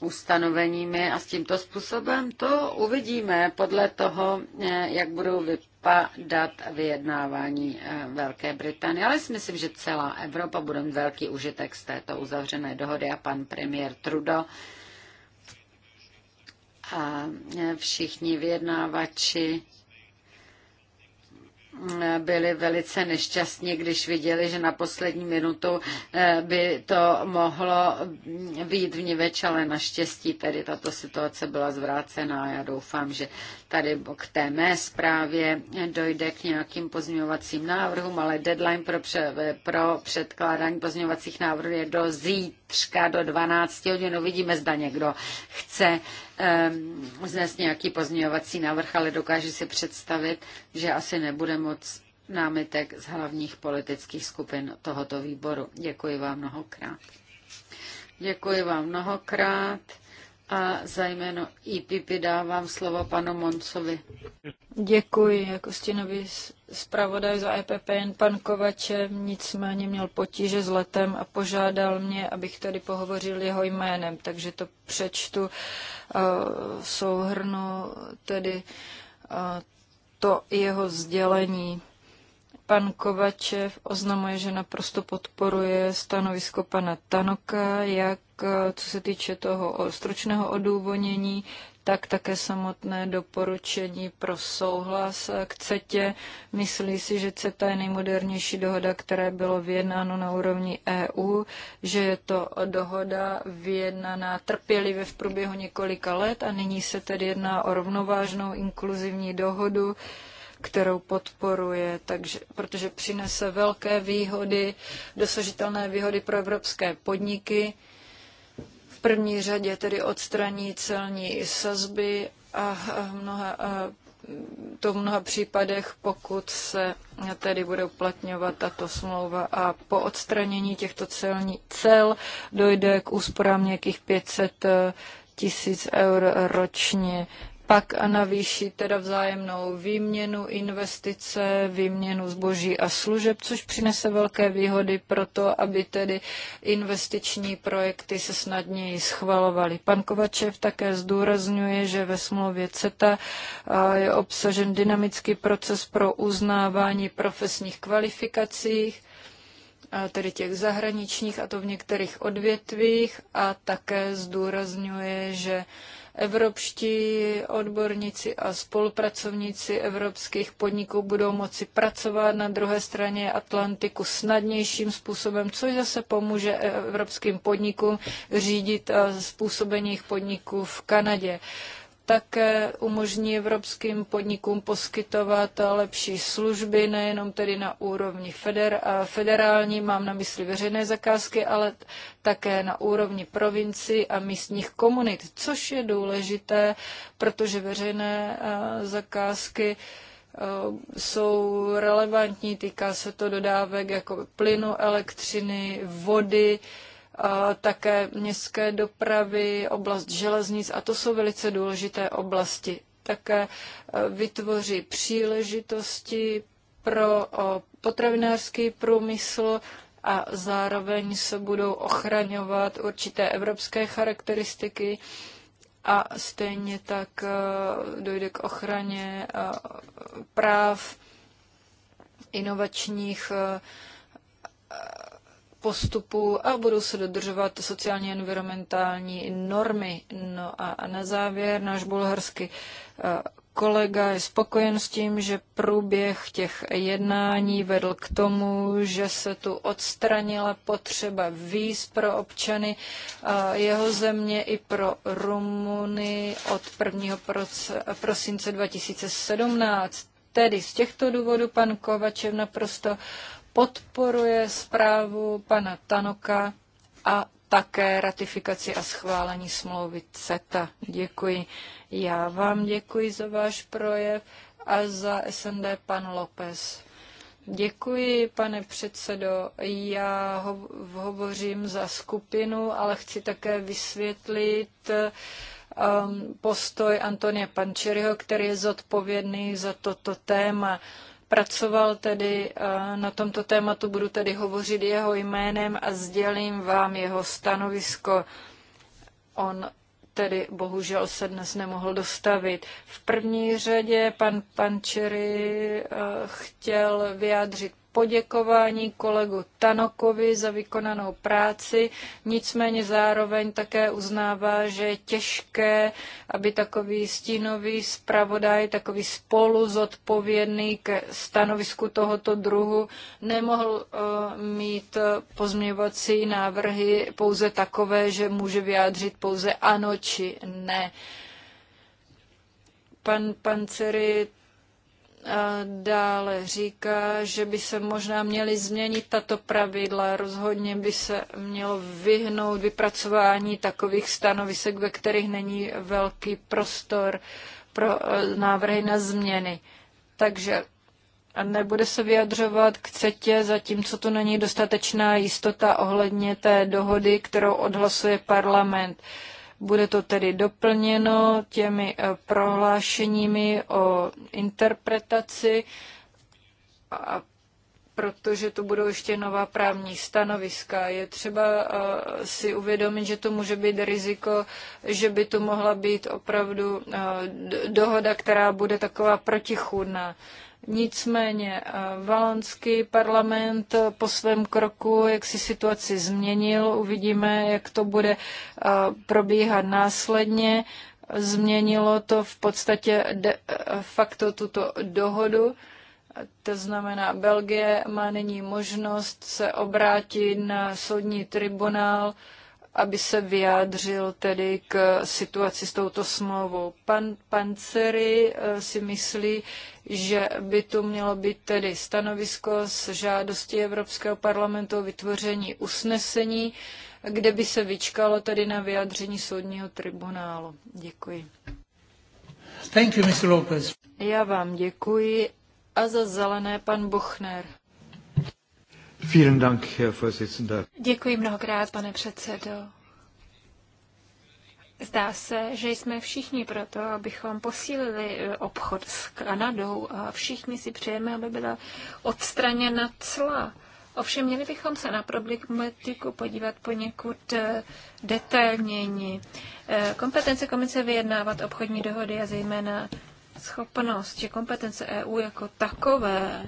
ustanoveními a s tímto způsobem, to uvidíme podle toho, eh, jak budou vypadat vyjednávání eh, Velké Británie. Ale si myslím, že celá Evropa bude mít velký užitek z této uzavřené dohody a pan premiér Trudeau a eh, všichni vyjednávači byli velice nešťastní, když viděli, že na poslední minutu eh, by to mohlo být v niveč, ale naštěstí tady tato situace byla zvrácená a já doufám, že tady k té mé zprávě dojde k nějakým pozměňovacím návrhům, ale deadline pro, pře- pro předkládání pozměňovacích návrhů je do zítřka do 12 hodin. Uvidíme, no, zda někdo chce Ehm, vznést nějaký pozměňovací návrh, ale dokáže si představit, že asi nebude moc námitek z hlavních politických skupin tohoto výboru. Děkuji vám mnohokrát. Děkuji vám mnohokrát a jméno IPP e dávám slovo panu Moncovi. Děkuji jako stěnový zpravodaj za EPPN, pan Kovače nicméně měl potíže s letem a požádal mě, abych tady pohovořil jeho jménem, takže to přečtu eh, souhrnu tedy eh, to jeho sdělení. Pan Kovačev oznamuje, že naprosto podporuje stanovisko pana Tanoka, jak eh, co se týče toho stručného odůvodnění, tak také samotné doporučení pro souhlas eh, k CETě. Myslí si, že CETA je nejmodernější dohoda, které bylo vyjednáno na úrovni EU, že je to dohoda vyjednaná trpělivě v průběhu několika let a nyní se tedy jedná o rovnovážnou inkluzivní dohodu, kterou podporuje, takže, protože přinese velké výhody, dosažitelné výhody pro evropské podniky. V první řadě tedy odstraní celní sazby a, a, mnoha, a to v mnoha případech, pokud se tedy bude uplatňovat tato smlouva a po odstranění těchto celní cel dojde k úsporám nějakých 500 eh, tisíc eur ročně pak navýší teda vzájemnou výměnu, investice, výměnu zboží a služeb, což přinese velké výhody pro to, aby tedy investiční projekty se snadněji schvalovaly. Pan Kovačev také zdůrazňuje, že ve smlouvě CETA je obsažen dynamický proces pro uznávání profesních kvalifikací, tedy těch zahraničních, a to v některých odvětvích, a také zdůrazňuje, že Evropští odborníci a spolupracovníci evropských podniků budou moci pracovat na druhé straně Atlantiku snadnějším způsobem, což zase pomůže evropským podnikům řídit způsobení jejich podniků v Kanadě také umožní evropským podnikům poskytovat lepší služby, nejenom tedy na úrovni feder, federální, mám na mysli veřejné zakázky, ale také na úrovni provinci a místních komunit, což je důležité, protože veřejné zakázky jsou relevantní, týká se to dodávek jako plynu, elektřiny, vody, také městské dopravy, oblast železnic a to jsou velice důležité oblasti. Také e, vytvoří příležitosti pro potravinářský průmysl a zároveň se budou ochraňovat určité evropské charakteristiky a stejně tak e, dojde k ochraně e, práv inovačních postupu a budou se dodržovat sociálně environmentální normy. No a na závěr náš bulharský eh, kolega je spokojen s tím, že průběh těch jednání vedl k tomu, že se tu odstranila potřeba víz pro občany jeho země i pro Rumuny od 1. prosince 2017. Tedy z těchto důvodů pan Kovačev naprosto podporuje zprávu pana Tanoka a také ratifikaci a schválení smlouvy CETA. Děkuji. Já vám děkuji za váš projev a za SND pan López. Děkuji, pane předsedo. Já ho- hovořím za skupinu, ale chci také vysvětlit um, postoj Antonia Pančeryho, který je zodpovědný za toto téma. Uh, pracoval tedy eh, na tomto tématu, budu tedy hovořit jeho jménem a sdělím vám jeho stanovisko. On tedy bohužel se dnes nemohl dostavit. V první řadě pan Pančery eh, chtěl vyjádřit poděkování kolegu Tanokovi za vykonanou práci, nicméně zároveň také uznává, že je těžké, aby takový stínový zpravodaj, takový spolu zodpovědný k stanovisku tohoto druhu nemohl uh, mít pozměňovací návrhy pouze takové, že může vyjádřit pouze ano či ne. Pan Panceri dále říká, že by se možná měly změnit tato pravidla, rozhodně by se mělo vyhnout vypracování takových stanovisek, ve kterých není velký prostor pro e, návrhy na změny. Takže nebude se vyjadřovat k CETě, zatímco tu není dostatečná jistota ohledně té dohody, kterou odhlasuje parlament. Bude to tedy doplněno těmi eh, prohlášeními o interpretaci a protože to budou ještě nová právní stanoviska. Je třeba eh, si uvědomit, že to může být riziko, že by to mohla být opravdu eh, dohoda, která bude taková protichůdná. Nicméně eh, valonský parlament eh, po svém kroku, jak si situaci změnil, uvidíme, jak to bude eh, probíhat následně. Změnilo to v podstatě de facto tuto dohodu. To znamená, Belgie má nyní možnost se obrátit na soudní tribunál aby se vyjádřil tedy k situaci s touto smlouvou. Pan Pancery eh, si myslí, že by to mělo být tedy stanovisko s žádostí Evropského parlamentu o vytvoření usnesení, kde by se vyčkalo tedy na vyjádření soudního tribunálu. Děkuji. Thank you, Mr. Lopez. Já vám děkuji a za zelené pan Buchner. Děkuji mnohokrát, pane předsedo. Zdá se, že jsme všichni proto, abychom posílili eh, obchod s Kanadou a všichni si přejeme, aby byla odstraněna cla. Ovšem měli bychom se na problematiku podívat poněkud eh, detailněji. Eh, kompetence komise vyjednávat obchodní dohody a zejména schopnost, že kompetence EU jako takové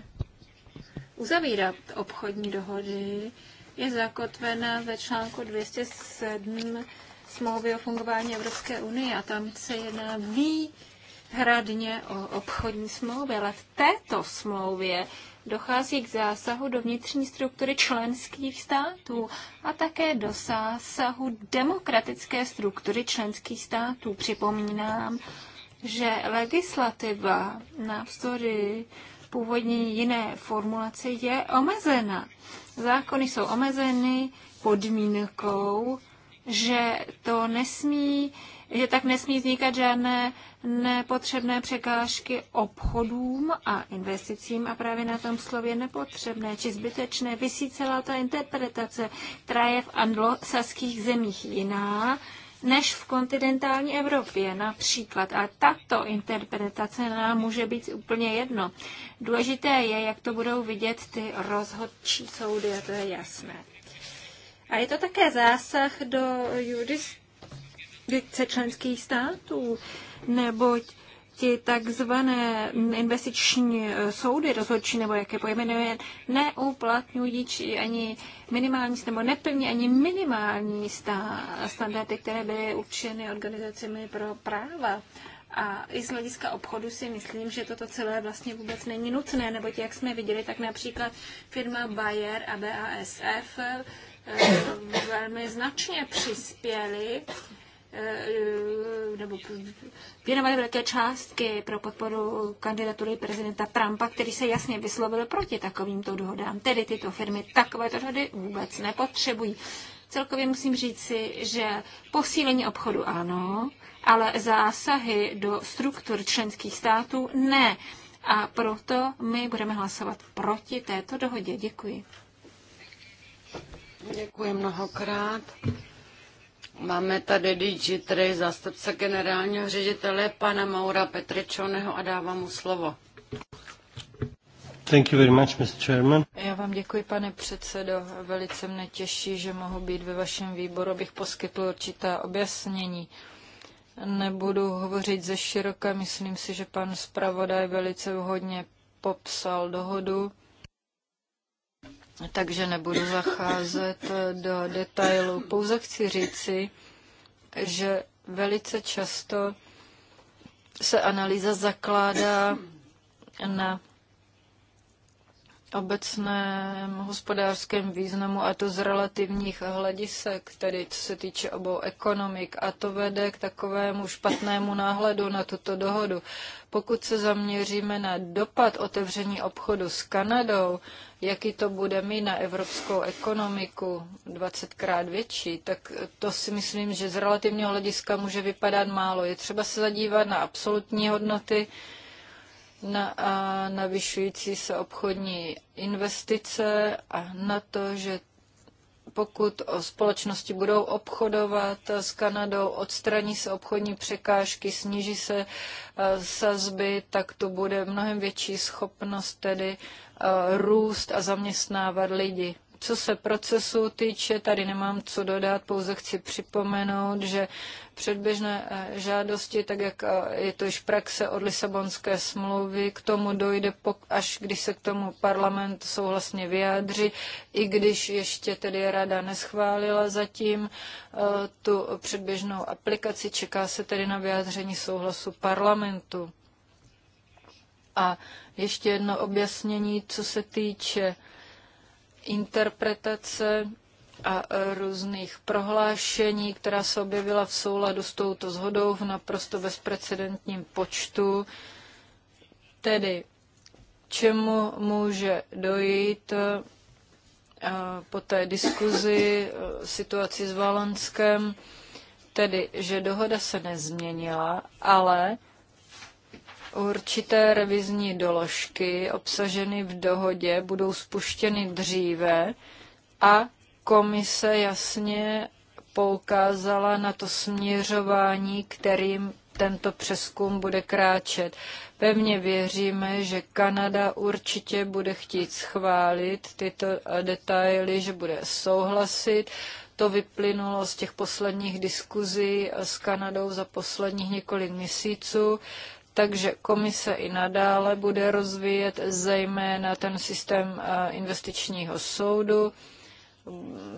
uzavírat obchodní dohody, je zakotvena ve článku 207 smlouvy o fungování Evropské unie a tam se jedná výhradně o obchodní smlouvy, ale v této smlouvě dochází k zásahu do vnitřní struktury členských států a také do zásahu demokratické struktury členských států. Připomínám, že legislativa navzdory původní jiné formulaci je omezena. Zákony jsou omezeny podmínkou, že to nesmí, že tak nesmí vznikat žádné nepotřebné překážky obchodům a investicím a právě na tom slově nepotřebné či zbytečné vysí celá ta interpretace, která je v anglosaských zemích jiná než v kontinentální Evropě například. A tato interpretace nám může být úplně jedno. Důležité je, jak to budou vidět ty rozhodčí soudy, a to je jasné. A je to také zásah do judice členských států, neboť ti takzvané investiční e, soudy rozhodčí, nebo jak je pojmenuje, neuplatňují či ani minimální, nebo neplní ani minimální sta, standardy, které byly určeny organizacemi pro práva. A i z hlediska obchodu si myslím, že toto celé vlastně vůbec není nutné, neboť jak jsme viděli, tak například firma Bayer a BASF e, velmi značně přispěly Eh, nebo věnovali velké částky pro podporu kandidatury prezidenta Trumpa, který se jasně vyslovil proti takovýmto dohodám. Tedy tyto firmy takovéto dohody vůbec nepotřebují. Celkově musím říci, že posílení obchodu ano, ale zásahy do struktur členských států ne. A proto my budeme hlasovat proti této dohodě. Děkuji. Děkuji mnohokrát. Máme tady DG, 3 zástupce generálního ředitele, pana Maura Petričoneho a dávám mu slovo. Thank you very much, Mr. Chairman. Já vám děkuji, pane předsedo. Velice mne těší, že mohu být ve vašem výboru, abych poskytl určitá objasnění. Nebudu hovořit ze široka, myslím si, že pan zpravodaj velice vhodně popsal dohodu takže nebudu zacházet do detailů. Pouze chci říci, že velice často se analýza zakládá na obecném hospodářském významu a to z relativních hledisek, tedy co se týče obou ekonomik. A to vede k takovému špatnému náhledu na tuto dohodu. Pokud se zaměříme na dopad otevření obchodu s Kanadou, jaký to bude mít na evropskou ekonomiku, 20krát větší, tak to si myslím, že z relativního hlediska může vypadat málo. Je třeba se zadívat na absolutní hodnoty, na a navyšující se obchodní investice a na to, že pokud společnosti budou obchodovat s Kanadou, odstraní se obchodní překážky, sníží se eh, sazby, tak to bude mnohem větší schopnost tedy eh, růst a zaměstnávat lidi. Co se procesu týče, tady nemám co dodat, pouze chci připomenout, že předběžné eh, žádosti, tak jak eh, je to již praxe od Lisabonské smlouvy, k tomu dojde, až když se k tomu parlament souhlasně vyjádří, i když ještě tedy rada neschválila zatím eh, tu předběžnou aplikaci, čeká se tedy na vyjádření souhlasu parlamentu. A ještě jedno objasnění, co se týče interpretace a různých prohlášení, která se objevila v souladu s touto zhodou v naprosto bezprecedentním počtu. Tedy, čemu může dojít eh, po té diskuzi eh, situaci s Valonskem, tedy, že dohoda se nezměnila, ale Určité revizní doložky obsaženy v dohodě budou spuštěny dříve a komise jasně poukázala na to směřování, kterým tento přeskum bude kráčet. Pevně věříme, že Kanada určitě bude chtít schválit tyto detaily, že bude souhlasit. To vyplynulo z těch posledních diskuzí s Kanadou za posledních několik měsíců. Takže komise i nadále bude rozvíjet zejména ten systém eh, investičního soudu.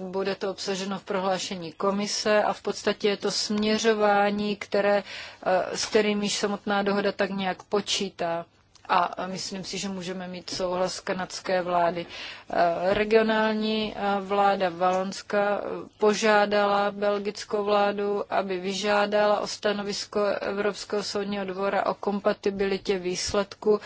Bude to obsaženo v prohlášení komise a v podstatě je to směřování, které, eh, s kterým již samotná dohoda tak nějak počítá a myslím si, že můžeme mít souhlas kanadské vlády. Eh, regionální eh, vláda Valonska požádala belgickou vládu, aby vyžádala o stanovisko Evropského soudního dvora o kompatibilitě výsledku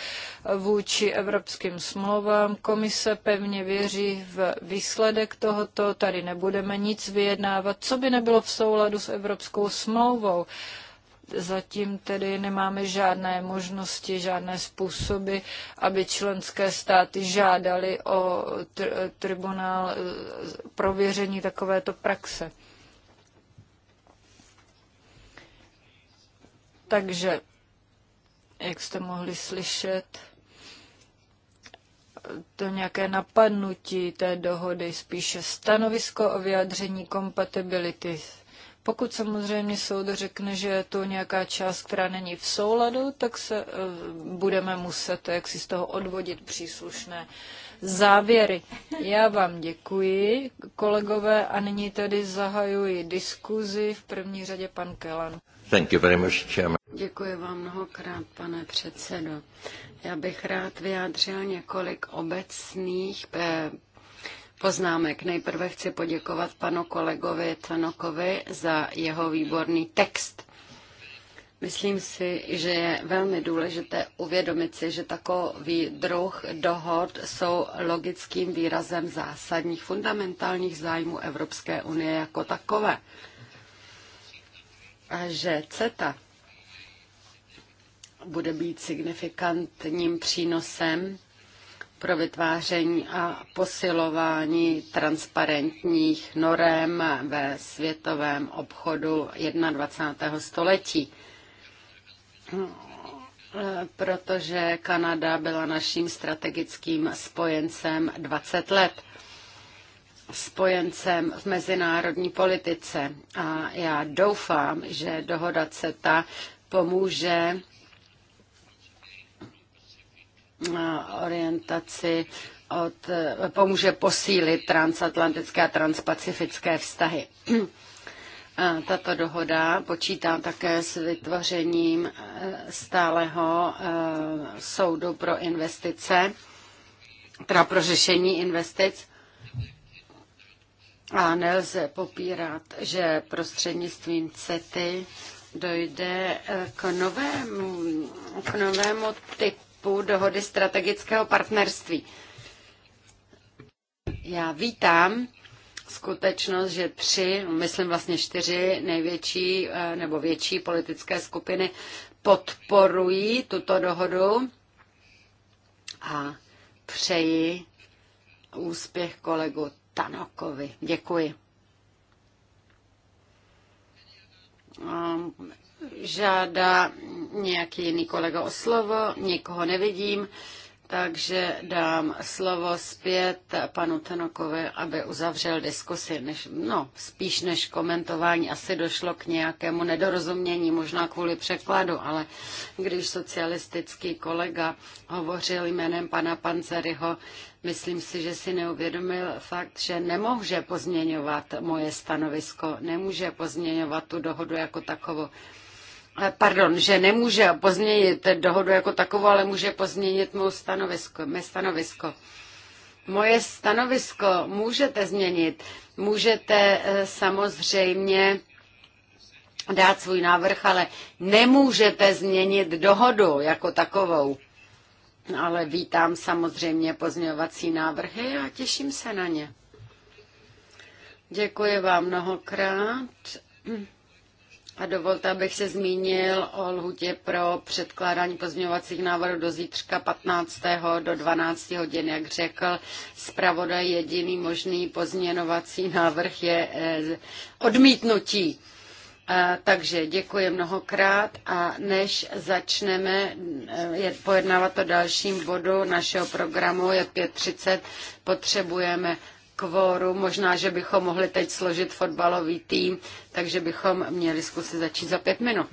vůči evropským smlouvám. Komise pevně věří v výsledek tohoto. Tady nebudeme nic vyjednávat, co by nebylo v souladu s Evropskou smlouvou. Zatím tedy nemáme žádné možnosti, žádné způsoby, aby členské státy žádali o tr- tribunál eh, prověření takovéto praxe. Takže, jak jste mohli slyšet, to nějaké napadnutí té dohody, spíše stanovisko o vyjádření kompatibility pokud samozřejmě soud řekne, že je to nějaká část, která není v souladu, tak se eh, budeme muset jak si z toho odvodit příslušné závěry. Já vám děkuji, kolegové, a nyní tedy zahajuji diskuzi. V první řadě pan Kelan. Thank you very much, chairman. Děkuji vám mnohokrát, pane předsedo. Já bych rád vyjádřil několik obecných eh, poznámek. Nejprve chci poděkovat panu kolegovi Tanokovi za jeho výborný text. Myslím si, že je velmi důležité uvědomit si, že takový druh dohod jsou logickým výrazem zásadních fundamentálních zájmů Evropské unie jako takové. A že CETA bude být signifikantním přínosem pro vytváření a posilování transparentních norem ve světovém obchodu 21. století. Protože Kanada byla naším strategickým spojencem 20 let spojencem v mezinárodní politice a já doufám, že dohoda CETA pomůže orientaci od, pomůže posílit transatlantické a transpacifické vztahy. Tato dohoda počítá také s vytvořením eh, stáleho eh, soudu pro investice, teda pro řešení investic. A nelze popírat, že prostřednictvím CETY dojde eh, k novému, k novému typu principů dohody strategického partnerství. Já vítám skutečnost, že tři, myslím vlastně čtyři největší eh, nebo větší politické skupiny podporují tuto dohodu a přeji úspěch kolegu Tanokovi. Děkuji. Ehm, žádá nějaký jiný kolega o slovo, nikoho nevidím, takže dám slovo zpět panu Tenokovi, aby uzavřel diskusi. Než, no, spíš než komentování asi došlo k nějakému nedorozumění, možná kvůli překladu, ale když socialistický kolega hovořil jménem pana Panceryho, Myslím si, že si neuvědomil fakt, že nemůže pozměňovat moje stanovisko, nemůže pozměňovat tu dohodu jako takovou pardon, že nemůže pozměnit dohodu jako takovou, ale může pozměnit mou stanovisko, mé stanovisko. Moje stanovisko můžete změnit. Můžete eh, samozřejmě dát svůj návrh, ale nemůžete změnit dohodu jako takovou. Ale vítám samozřejmě pozměňovací návrhy a těším se na ně. Děkuji vám mnohokrát. A dovolte, abych se zmínil o lhutě pro předkládání pozměňovacích návrhů do zítřka 15. do 12 hodin. Jak řekl zpravodaj, jediný možný pozměňovací návrh je eh, odmítnutí. Eh, takže děkuji mnohokrát a než začneme eh, pojednávat o dalším bodu našeho programu, je 5.30, potřebujeme kvóru. Možná, že bychom mohli teď složit fotbalový tým, takže bychom měli zkusit začít za pět minut.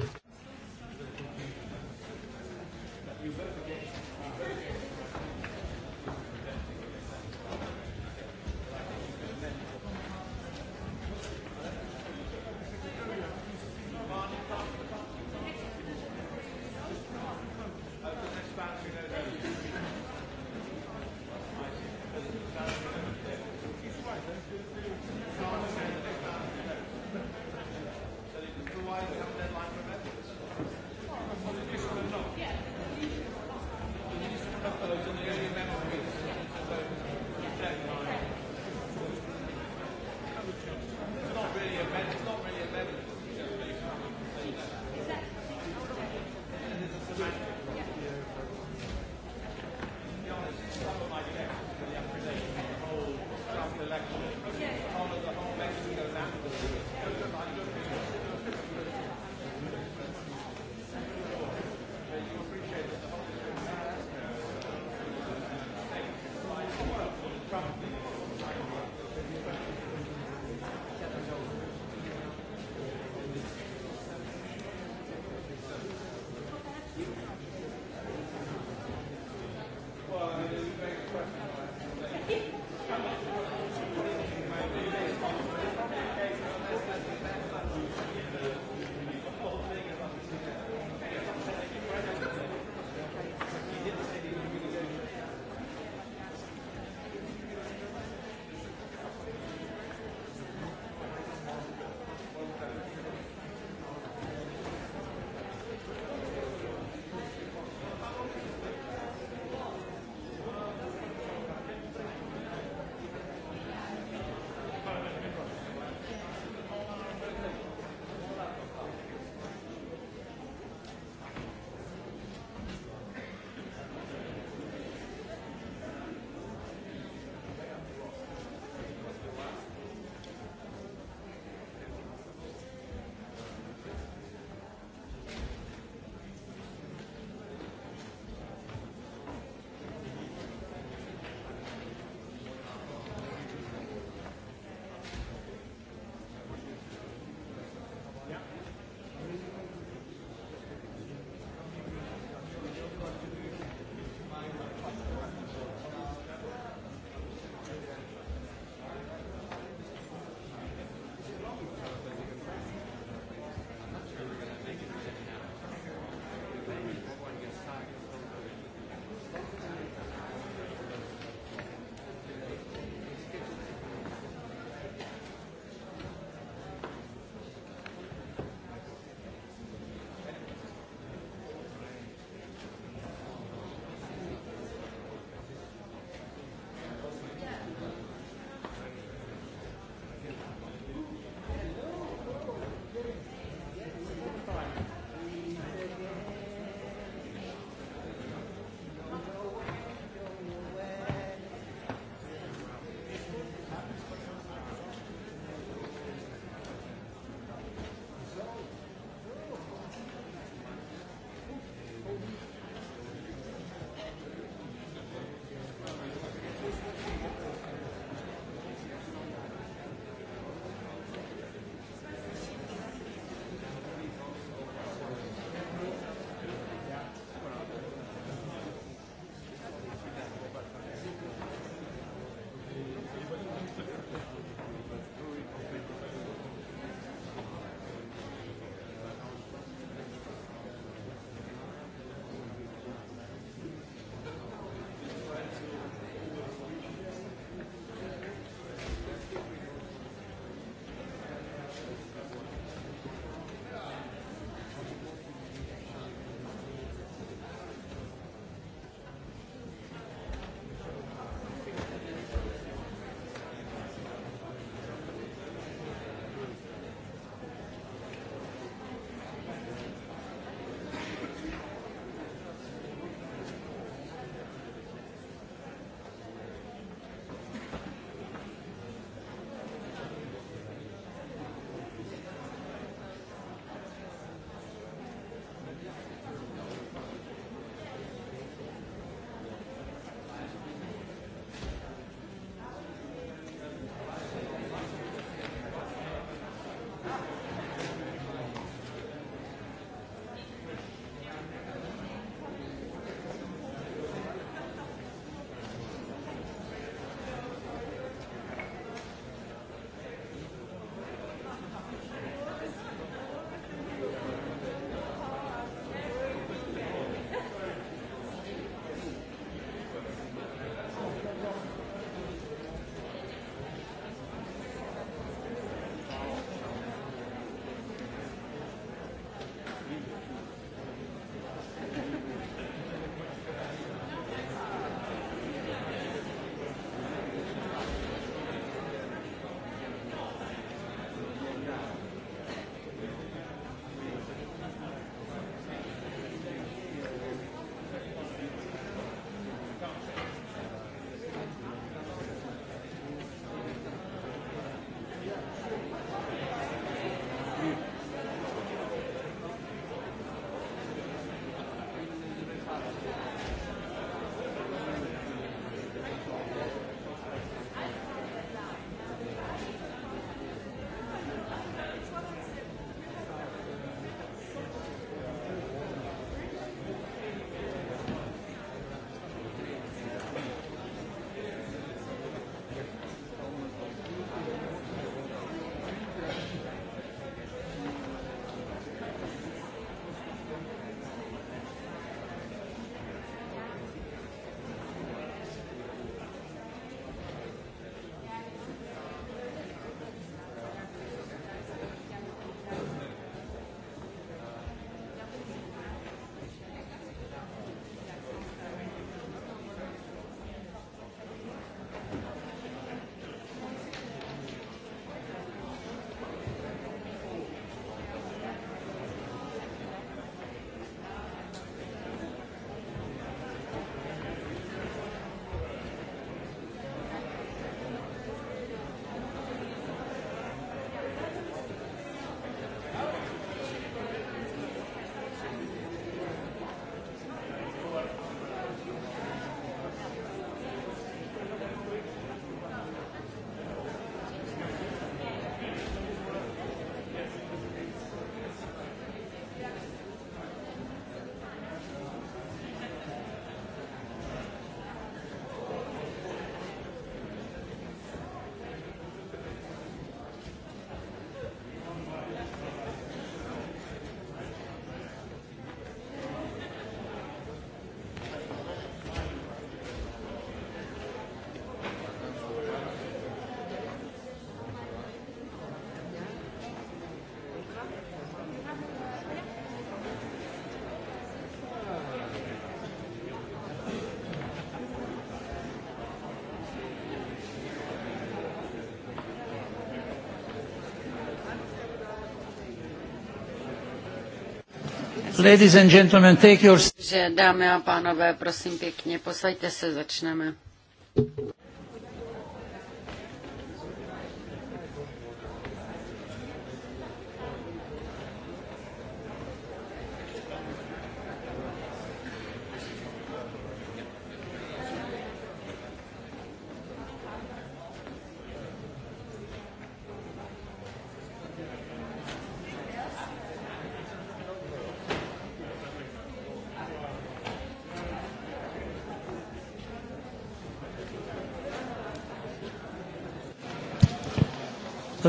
Ladies and gentlemen, take your... Že, dámy a pánové, prosím pěkně, posaďte se, začneme.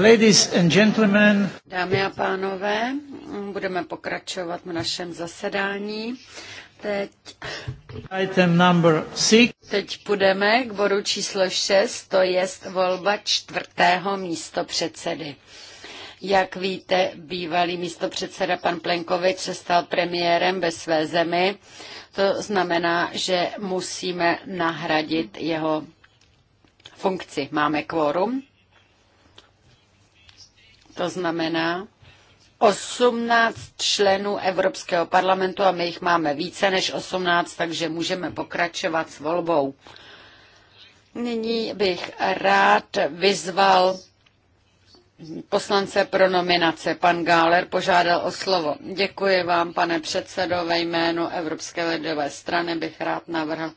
Ladies and gentlemen. Dámy a pánové, budeme pokračovat v našem zasedání. Teď, Item number six. teď půjdeme k bodu číslo 6, to je volba čtvrtého místo předsedy. Jak víte, bývalý místo předseda pan Plenkovič se stal premiérem ve své zemi. To znamená, že musíme nahradit jeho funkci. Máme kvórum. To znamená 18 členů Evropského parlamentu a my jich máme více než 18, takže můžeme pokračovat s volbou. Nyní bych rád vyzval poslance pro nominace. Pan Gáler požádal o slovo. Děkuji vám, pane předsedo, ve jménu Evropské lidové strany bych rád navrhl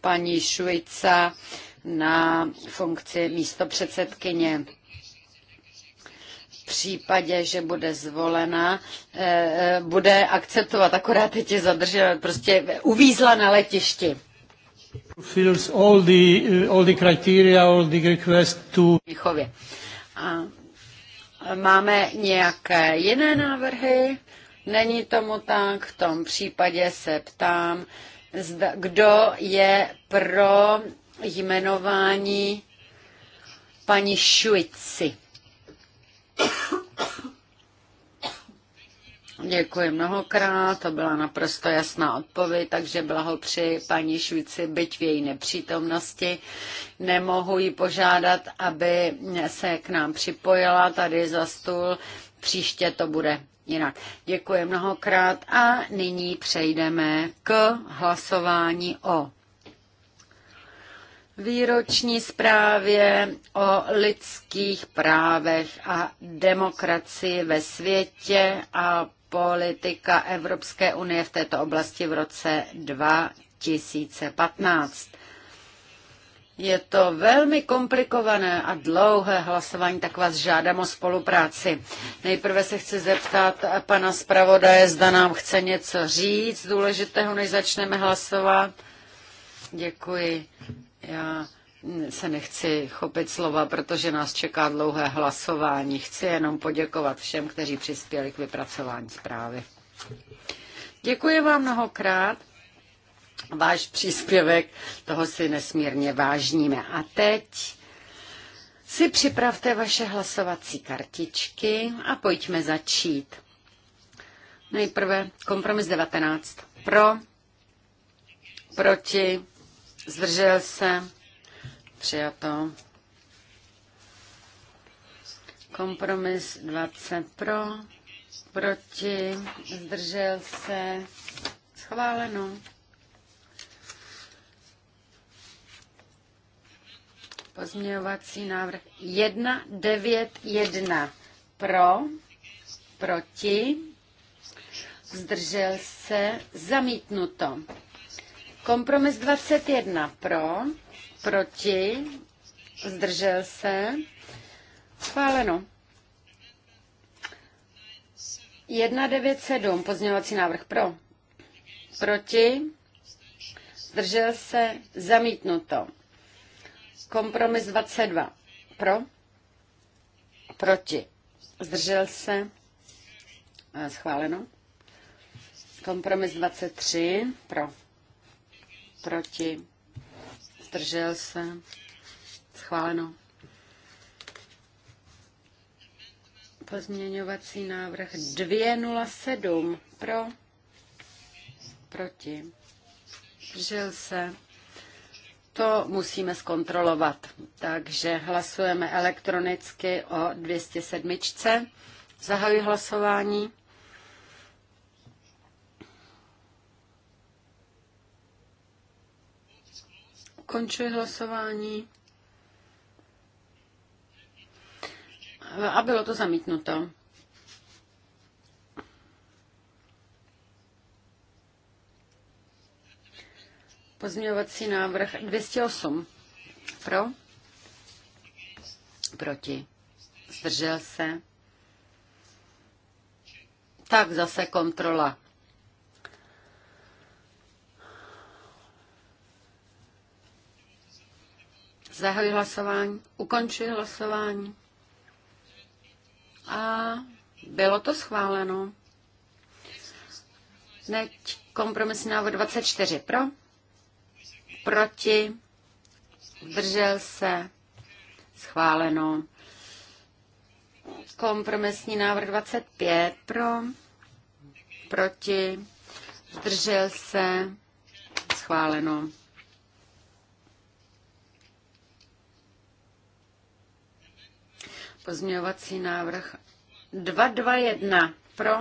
paní Švica na funkci místo předsedkyně případě, že bude zvolena, eh, eh, bude akceptovat, akorát teď je zadržena, prostě uvízla na letišti. Fills all the, eh, all the criteria, all the request to... A máme nějaké jiné návrhy? Není tomu tak, v tom případě se ptám, zda, kdo je pro jmenování paní Šuici. Děkuji mnohokrát, to byla naprosto jasná odpověď, takže při paní Švici, byť v její nepřítomnosti. Nemohu ji požádat, aby se k nám připojila tady za stůl. Příště to bude jinak. Děkuji mnohokrát a nyní přejdeme k hlasování o výroční zprávě o lidských právech a demokracii ve světě a politika Evropské unie v této oblasti v roce 2015. Je to velmi komplikované a dlouhé hlasování, tak vás žádám o spolupráci. Nejprve se chci zeptat pana zpravodaje, zda nám chce něco říct důležitého, než začneme hlasovat. Děkuji. Já se nechci chopit slova, protože nás čeká dlouhé hlasování. Chci jenom poděkovat všem, kteří přispěli k vypracování zprávy. Děkuji vám mnohokrát. Váš příspěvek, toho si nesmírně vážníme. A teď si připravte vaše hlasovací kartičky a pojďme začít. Nejprve kompromis 19. Pro, proti, Zdržel se? Přijato. Kompromis 20 pro, proti, zdržel se, schváleno. Pozměňovací návrh 191 pro, proti, zdržel se, zamítnuto. Kompromis 21 pro, proti, zdržel se, schváleno. 197, pozměňovací návrh pro, proti, zdržel se, zamítnuto. Kompromis 22 pro, proti, zdržel se, eh, schváleno. Kompromis 23 pro proti, zdržel se, schváleno. Pozměňovací návrh 207 pro, proti, zdržel se. To musíme zkontrolovat. Takže hlasujeme elektronicky o 207. Zahajuji hlasování. Ukončuji hlasování. A bylo to zamítnuto. Pozměňovací návrh 208. Pro? Proti. Zdržel se. Tak zase kontrola. Zahajuji hlasování, ukončuji hlasování. A bylo to schváleno. Neď kompromisní návod 24 pro, proti, držel se, schváleno. Kompromisní návrh 25 pro, proti, zdržel se, schváleno. Pozměňovací návrh 221 pro,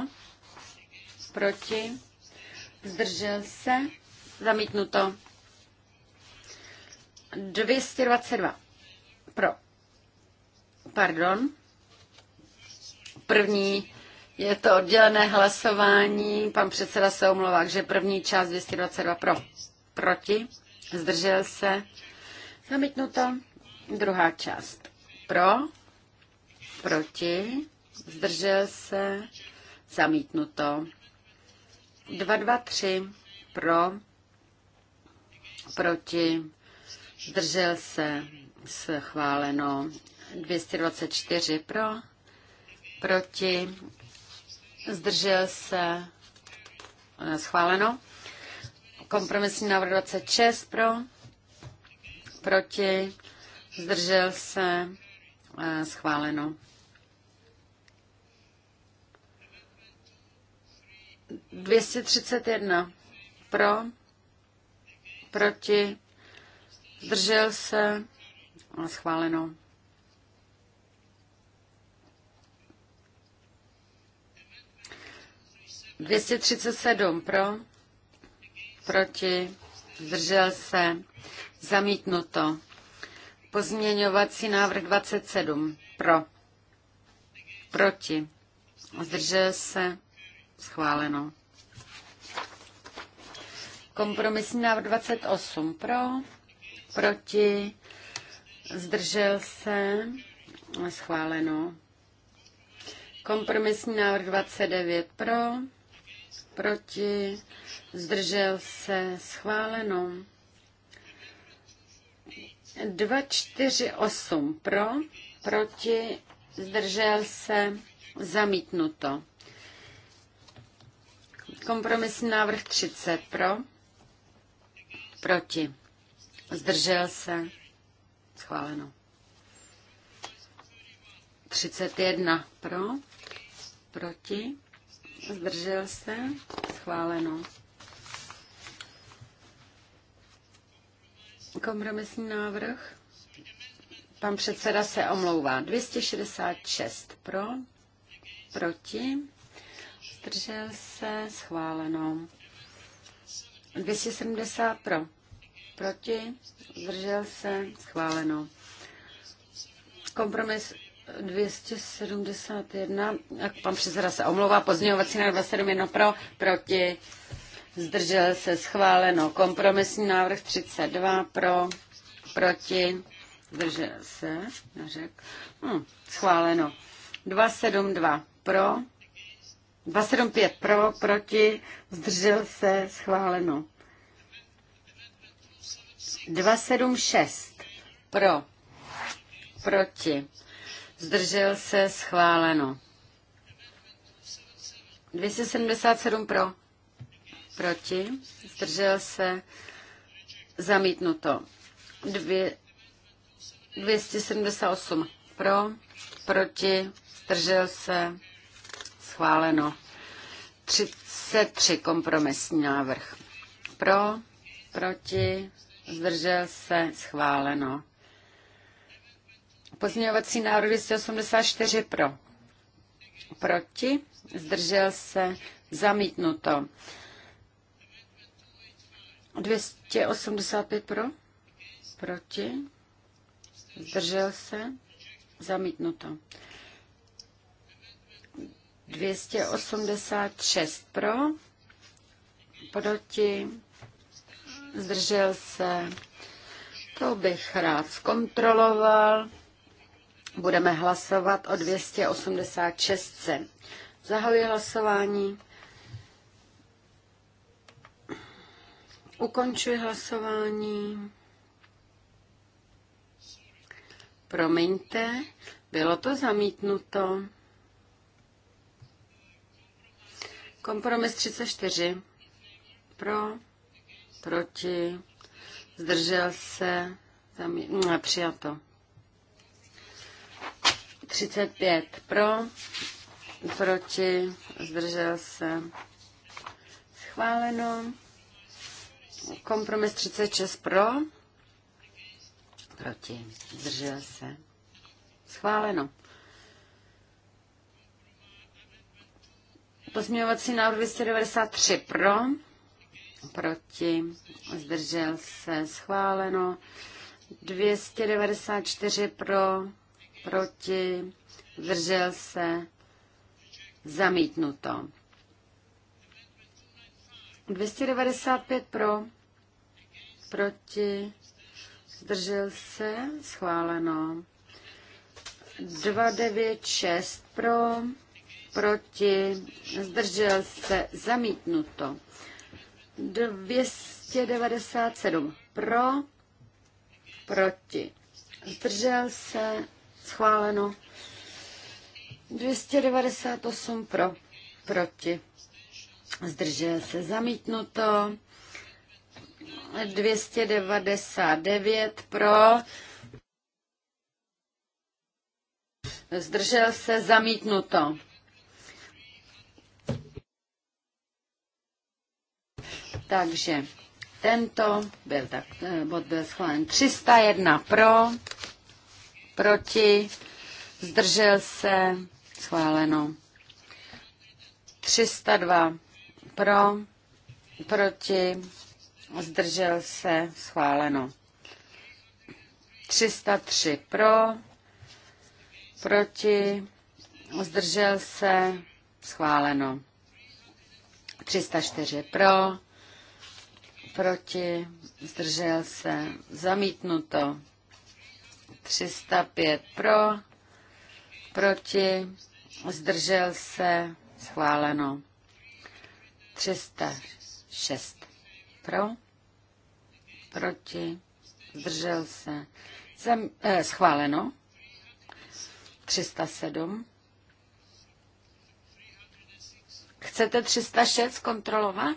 proti, zdržel se, zamítnuto. 222 pro, pardon, první je to oddělené hlasování, pan předseda se omlouvá, že první část 222 pro, proti, zdržel se, zamítnuto, druhá část pro, proti, zdržel se, zamítnuto. tři pro, proti, zdržel se, schváleno. 224 pro, proti, zdržel se, schváleno. Kompromisní návrh 26 pro, proti, zdržel se, schváleno. 231 pro, proti, zdržel se, a schváleno. Dvěstě třicet sedm pro, proti, zdržel se, zamítnuto. Pozměňovací návrh sedm pro, proti, zdržel se, Schváleno. Kompromisní návrh 28 pro, proti, zdržel se, schváleno. Kompromisní návrh 29 pro, proti, zdržel se, schváleno. 248 pro, proti, zdržel se, zamítnuto. Kompromisní návrh 30 pro, proti, zdržel se, schváleno. 31 pro, proti, zdržel se, schváleno. Kompromisní návrh. Pan předseda se omlouvá. 266 pro, proti, zdržel se, schváleno. 270 pro, proti, zdržel se, schváleno. Kompromis 271, pan předseda se omlouvá, pozměňovací návrh 271 pro, proti, zdržel se, schváleno. Kompromisní návrh 32 pro, proti, zdržel se, neřek, hm, schváleno. 272 pro, 275 pro, proti, zdržel se, schváleno. 276 pro, proti, zdržel se, schváleno. 277 pro, proti, zdržel se, zamítnuto. 278 pro, proti, zdržel se, schváleno. 33 kompromisní návrh. Pro, proti, zdržel se, schváleno. Pozměňovací návrh 284 pro. Proti, zdržel se, zamítnuto. 285 pro, proti, zdržel se, zamítnuto. 286 pro, proti, zdržel se. To bych rád zkontroloval. Budeme hlasovat o 286. Zahajuji hlasování. Ukončuji hlasování. Promiňte, bylo to zamítnuto. Kompromis 34. Pro, proti, zdržel se, zamí- ne, mm, přijato. 35 pro, proti, zdržel se, schváleno. Kompromis 36 pro, proti, zdržel se, schváleno. Pozměňovací návrh 293 pro, proti, zdržel se, schváleno. 294 pro, proti, zdržel se, zamítnuto. 295 pro, proti, zdržel se, schváleno. 296 pro, proti, zdržel se, zamítnuto. 297 pro, proti, zdržel se, schváleno. 298 pro, proti, zdržel se, zamítnuto. 299 pro, zdržel se, zamítnuto. Takže tento byl tak, eh, bod byl schválen 301 pro, proti, zdržel se, schváleno 302 pro, proti, zdržel se, schváleno 303 pro, proti, zdržel se, schváleno 304 pro, proti, zdržel se, zamítnuto. 305 pro, proti, zdržel se, schváleno. 306 pro, proti, zdržel se, zam, eh, schváleno. 307. Chcete 306 kontrolovat?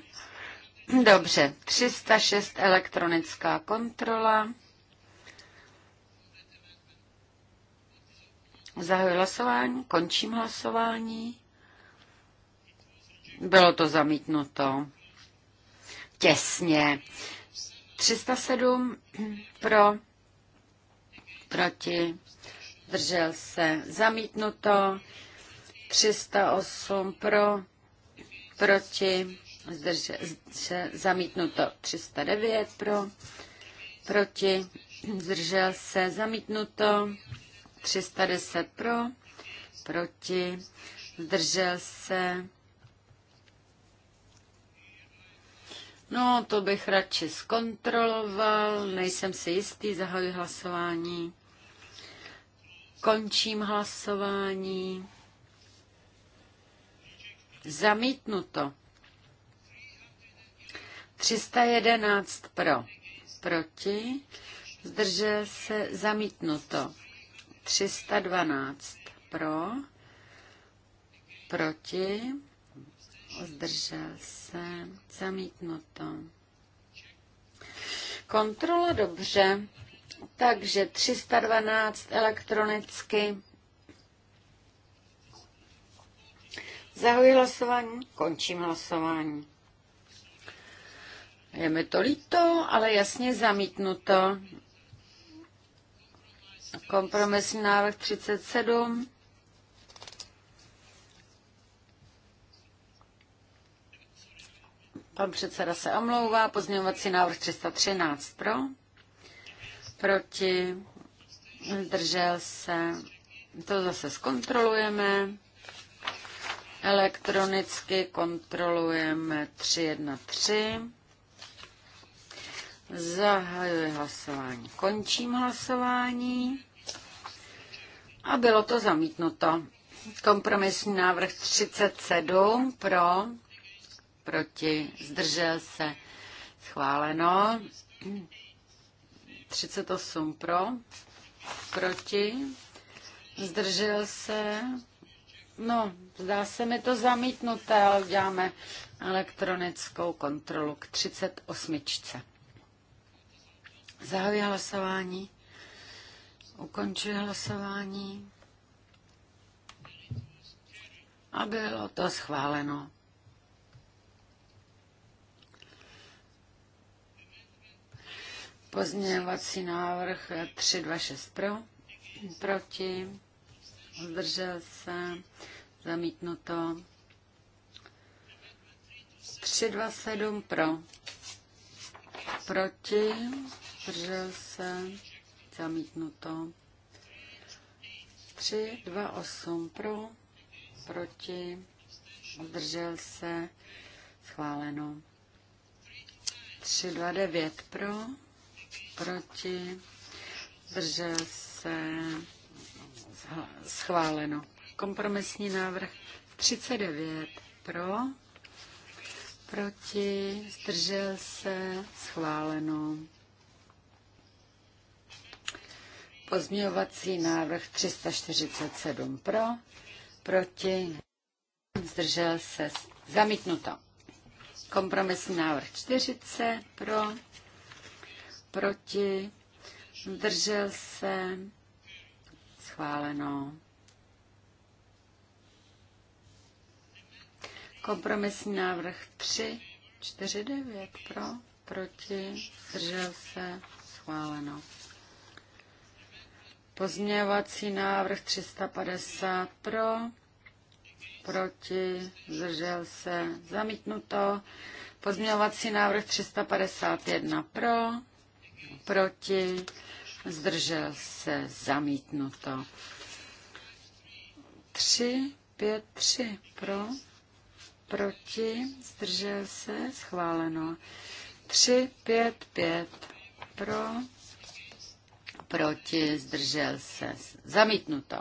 Dobře, 306 elektronická kontrola. Zahajuji hlasování, končím hlasování. Bylo to zamítnuto. Těsně. 307 pro, proti, držel se, zamítnuto. 308 pro, proti, zdrže, zdrže, zamítnuto 309 pro, proti, zdržel se, zamítnuto 310 pro, proti, zdržel se. No, to bych radši zkontroloval, nejsem si jistý, zahajuji hlasování. Končím hlasování. Zamítnuto. 311 pro, proti, zdržel se zamítnuto. 312 pro, proti, zdržel se zamítnuto. Kontrola dobře, takže 312 elektronicky. Zahuji hlasování, končím hlasování. Je mi to líto, ale jasně zamítnuto. Kompromisní návrh 37. Pan předseda se omlouvá. Pozměňovací návrh 313 pro. Proti. Zdržel se. To zase zkontrolujeme. Elektronicky kontrolujeme 313. Zahajuji hlasování. Končím hlasování. A bylo to zamítnuto. Kompromisní návrh 37 pro, proti, zdržel se, schváleno. 38 pro, proti, zdržel se. No, zdá se mi to zamítnuté, ale děláme elektronickou kontrolu k 38. Zahajuji hlasování. Ukončuji hlasování. A bylo to schváleno. Pozměňovací návrh 326 pro, proti, zdržel se, zamítnuto. 327 pro, proti, zdržel se, zamítnuto. 3, 2, 8 pro, proti, zdržel se, schváleno. 3, 2, 9 pro, proti, zdržel se, schváleno. Kompromisní návrh 39 pro, proti, zdržel se, schváleno. Pozměňovací návrh 347 pro, proti, zdržel se, zamítnuto. Kompromisní návrh 40 pro, proti, zdržel se, schváleno. Kompromisní návrh 3, 4, 9 pro, proti, zdržel se, schváleno. Pozměňovací návrh 350 pro, proti, zdržel se, zamítnuto. Pozměňovací návrh 351 pro, proti, zdržel se, zamítnuto. 3, 5, 3 pro, proti, zdržel se, schváleno. 3, 5, 5 pro, proti, zdržel se, zamítnuto.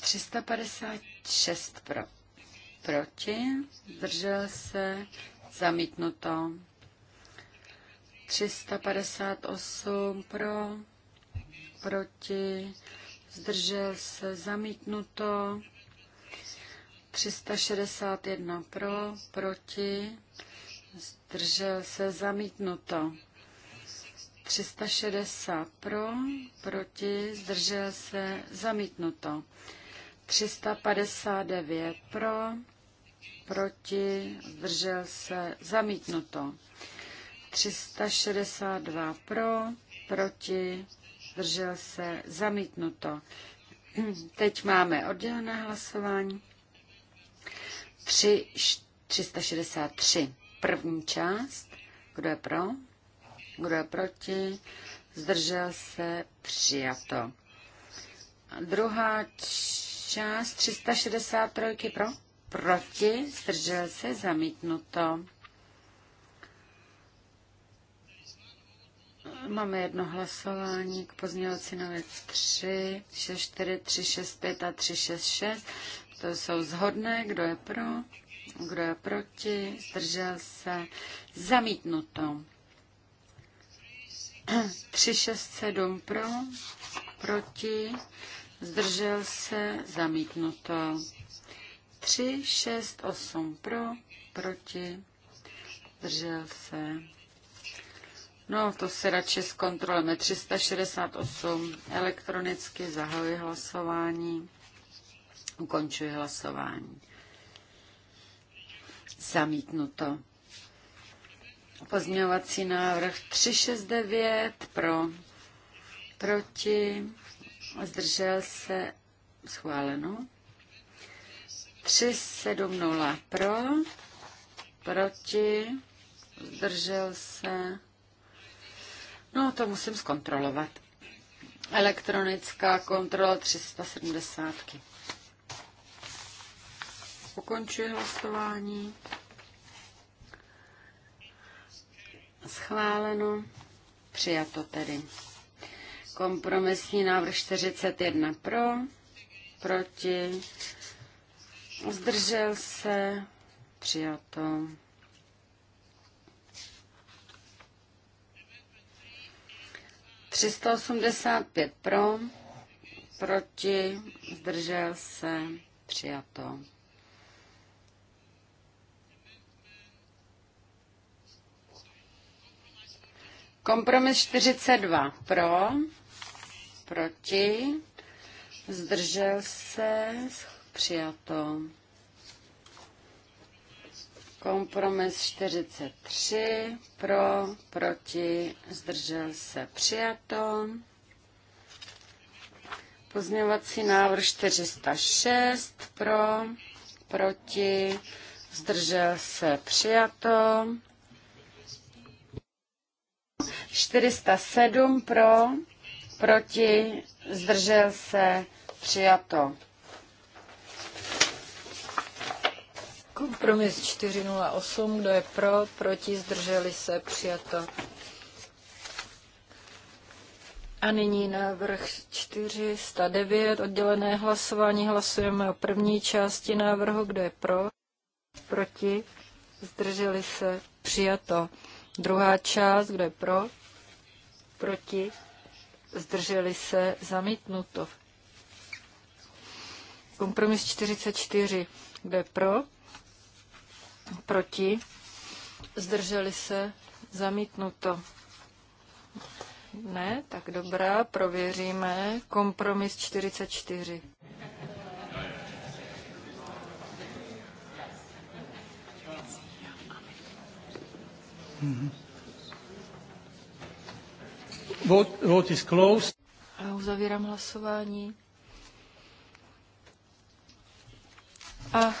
356 pro, proti, zdržel se, zamítnuto. 358 pro, proti, zdržel se, zamítnuto. 361 pro, proti, zdržel se zamítnuto. 360 pro, proti, zdržel se zamítnuto. 359 pro, proti, zdržel se zamítnuto. 362 pro, proti, zdržel se zamítnuto. Teď máme oddělené hlasování. 3, 363. První část. Kdo je pro? Kdo je proti? Zdržel se? Přijato. Druhá část 363 pro? Proti? Zdržel se? Zamítnuto. Máme jedno hlasování k pozměňovací návrh 3, 6, 4, 3, 6, 5 a 3, 6, 6. To jsou zhodné. Kdo je pro? Kdo je proti? Zdržel se? Zamítnuto. 367 *clears throat* pro, proti, zdržel se, zamítnuto. 368 pro, proti, zdržel se. No, to se radši zkontrolujeme. 368 elektronicky zahajuji hlasování, ukončuji hlasování. Zamítnuto. Pozměňovací návrh 369 pro, proti, zdržel se, schváleno. 370 pro, proti, zdržel se. No, to musím zkontrolovat. Elektronická kontrola 370. Ukončuji hlasování. Schváleno. Přijato tedy. Kompromisní návrh 41 pro, proti, zdržel se, přijato. Třista osmdesát pět pro, proti, zdržel se, přijato. Kompromis 42 pro, proti, zdržel se, přijato. Kompromis 43 pro, proti, zdržel se, přijato. Pozměňovací návrh 406 pro, proti, zdržel se, přijato. 407 pro, proti, zdržel se, přijato. Kompromis 408, kdo je pro, proti, zdrželi se, přijato. A nyní návrh 409, oddělené hlasování. Hlasujeme o první části návrhu, kde je pro, proti, zdrželi se, přijato. Druhá část, kde je pro, proti, zdrželi se, zamítnuto. Kompromis 44, kde pro, proti, zdrželi se, zamítnuto. Ne, tak dobrá, prověříme. Kompromis 44. Mm-hmm. Vote, vote is closed. A uzavírám hlasování. A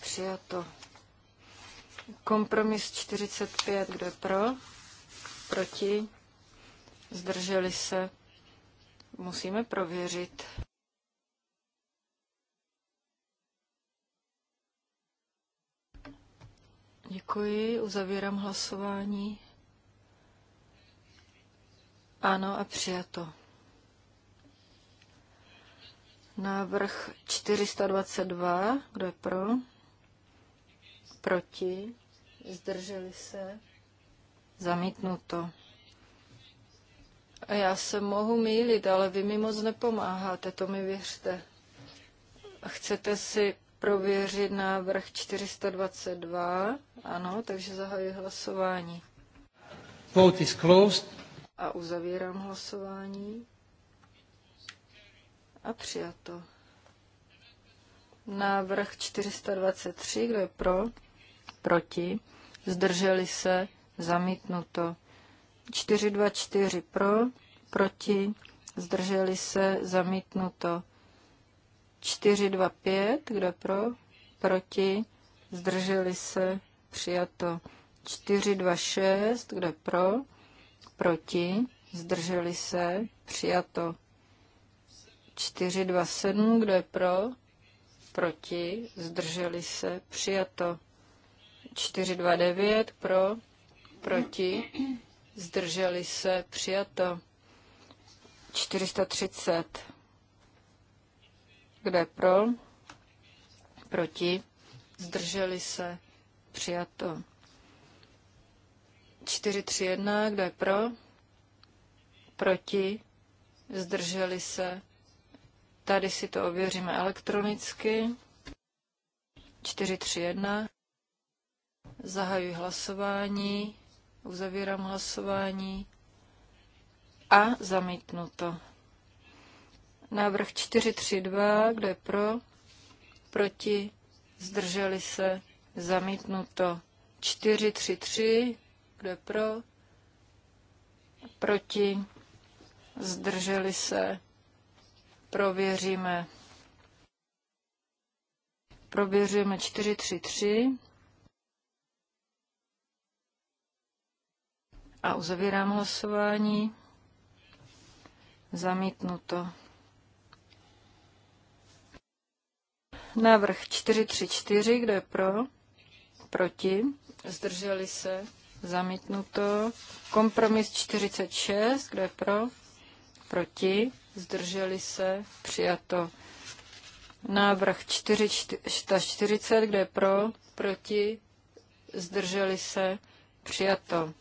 přijato. Kompromis 45, kdo je pro? Proti? Zdrželi se? Musíme prověřit. Děkuji, uzavírám hlasování. Ano a přijato. Návrh 422, kdo je pro? Proti? Zdrželi se? Zamítnuto. A já se mohu mýlit, ale vy mi moc nepomáháte, to mi věřte. Chcete si prověřit návrh 422? Ano, takže zahajuji hlasování. Vote is closed. A uzavírám hlasování. A přijato. Návrh 423, kdo je pro? Proti. Zdrželi se? Zamítnuto. 424 pro, proti, zdrželi se, zamítnuto. 425, kdo je pro, proti, zdrželi se, přijato. 426, kdo je pro, proti, zdrželi se, přijato. 7. kdo je pro, proti, zdrželi se, přijato. 9. pro, proti, zdrželi se, přijato. 430, kdo je pro, proti, zdrželi se, přijato. 431, kdo je pro? Proti? Zdrželi se? Tady si to ověříme elektronicky. 431. Zahajuji hlasování, uzavírám hlasování a zamítnu to. Návrh 432, kdo je pro? Proti? Zdrželi se? Zamítnu Zamítnuto. 433, kdo je pro? Proti? Zdrželi se? Prověříme. Prověřujeme 433. A uzavírám hlasování. Zamítnuto. Návrh 434, kdo je pro? Proti? Zdrželi se? zamítnuto. Kompromis 46, kdo je pro, proti, zdrželi se, přijato. Návrh 440, kdo je pro, proti, zdrželi se, přijato.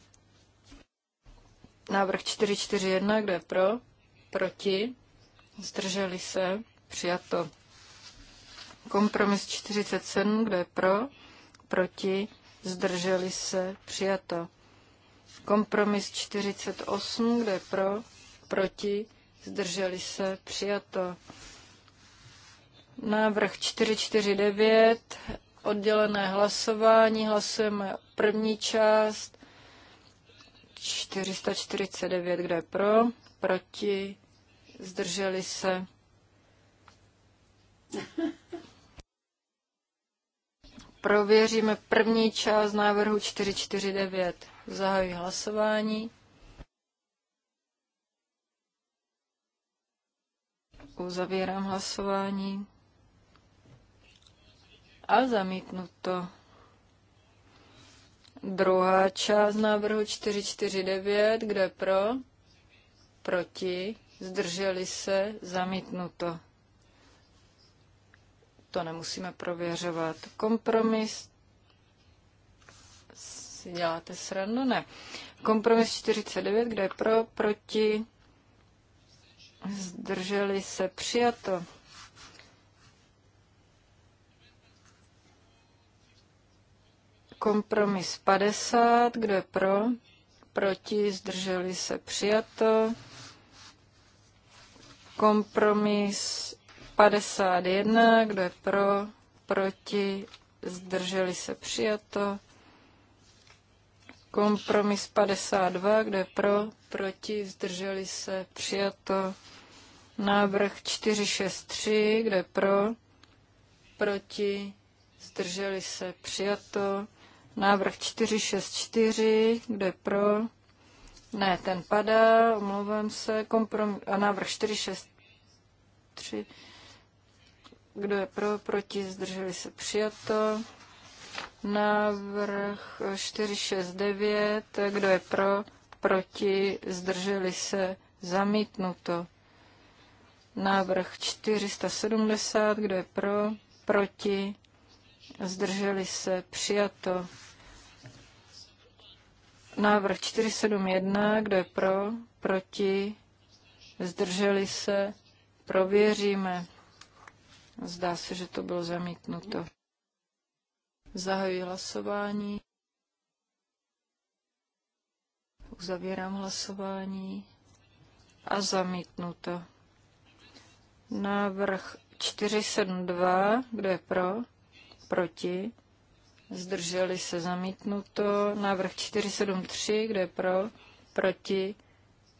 Návrh 441, kdo je pro, proti, zdrželi se, přijato. Kompromis 47, kdo je pro, proti, zdrželi se, přijato. Kompromis 48, kde pro, proti, zdrželi se, přijato. Návrh 449, oddělené hlasování, hlasujeme první část, 449, kde pro, proti, zdrželi se. Prověříme první část návrhu 449. Zahajuji hlasování. Uzavírám hlasování. A zamítnuto. Druhá část návrhu 449. Kde pro? Proti. Zdrželi se. Zamítnuto to nemusíme prověřovat. Kompromis si děláte srandu? Ne. Kompromis 49, kde je pro, proti, zdrželi se, přijato. Kompromis 50, kdo je pro, proti, zdrželi se, přijato. Kompromis 51, kdo je pro, proti, zdrželi se přijato. Kompromis 52, kdo je pro, proti, zdrželi se přijato. Návrh 463, kdo je pro, proti, zdrželi se přijato. Návrh 464, kdo je pro, ne, ten padá, omlouvám se, kompromis, a návrh 463, kdo je pro, proti, zdrželi se přijato. Návrh 469. Kdo je pro, proti, zdrželi se zamítnuto. Návrh 470. Kdo je pro, proti, zdrželi se přijato. Návrh 471. Kdo je pro, proti, zdrželi se prověříme. Zdá se, že to bylo zamítnuto. Zahajuji hlasování. Uzavírám hlasování a zamítnuto. Návrh 472, kdo je pro? Proti? Zdrželi se zamítnuto. Návrh 473, kdo je pro? Proti?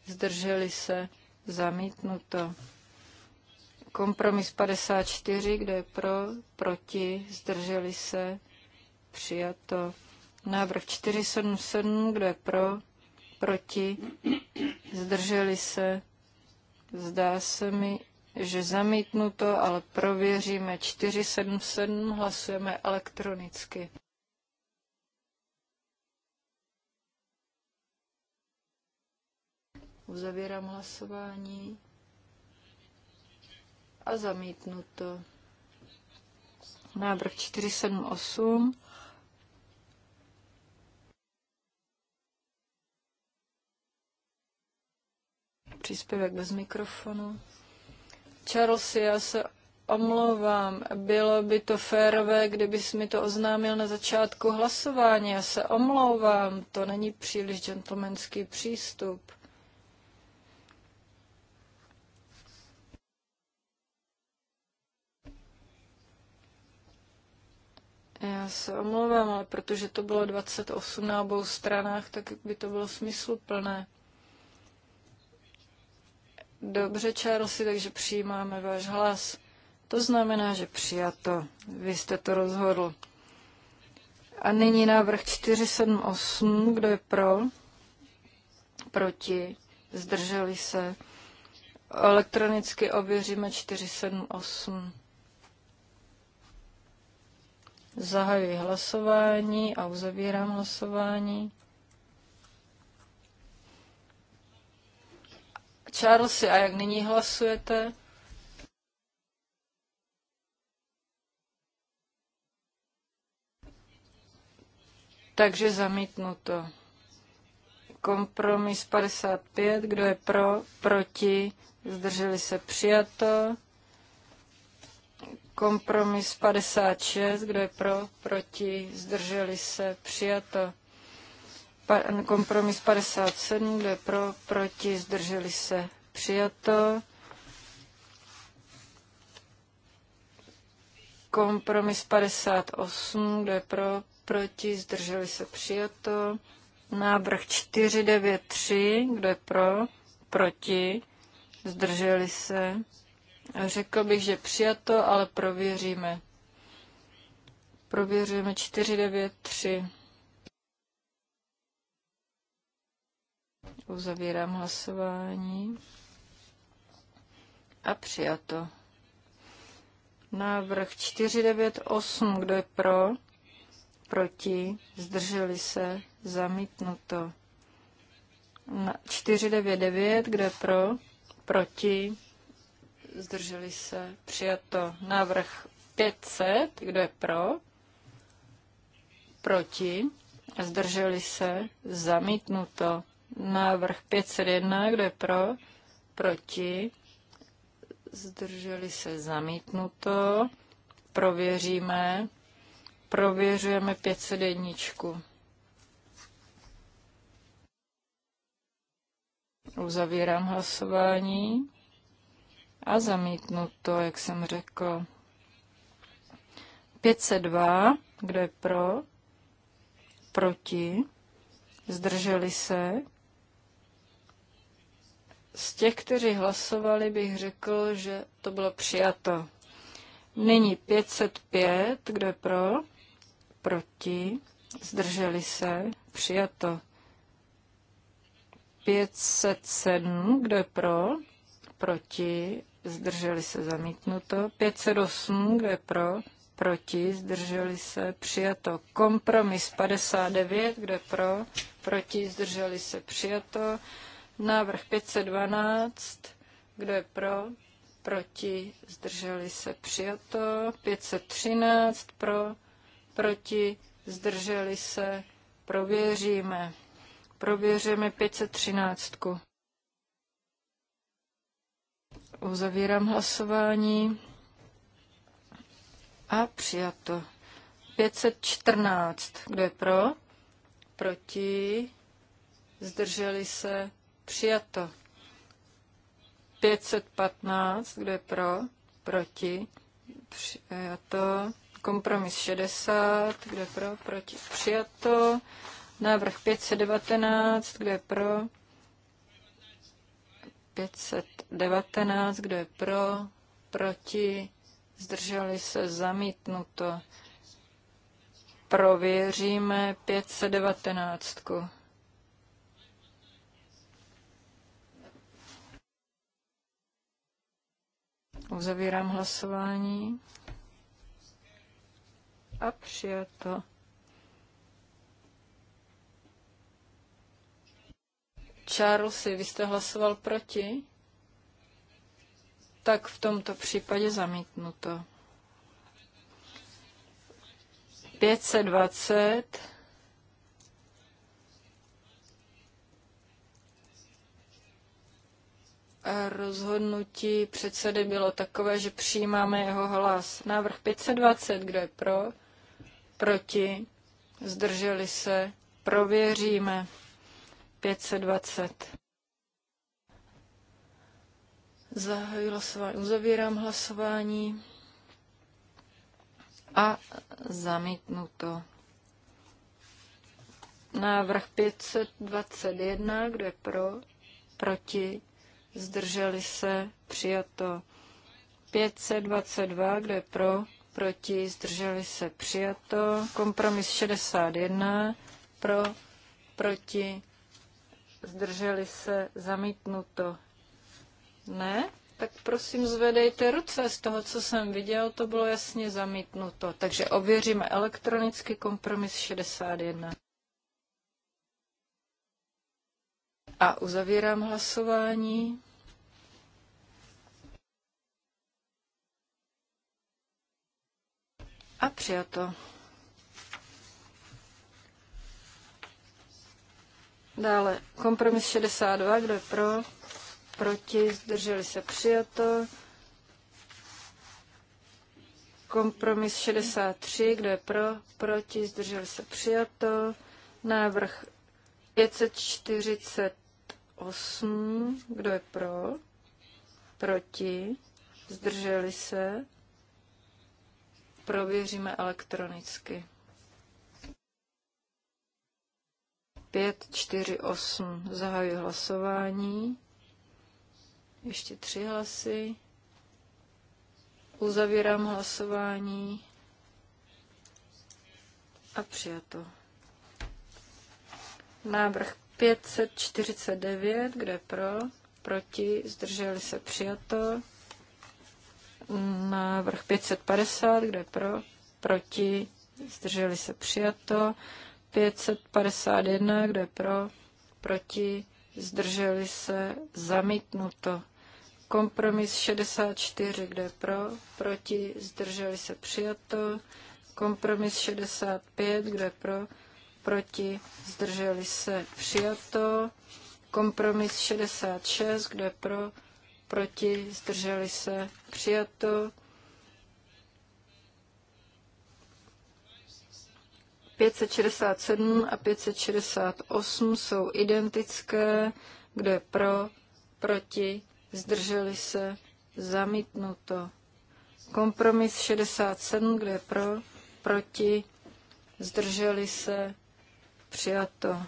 Zdrželi se zamítnuto. Kompromis 54, kdo je pro, proti, zdrželi se, přijato. Návrh 477, kdo je pro, proti, zdrželi se. Zdá se mi, že zamítnuto, ale prověříme 477, hlasujeme elektronicky. Uzavírám hlasování a zamítnuto. Návrh 478. Příspěvek bez mikrofonu. Charles, já se omlouvám. Bylo by to férové, kdybys mi to oznámil na začátku hlasování. Já se omlouvám, to není příliš gentlemanský přístup. Já se omlouvám, ale protože to bylo 28 na obou stranách, tak by to bylo smysluplné. Dobře, Charlesy, takže přijímáme váš hlas. To znamená, že přijato. Vy jste to rozhodl. A nyní návrh 478. Kdo je pro? Proti? Zdrželi se? Elektronicky ověříme 478. Zahajuji hlasování a uzavírám hlasování. Charles, a jak nyní hlasujete? Takže zamítnuto. Kompromis 55, kdo je pro, proti, zdrželi se přijato. Kompromis 56, kdo je pro, proti, zdrželi se, přijato. kompromis 57, kdo je pro, proti, zdrželi se, přijato. Kompromis 58, kdo je pro, proti, zdrželi se, přijato. Návrh 493, kdo je pro, proti, zdrželi se, Řekl bych, že přijato, ale prověříme. Prověřujeme 493. Uzavírám hlasování. A přijato. Návrh 498. Kdo je pro? Proti? Zdrželi se? Zamítnuto. 499. Kdo je pro? Proti? zdrželi se, přijato. Návrh 500, kdo je pro, proti, zdrželi se, zamítnuto. Návrh 501, kdo je pro, proti, zdrželi se, zamítnuto. Prověříme, prověřujeme 501. Uzavírám hlasování a zamítnuto, jak jsem řekl. 502, kdo je pro, proti, zdrželi se. Z těch, kteří hlasovali, bych řekl, že to bylo přijato. Nyní 505, kdo je pro, proti, zdrželi se, přijato. 507, kdo je pro, proti, zdrželi se zamítnuto, 508, kde pro, proti, zdrželi se přijato, kompromis 59, kde pro, proti, zdrželi se přijato, návrh 512, kde pro, proti, zdrželi se přijato, 513 pro, proti, zdrželi se, prověříme. Prověříme 513. Uzavírám hlasování. A přijato. 514. Kdo je pro? Proti? Zdrželi se? Přijato. 515. Kdo je pro? Proti? Přijato. Kompromis 60. Kdo je pro? Proti? Přijato. Návrh 519. Kdo je pro? 519, kdo je pro, proti, zdrželi se zamítnuto. Prověříme 519. Uzavírám hlasování. A přijato. Charlesy, vy jste hlasoval proti? Tak v tomto případě zamítnuto. 520. A rozhodnutí předsedy bylo takové, že přijímáme jeho hlas. Návrh 520, kdo je pro? Proti? Zdrželi se? Prověříme. 520. Zahajuji hlasování, uzavírám hlasování a to. Návrh 521, kdo je pro, proti, zdrželi se, přijato. 522, kdo je pro, proti, zdrželi se, přijato. Kompromis 61, pro, proti, zdrželi se, zamítnuto. Ne? Tak prosím zvedejte ruce, z toho, co jsem viděl, to bylo jasně zamítnuto. Takže ověříme elektronicky kompromis 61. A uzavírám hlasování. A přijato. Dále kompromis 62, kdo je pro, proti, zdrželi se přijato. Kompromis 63, kdo je pro, proti, zdrželi se přijato. Návrh 548, kdo je pro, proti, zdrželi se. Prověříme elektronicky. 548. Zahajuji hlasování. Ještě tři hlasy. Uzavírám hlasování. A přijato. Návrh 549, kde pro, proti, zdrželi se přijato. Návrh 550, kde pro, proti, zdrželi se přijato. 551, kdo je pro, proti, zdrželi se, zamítnuto. Kompromis 64, kde je pro, proti, zdrželi se, přijato. Kompromis 65, kde je pro, proti, zdrželi se, přijato. Kompromis 66, kde je pro, proti, zdrželi se, přijato. 567 a 568 jsou identické. Kdo je pro, proti, zdrželi se, zamítnuto. Kompromis 67, kdo je pro, proti, zdrželi se, přijato.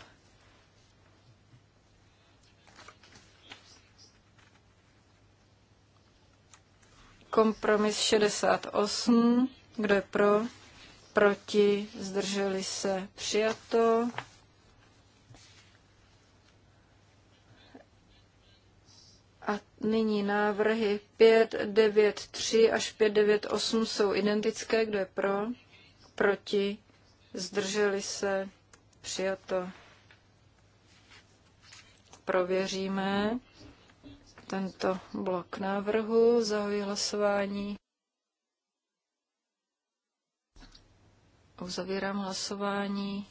Kompromis 68, kdo je pro, proti, zdrželi se, přijato. A nyní návrhy 5, 9, 3 až 5, 9, 8 jsou identické. Kdo je pro? Proti? Zdrželi se? Přijato. Prověříme tento blok návrhu. Zahoji hlasování. Uzavírám hlasování.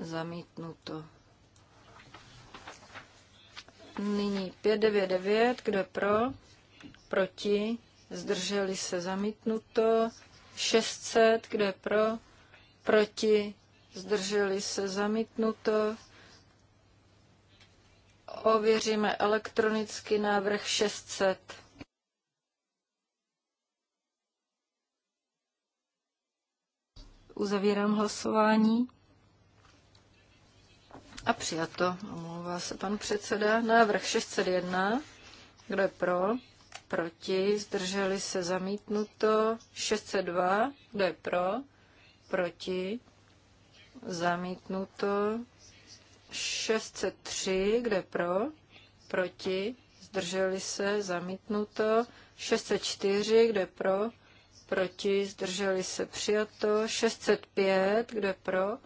Zamítnuto. Nyní 599, kdo je pro? Proti? Zdrželi se zamítnuto. 600, kdo je pro? Proti? Zdrželi se zamítnuto. Ověříme elektronicky návrh 600. Uzavírám hlasování. A přijato. Omlouvá se pan předseda. Návrh 601. Kdo je pro? Proti. Zdrželi se zamítnuto. 602. Kdo je pro? Proti. Zamítnuto. 603. Kdo je pro? Proti. Zdrželi se zamítnuto. 604. Kdo je pro? proti, zdrželi se přijato, 605, kdo je pro,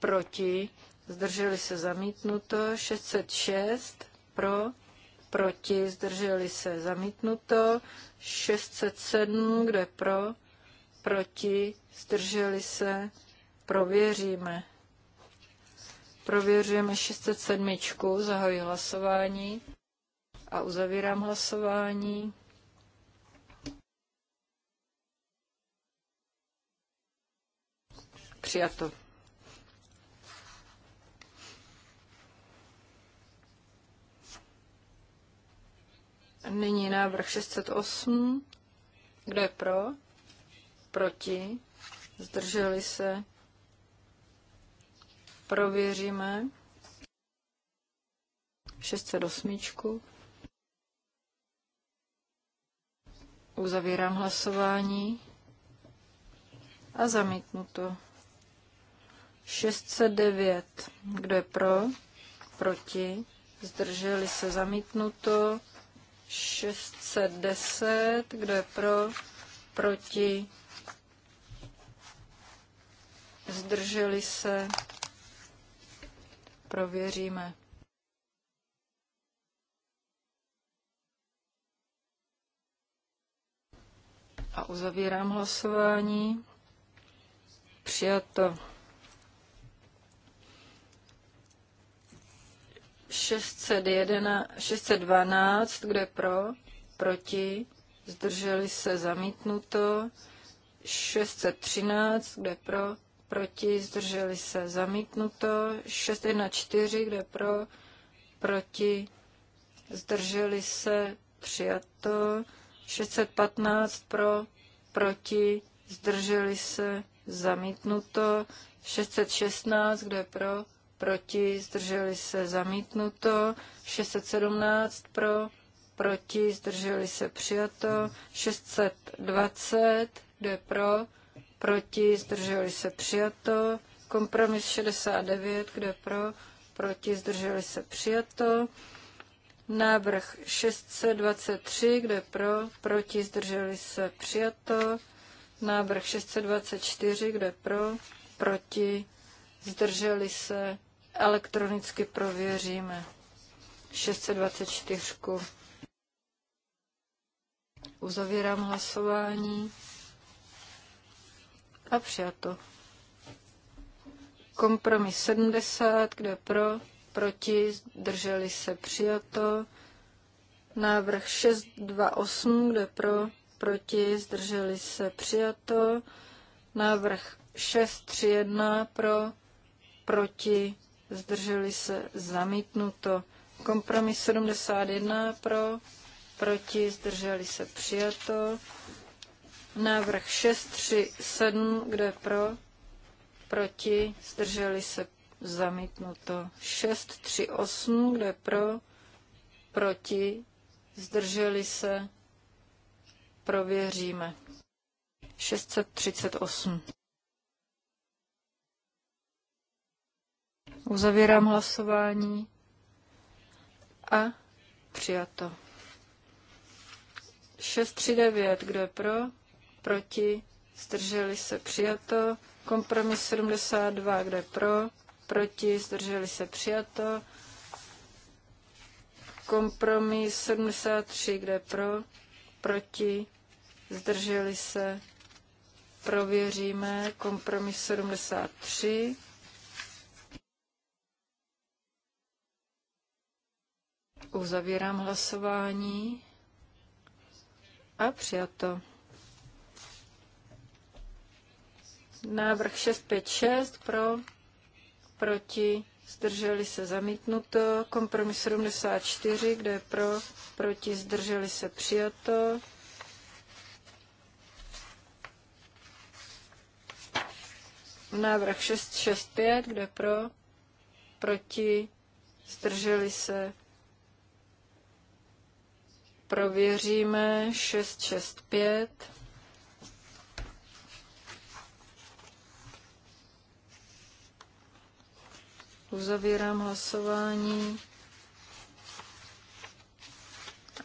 proti, zdrželi se zamítnuto, 606, pro, proti, zdrželi se zamítnuto, 607, kdo je pro, proti, zdrželi se, prověříme. Prověřujeme 607, zahoji hlasování a uzavírám hlasování. přijato. Nyní návrh 608. Kdo je pro? Proti? Zdrželi se? Prověříme. 608. Uzavírám hlasování a zamítnu to. 609. Kdo je pro? Proti? Zdrželi se zamítnuto. 610. Kdo je pro? Proti? Zdrželi se. Prověříme. A uzavírám hlasování. Přijato. 612, kdo je pro, proti, zdrželi se zamítnuto, 613, kdo je pro, proti, zdrželi se zamítnuto, 614, kdo je pro, proti, zdrželi se přijato, 615 pro, proti, zdrželi se zamítnuto, 616, kdo je pro, proti, zdrželi se zamítnuto, 617 pro, proti, zdrželi se přijato, 620, kdo je pro, proti, zdrželi se přijato, kompromis 69, kdo je pro, proti, zdrželi se přijato, návrh 623, kdo je pro, proti, zdrželi se přijato, návrh 624, kdo je pro, proti, zdrželi se Elektronicky prověříme 624. Uzavírám hlasování a přijato. Kompromis 70, kde pro, proti, zdrželi se přijato. Návrh 628, kde pro, proti, zdrželi se přijato. Návrh 631 pro, proti, zdrželi se, zamítnuto. Kompromis 71 pro, proti, zdrželi se, přijato. Návrh 637, kde pro, proti, zdrželi se, zamítnuto. 638, kde pro, proti, zdrželi se, prověříme. 638. Uzavírám hlasování a přijato. 639, kdo je pro? Proti? Zdrželi se přijato. Kompromis 72, kdo je pro? Proti? Zdrželi se přijato. Kompromis 73, kdo je pro? Proti? Zdrželi se. Prověříme kompromis 73. Uzavírám hlasování a přijato. Návrh 656 pro, proti, zdrželi se zamítnuto. Kompromis 74, kde je pro, proti, zdrželi se přijato. Návrh 665, kde pro, proti, zdrželi se Prověříme 665. Uzavírám hlasování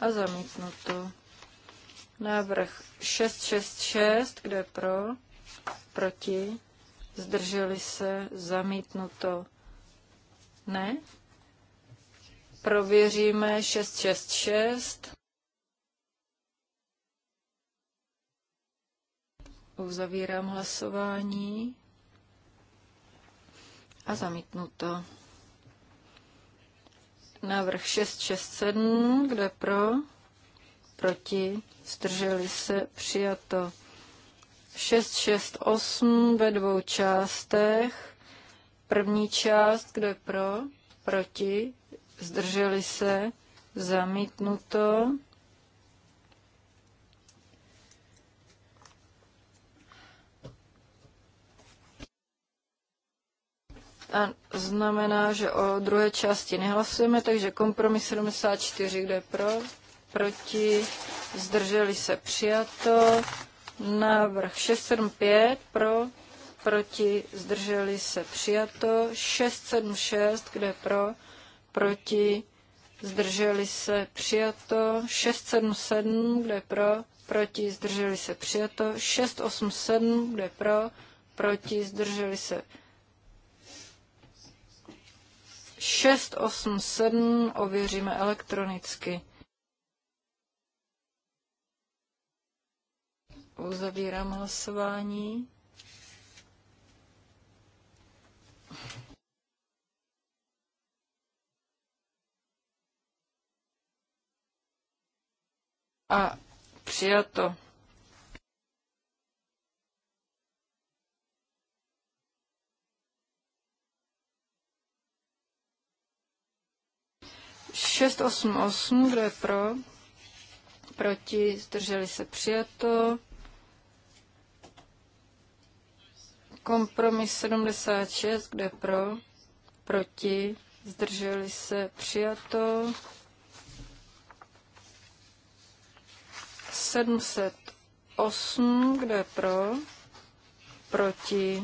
a zamítnu to. Návrh 666, kde pro, proti, zdrželi se, zamítnuto. Ne? Prověříme 666. Uzavírám hlasování a zamítnu to. Návrh 667, kde pro, proti, zdrželi se, přijato. 668 ve dvou částech. První část, kde pro, proti, zdrželi se, zamítnuto. a znamená, že o druhé části nehlasujeme, takže kompromis 74, kde pro, proti, zdrželi se přijato, návrh 675 pro, proti, zdrželi se přijato, 676, kde pro, proti, zdrželi se přijato, 677, kde pro, proti, zdrželi se přijato, 687, kde pro, proti, zdrželi se přijato, 687 ověříme elektronicky. Uzavírám hlasování. A přijato. 688, kdo je pro? Proti, zdrželi se přijato. Kompromis 76, kdo je pro? Proti, zdrželi se přijato. 708, kdo je pro? Proti,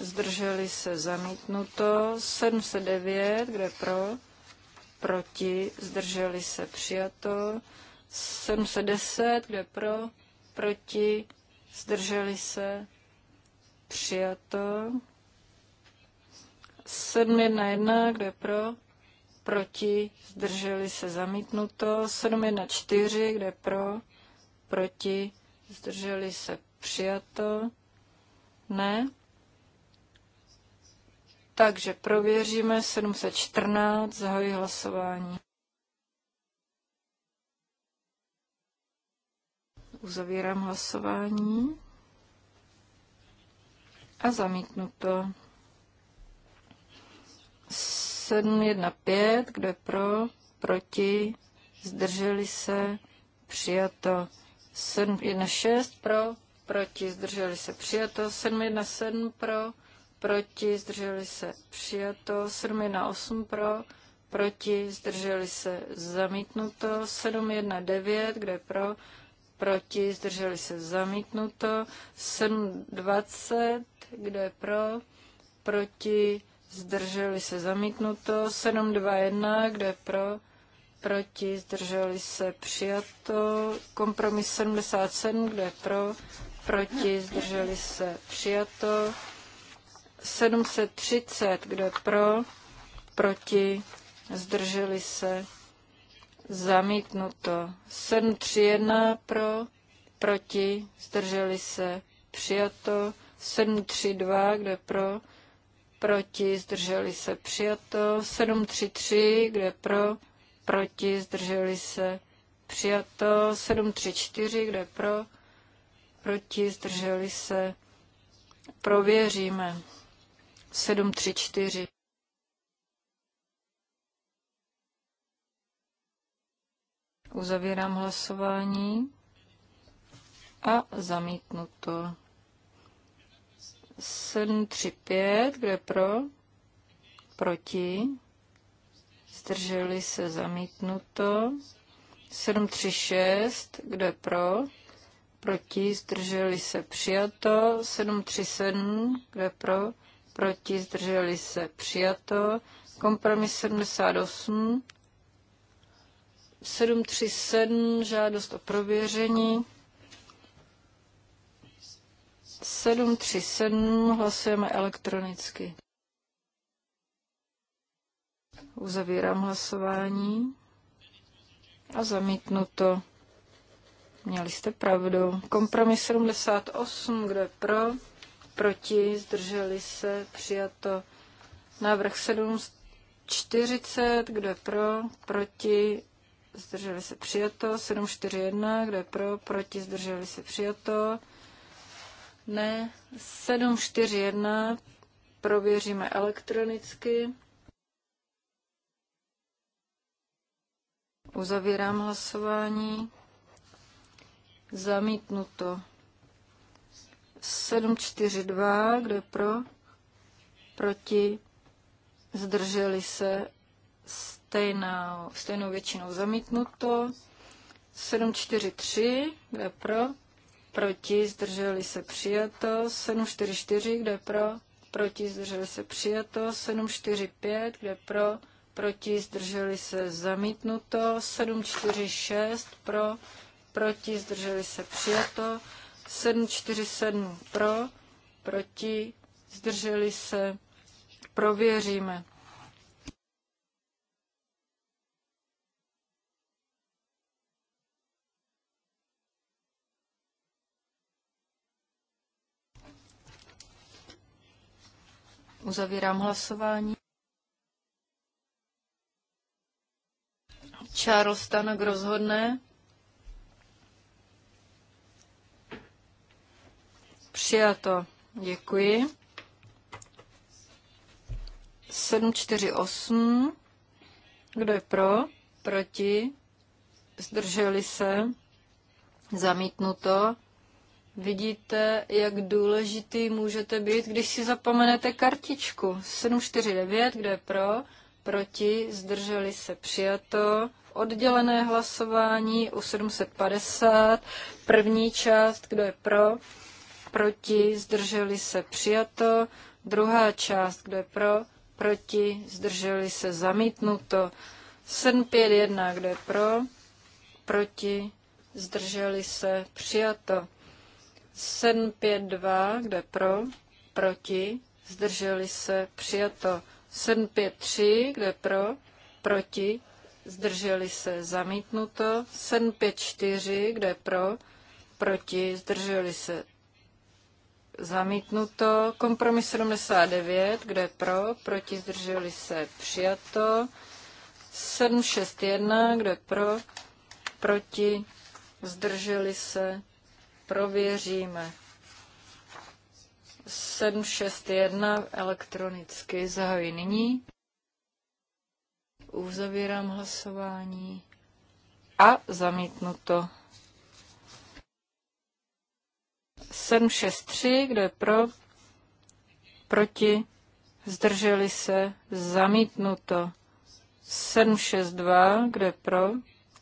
zdrželi se zamítnuto. 709, kdo je pro? proti, zdrželi se přijato. 710, kde pro, proti, zdrželi se přijato. 711, kde pro, proti, zdrželi se zamítnuto. 714, kde pro, proti, zdrželi se přijato. Ne. Takže prověříme 714, zahoji hlasování. Uzavírám hlasování a zamítnu to. 715, kdo je pro, proti, zdrželi se, přijato. 716 pro, proti, zdrželi se, přijato. 717 pro, proti, zdrželi se přijato, 7 na 8 pro, proti, zdrželi se zamítnuto, 7 1 9, kde pro, proti, zdrželi se zamítnuto, 7 20, kde pro, proti, zdrželi se zamítnuto, 7 2 1, kde pro, proti, zdrželi se přijato, kompromis 77, kde pro, proti, zdrželi se přijato, 730, kdo je pro, proti, zdrželi se, zamítnuto. 731 pro, proti, zdrželi se, přijato. 732, kdo je pro, proti, zdrželi se, přijato. 733, kdo je pro, proti, zdrželi se, přijato. 734, kdo je pro, proti, zdrželi se, prověříme. 734. Uzavírám hlasování a zamítnuto. 735, kde pro? Proti. Zdrželi se zamítnuto. 736, kde pro? Proti. Zdrželi se přijato. 737, kde pro? proti, zdrželi se, přijato. Kompromis 78, 737, žádost o prověření. 737, hlasujeme elektronicky. Uzavírám hlasování a zamítnu to. Měli jste pravdu. Kompromis 78, kdo je pro? proti, zdrželi se, přijato. Návrh 740, kdo je pro, proti, zdrželi se, přijato. 741, kdo je pro, proti, zdrželi se, přijato. Ne, 741, prověříme elektronicky. Uzavírám hlasování. Zamítnuto. 742, kdo je pro? Proti? Zdrželi se stejnou, stejnou většinou zamítnuto. 743, kdo je pro? Proti? Zdrželi se přijato. 744, kdo je pro? Proti? Zdrželi se přijato. 745, kdo je pro? Proti? Zdrželi se zamítnuto. 746, pro? Proti? Zdrželi se přijato. 747 pro, proti, zdrželi se, prověříme. Uzavírám hlasování. Charles Tanak rozhodne. Přijato. Děkuji. 748. Kdo je pro? Proti? Zdrželi se? Zamítnuto. Vidíte, jak důležitý můžete být, když si zapomenete kartičku. 749, kdo je pro? Proti? Zdrželi se? Přijato. Oddělené hlasování u 750. První část, kdo je pro? proti, zdrželi se přijato, druhá část, kdo je pro, proti, zdrželi se zamítnuto, 751, kdo je pro, proti, zdrželi se přijato, 752, kdo je pro, proti, zdrželi se přijato, 753, kdo je pro, proti, zdrželi se zamítnuto, 754, kdo je pro, proti, zdrželi se Zamítnuto. Kompromis 79, kdo je pro, proti, zdrželi se, přijato. 761, kdo je pro, proti, zdrželi se, prověříme. 761 elektronicky zahojí nyní. Uzavírám hlasování a zamítnuto. 763, kdo je pro, proti, zdrželi se, zamítnuto. 762, kdo je pro,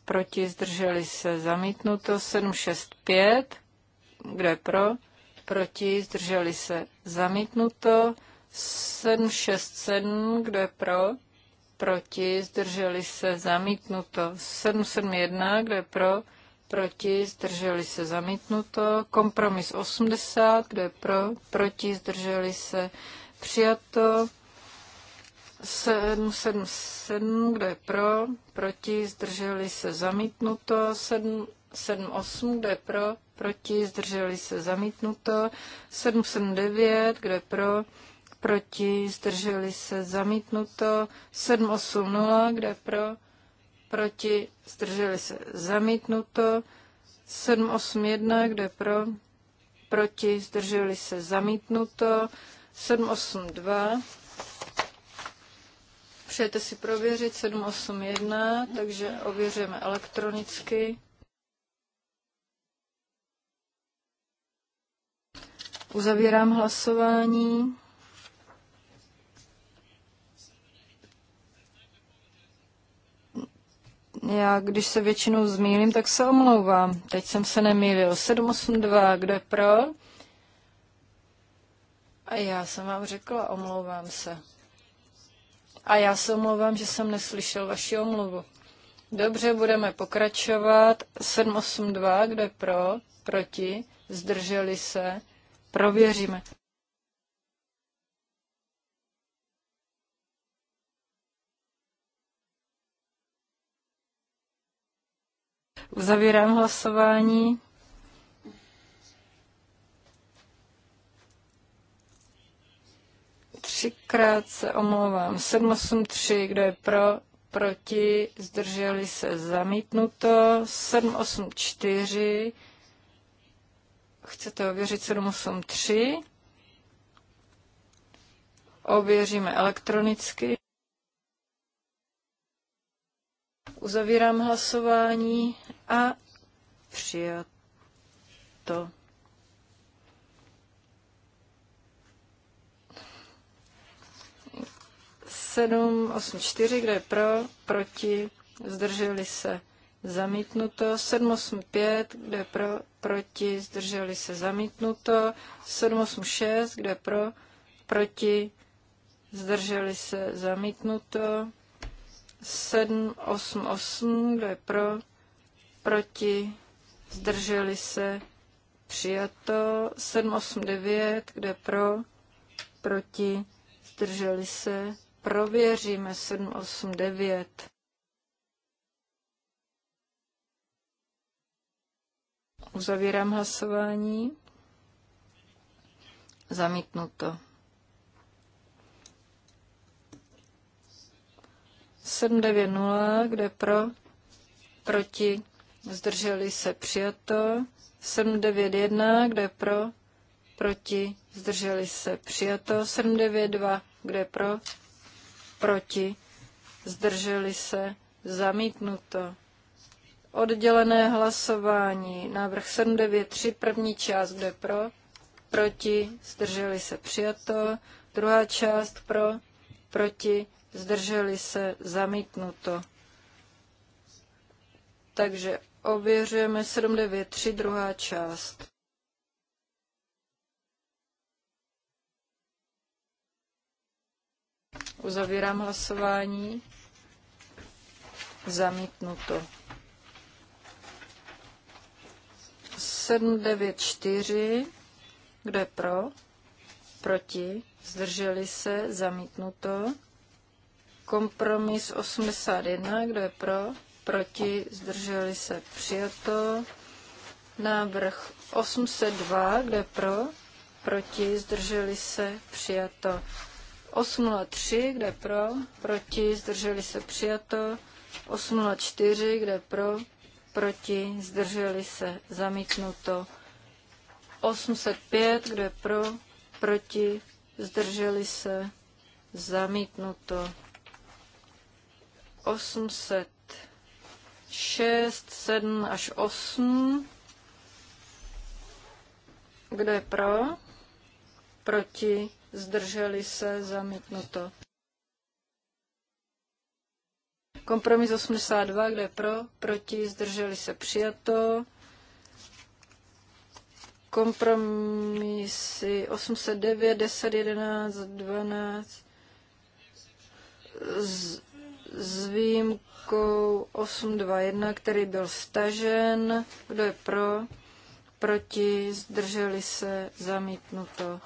proti, zdrželi se, zamítnuto. 765, kdo je pro, proti, zdrželi se, zamítnuto. 767, kdo je pro, proti, zdrželi se, zamítnuto. 771, kdo je pro, proti, zdrželi se zamítnuto. Kompromis 80, kdo je pro, proti, zdrželi se přijato. 777, kdo je pro, proti, zdrželi se zamítnuto. 778, kdo je pro, proti, zdrželi se zamítnuto. 779, kdo je pro, proti, zdrželi se zamítnuto. 780, kdo je pro, proti, zdrželi se zamítnuto, 781, kdo je pro, proti, zdrželi se zamítnuto, 782, přejete si prověřit 781, takže ověřujeme elektronicky. Uzavírám hlasování. Já, když se většinou zmýlím, tak se omlouvám. Teď jsem se nemýlil. 782, kdo je pro? A já jsem vám řekla, omlouvám se. A já se omlouvám, že jsem neslyšel vaši omluvu. Dobře, budeme pokračovat. 782, kdo je pro? Proti? Zdrželi se? Prověříme. Uzavírám hlasování. Třikrát se omlouvám. 783, kdo je pro, proti, zdrželi se zamítnuto. 784, chcete ověřit 783. Ověříme elektronicky. Uzavírám hlasování a přijato. Sedm, osm, čtyři, kdo je pro, proti, zdrželi se zamítnuto, sedm osm kdo kde pro, proti, zdrželi se zamítnuto, sedm osm kdo kde pro, proti, zdrželi se zamítnuto, sedm osm kdo kde pro, proti, zdrželi se, přijato. 789, kde pro, proti, zdrželi se, prověříme 789. Uzavírám hlasování. Zamítnuto. 790, kde pro, proti, zdrželi se přijato. 791, kdo je pro, proti, zdrželi se přijato. 792, kdo je pro, proti, zdrželi se zamítnuto. Oddělené hlasování. Návrh 793, první část, kde pro, proti, zdrželi se přijato. Druhá část pro, proti, zdrželi se zamítnuto. Takže Ověřujeme 793, druhá část. Uzavírám hlasování. Zamítnuto. 794. Kdo je pro? Proti? Zdrželi se? Zamítnuto. Kompromis 81. Kdo je pro? proti, zdrželi se přijato. Návrh 802, kde pro, proti, zdrželi se přijato. 803, kde pro, proti, zdrželi se přijato. 804, kde pro, proti, zdrželi se zamítnuto. 805, kde pro, proti, zdrželi se zamítnuto. 800 6, 7 až 8. Kdo je pro? Proti? Zdrželi se? Zamítnuto. Kompromis 82, kde je pro? Proti? Zdrželi se? Přijato. Kompromisy 809, 10, 11, 12 s výjimkou 821, který byl stažen. Kdo je pro? Proti? Zdrželi se? Zamítnuto.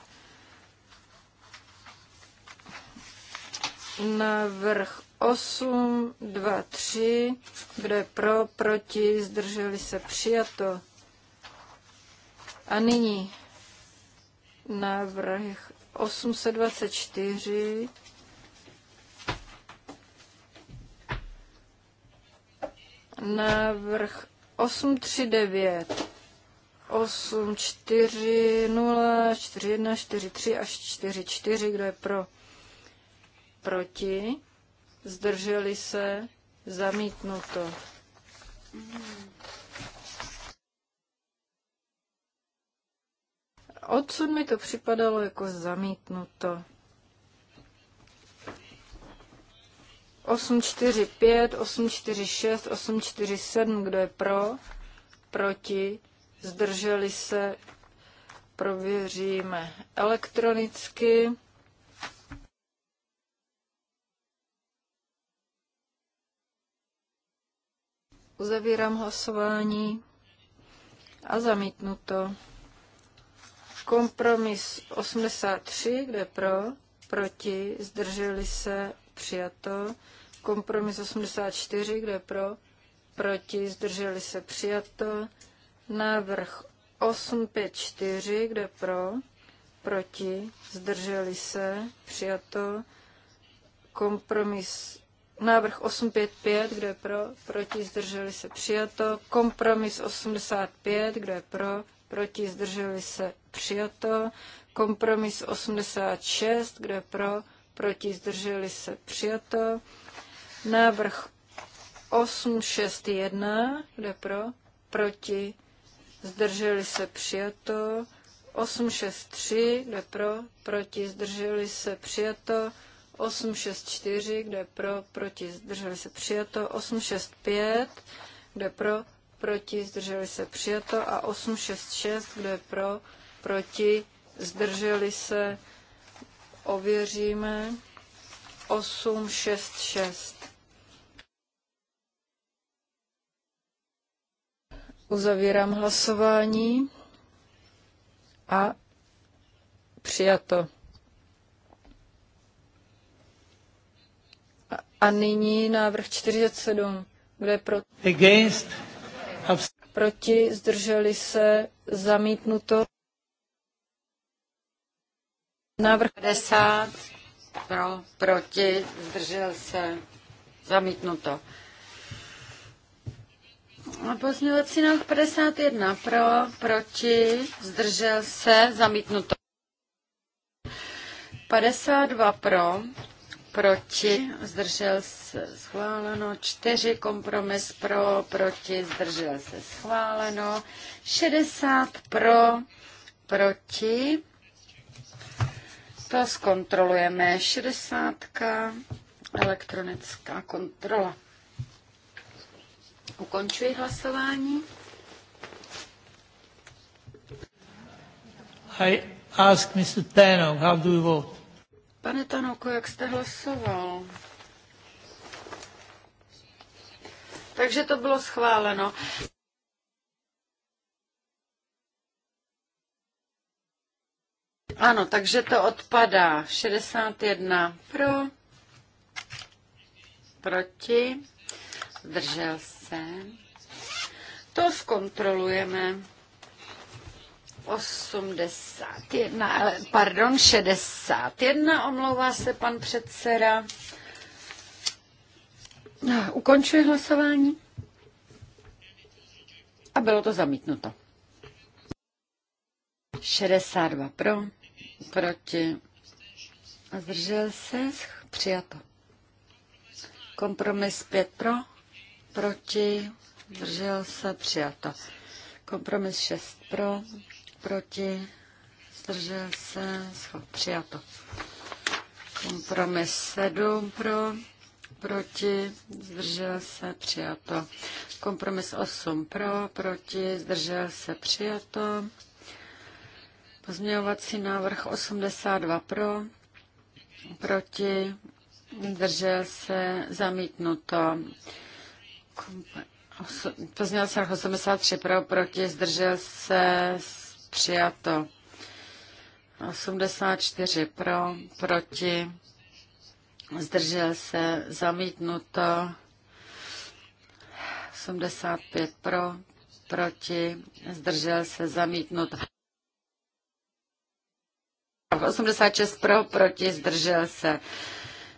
Návrh 8, 2, 3. Kdo je pro, proti, zdrželi se, přijato. A nyní návrh 824. Návrh 839, 840, 41, 43 až 44, kdo je pro? Proti? Zdrželi se? Zamítnuto. Odsud mi to připadalo jako zamítnuto. 845, 846, 847, kdo je pro, proti, zdrželi se, prověříme elektronicky. Uzavírám hlasování a zamítnu to. Kompromis 83, kde pro, proti, zdrželi se, přijato. Kompromis 84, kdo je pro, proti, zdrželi se, přijato. Návrh 854, kde pro, proti, zdrželi se, přijato. Kompromis Návrh 855, kdo je pro, proti, zdrželi se, přijato. Kompromis 85, kdo je pro, proti, zdrželi se, přijato. Kompromis 86, kdo je pro, proti, zdrželi se, přijato. Návrh 861, kde pro, proti, zdrželi se, přijato. 863, kde pro, proti, zdrželi se, přijato. 864, kde pro, proti, zdrželi se, přijato. 865, kde pro, proti, zdrželi se, přijato. A 866, kde pro, proti, zdrželi se, přijato ověříme. 866. Uzavírám hlasování a přijato. A nyní návrh 47. Kdo je pro? Against. Proti, zdrželi se, zamítnuto. Návrh 50 pro, proti, zdržel se, zamítnuto. A pozměňovací návrh 51 pro, proti, zdržel se, zamítnuto. 52 pro, proti, zdržel se, schváleno. 4 kompromis pro, proti, zdržel se, schváleno. 60 pro, proti, to zkontrolujeme. 60. Elektronická kontrola. Ukončuji hlasování. I ask Mr. Tanok, how do you vote? Pane Tanoku, jak jste hlasoval? Takže to bylo schváleno. Ano, takže to odpadá. 61 pro, proti, zdržel se. To zkontrolujeme. 81, ale pardon, 61, omlouvá se pan předseda. No, ukončuje hlasování. A bylo to zamítnuto. 62 pro proti, zdržel se, přijato. Kompromis 5 pro, proti, zdržel se, přijato. Kompromis 6 pro, proti, zdržel se, přijato. Kompromis 7 pro, proti, zdržel se, přijato. Kompromis 8 pro, proti, zdržel se, přijato. Pozměňovací návrh 82 pro, proti, zdržel se, zamítnuto. Pozměňovací návrh 83 pro, proti, zdržel se, přijato. 84 pro, proti, zdržel se, zamítnuto. 85 pro, proti, zdržel se, zamítnuto. 86 pro, proti, zdržel se.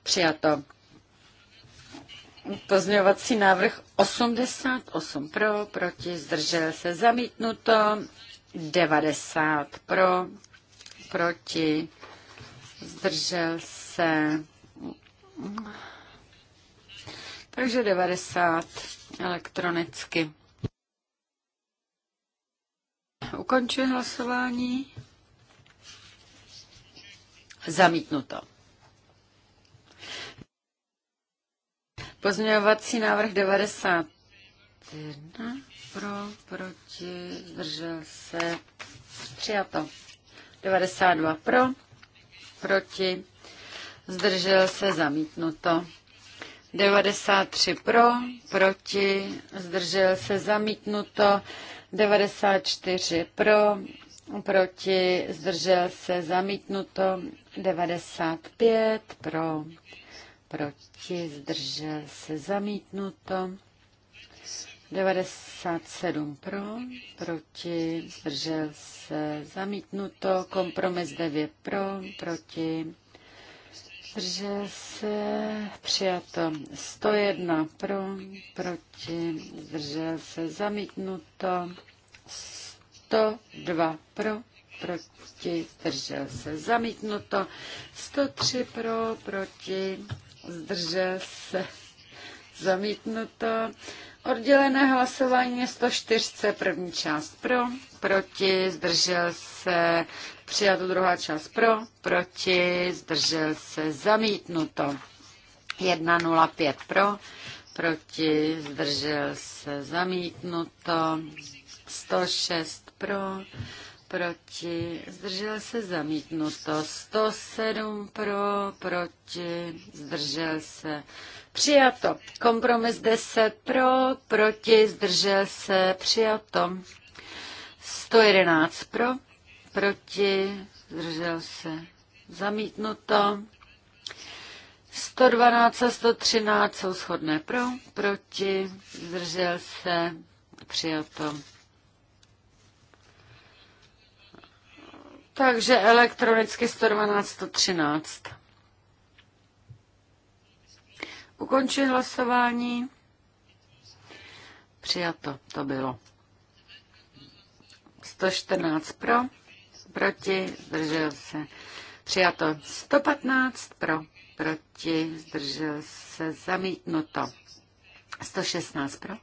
Přijato. Pozměňovací návrh 88 pro, proti, zdržel se. Zamítnuto. 90 pro, proti, zdržel se. Takže 90 elektronicky. Ukončuji hlasování. Zamítnuto. Pozměňovací návrh 91 pro, proti, zdržel se, přijato. 92 pro, proti, zdržel se, zamítnuto. 93 pro, proti, zdržel se, zamítnuto. 94 pro, proti, zdržel se, zamítnuto. 95 pro, proti, zdržel se zamítnuto. 97 pro, proti, zdržel se zamítnuto. Kompromis 9 pro, proti, zdržel se přijato. 101 pro, proti, zdržel se zamítnuto. 102 pro, proti, zdržel se, zamítnuto, 103 pro, proti, zdržel se, zamítnuto, oddělené hlasování 104, první část pro, proti, zdržel se, přijato druhá část pro, proti, zdržel se, zamítnuto, 105 pro, proti, zdržel se, zamítnuto, 106 pro, proti, zdržel se zamítnuto, 107 pro, proti, zdržel se přijato. Kompromis 10 pro, proti, zdržel se přijato. 111 pro, proti, zdržel se zamítnuto. 112 a 113 jsou shodné pro, proti, zdržel se přijato. Takže elektronicky 112, 113. Ukončuji hlasování. Přijato, to bylo. 114 pro, proti, zdržel se. Přijato 115 pro, proti, zdržel se, zamítnuto. 116 pro,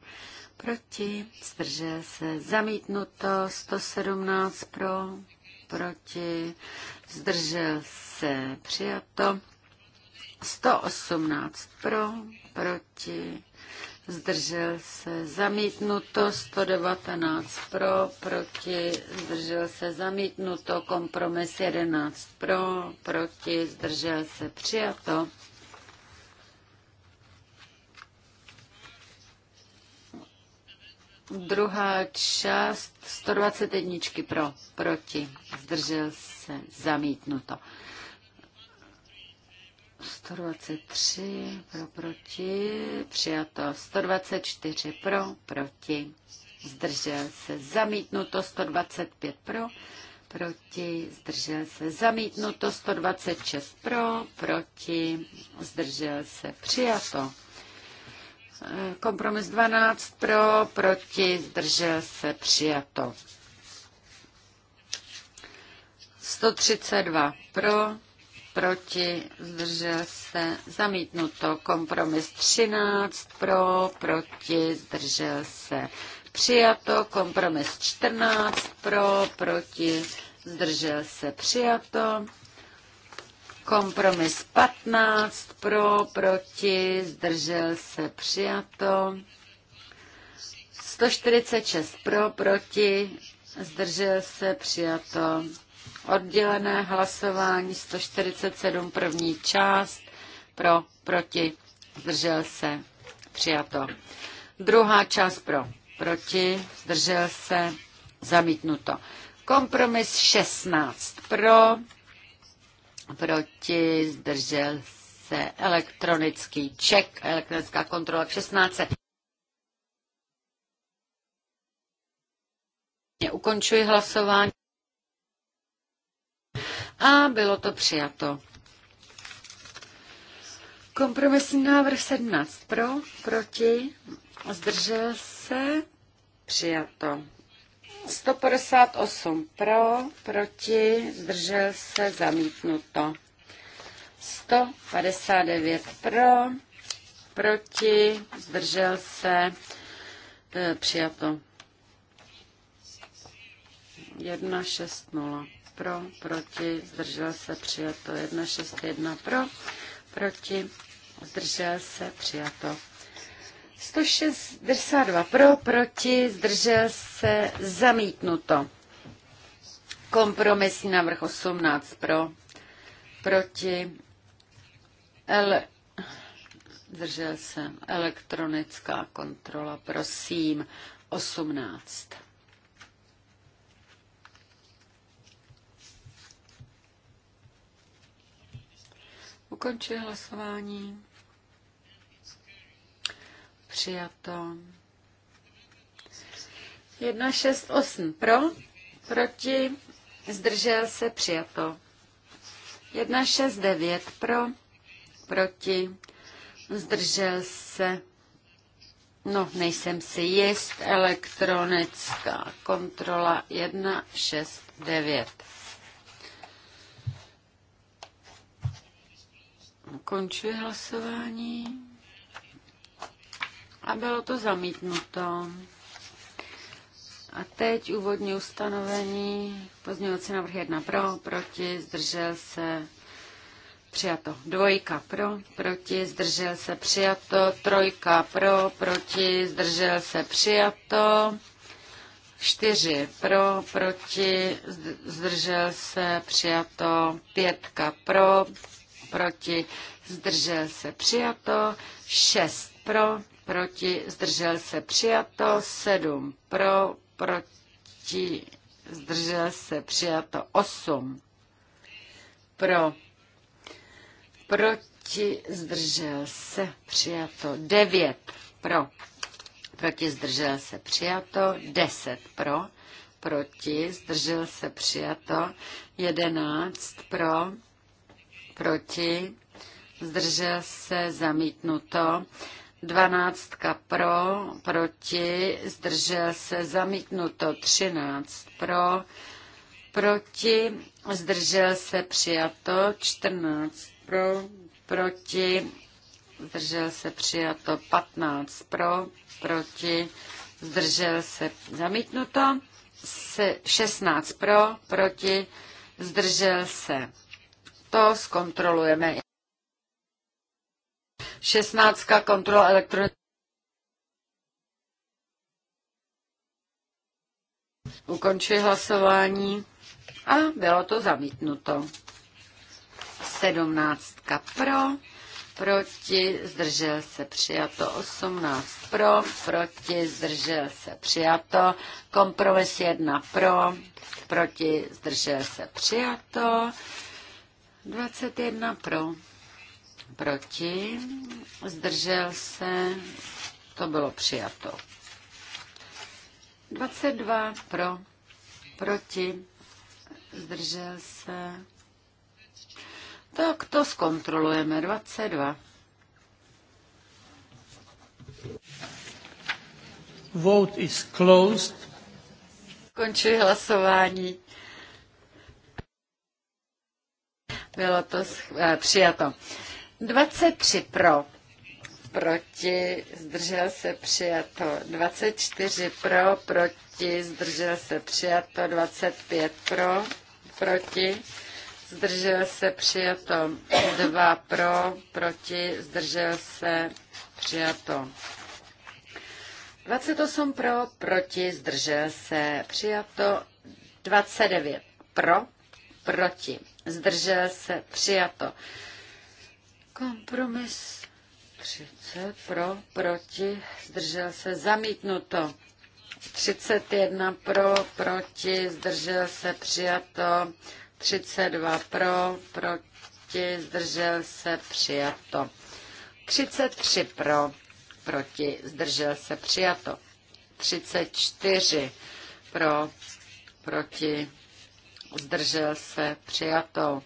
proti, zdržel se, zamítnuto. 117 pro, proti, zdržel se, přijato. 118 pro, proti, zdržel se, zamítnuto, 119 pro, proti, zdržel se, zamítnuto, kompromis 11 pro, proti, zdržel se, přijato. Druhá část 121 pro, proti, zdržel se, zamítnuto. 123 pro, proti, přijato. 124 pro, proti, zdržel se, zamítnuto. 125 pro, proti, zdržel se, zamítnuto. 126 pro, proti, zdržel se, přijato. Kompromis 12 pro, proti, zdržel se, přijato. 132 pro, proti, zdržel se, zamítnuto. Kompromis 13 pro, proti, zdržel se, přijato. Kompromis 14 pro, proti, zdržel se, přijato. Kompromis 15 pro, proti, zdržel se přijato. 146 pro, proti, zdržel se přijato. Oddělené hlasování 147 první část pro, proti, zdržel se přijato. Druhá část pro, proti, zdržel se zamítnuto. Kompromis 16 pro, proti, zdržel se elektronický ček, elektronická kontrola 16. Ukončuji hlasování. A bylo to přijato. Kompromisní návrh 17 pro, proti, zdržel se, přijato. 158 pro, proti, zdržel se, zamítnuto. 159 e, pro, proti, zdržel se, přijato. 160 pro, proti, zdržel se, přijato. 161 pro, proti, zdržel se, přijato. 162 pro, proti, zdržel se, zamítnuto. Kompromisní návrh 18 pro, proti, L, zdržel se, elektronická kontrola, prosím, 18. Ukončuji hlasování. Přijato. 8. pro, proti, zdržel se, přijato. 9. pro, proti, zdržel se. No, nejsem si jist, elektronická kontrola 9. Končuje hlasování. A bylo to zamítnuto. A teď úvodní ustanovení, pozměňovací návrh 1 pro, proti, zdržel se, přijato. Dvojka pro, proti, zdržel se, přijato. Trojka pro, proti, zdržel se, přijato. Čtyři pro, proti, zdržel se, přijato. Pětka pro, proti, zdržel se, přijato. Šest pro, proti, zdržel se přijato, 7 pro, proti, zdržel se přijato, 8 pro, proti, zdržel se přijato, 9 pro, proti, zdržel se přijato, 10 pro, proti, zdržel se přijato, 11 pro, proti, zdržel se zamítnuto, Dvanáctka pro, proti, zdržel se zamítnuto. Třináct pro, proti, zdržel se přijato. Čtrnáct pro, proti, zdržel se přijato. Patnáct pro, proti, zdržel se zamítnuto. Se, 16 pro, proti, zdržel se. To zkontrolujeme. 16. Kontrola elektronické. Ukončuji hlasování a bylo to zamítnuto. 17 pro, proti, zdržel se přijato 18 pro, proti, zdržel se přijato, kompromis 1 pro, proti, zdržel se přijato, 21 pro proti, zdržel se, to bylo přijato. 22 pro, proti, zdržel se. Tak to zkontrolujeme, 22. Vote is closed. Končuji hlasování. Bylo to eh, přijato. 23 pro, proti, zdržel se přijato. 24 pro, proti, zdržel se přijato. 25 pro, proti, zdržel se přijato. 2 pro, proti, zdržel se přijato. 28 pro, proti, zdržel se přijato. 29 pro, proti, zdržel se přijato. Kompromis 30 pro, proti, zdržel se, zamítnuto. 31 pro, proti, zdržel se, přijato. 32 pro, proti, zdržel se, přijato. 33 pro, proti, zdržel se, přijato. 34 pro, proti, zdržel se, přijato.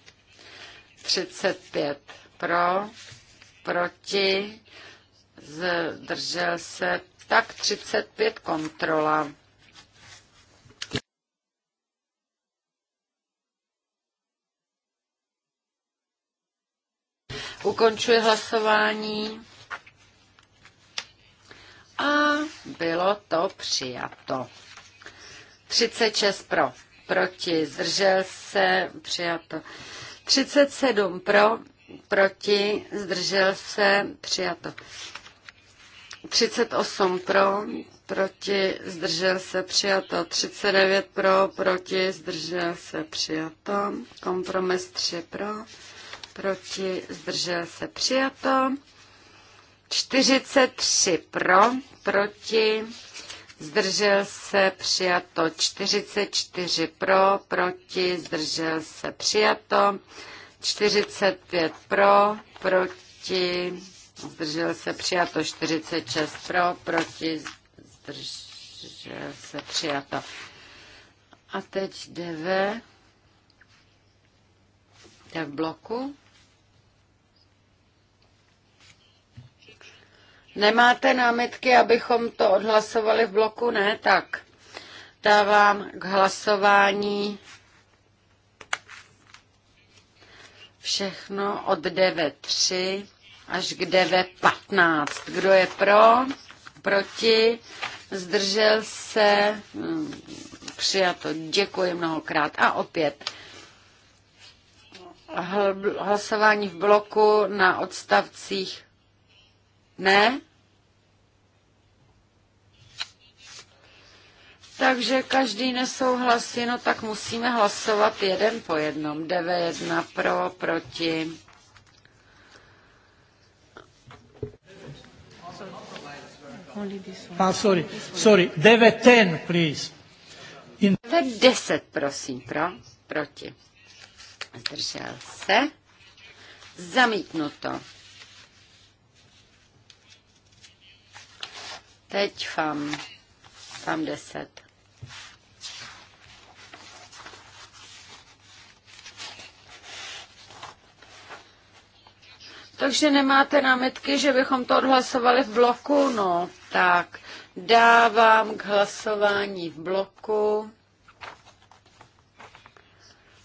35 pro, proti, zdržel se, tak 35 kontrola. Ukončuji hlasování. A bylo to přijato. 36 pro, proti, zdržel se, přijato. 37 pro, proti, zdržel se, přijato. 38 pro, proti, zdržel se, přijato. 39 pro, proti, zdržel se, přijato. Kompromis 3 pro, proti, zdržel se, přijato. 43 pro, proti, zdržel se, přijato. 44 pro, proti, zdržel se, přijato. 45 pro, proti, zdržel se přijato. 46 pro, proti, zdržel se přijato. A teď DV. Je v bloku. Nemáte námitky, abychom to odhlasovali v bloku? Ne, tak dávám k hlasování Všechno od 9.3 až k 9.15. Kdo je pro? Proti? Zdržel se? Hmm, přijato. Děkuji mnohokrát. A opět hlasování v bloku na odstavcích. Ne? Takže každý nesouhlasí, no tak musíme hlasovat jeden po jednom. Deve jedna pro, proti. Ah, sorry, sorry. deve ten, please. In... dv deset, prosím, pro, proti. Zdržel se. Zamítnuto. Teď FAM. FAM deset. Takže nemáte námitky, že bychom to odhlasovali v bloku? No, tak dávám k hlasování v bloku.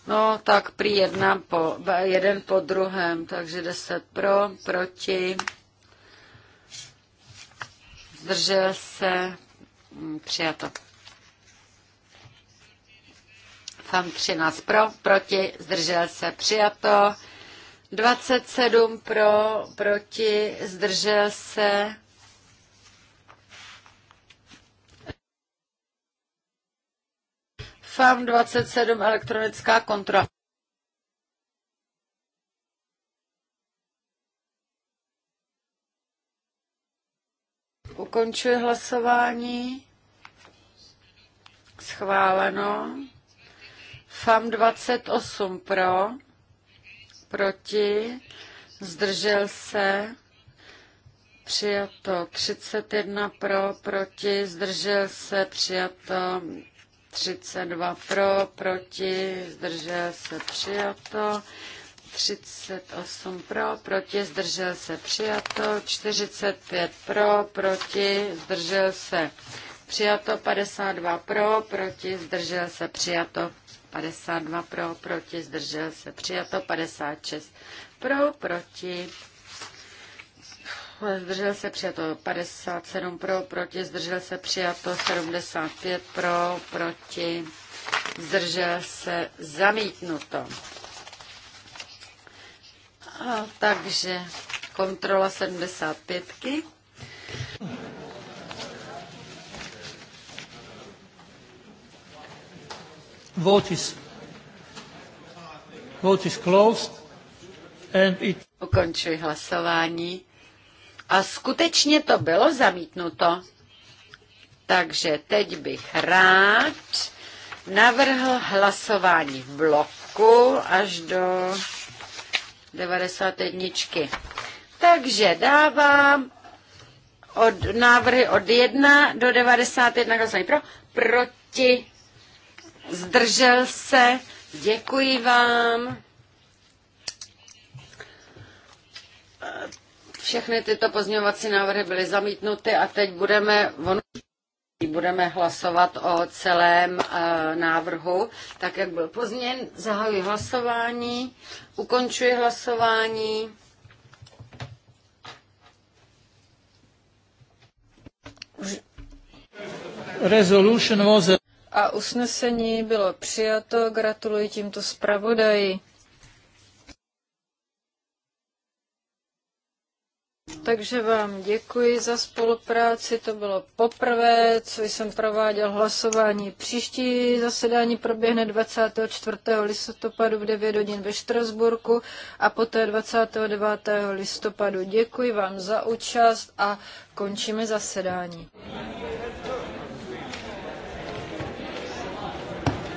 No, tak prý jedna po, jeden po druhém, takže 10 mm, pro, proti. Zdržel se, přijato. Tam 13 pro, proti, zdržel se, přijato. 27 pro, proti, zdržel se. FAM 27 elektronická kontrola. Ukončuje hlasování. Schváleno. FAM 28 pro proti, zdržel se, přijato 31 pro, proti, zdržel se, přijato 32 pro, proti, zdržel se, přijato 38 pro, proti, zdržel se, přijato 45 pro, proti, zdržel se, přijato 52 pro, proti, zdržel se, přijato 52 pro, proti, zdržel se, přijato 56 pro, proti, zdržel se, přijato 57 pro, proti, zdržel se, přijato 75 pro, proti, zdržel se, zamítnuto. A takže kontrola 75. -ky. Vote is, is closed and it... Ukončuji hlasování. A skutečně to bylo zamítnuto. Takže teď bych rád navrhl hlasování v bloku až do 91. Takže dávám od návrhy od 1 do 91 hlasování pro, proti, zdržel se, děkuji vám. Všechny tyto pozměňovací návrhy byly zamítnuty a teď budeme, budeme hlasovat o celém eh, návrhu, tak jak byl pozměn. Zahajuji hlasování, ukončuji hlasování. Resolution was a a usnesení bylo přijato. Gratuluji tímto zpravodaji. Takže vám děkuji za spolupráci. To bylo poprvé, co jsem prováděl hlasování. Příští zasedání proběhne 24. listopadu v 9 hodin ve Štrasburku a poté 29. listopadu. Děkuji vám za účast a končíme zasedání.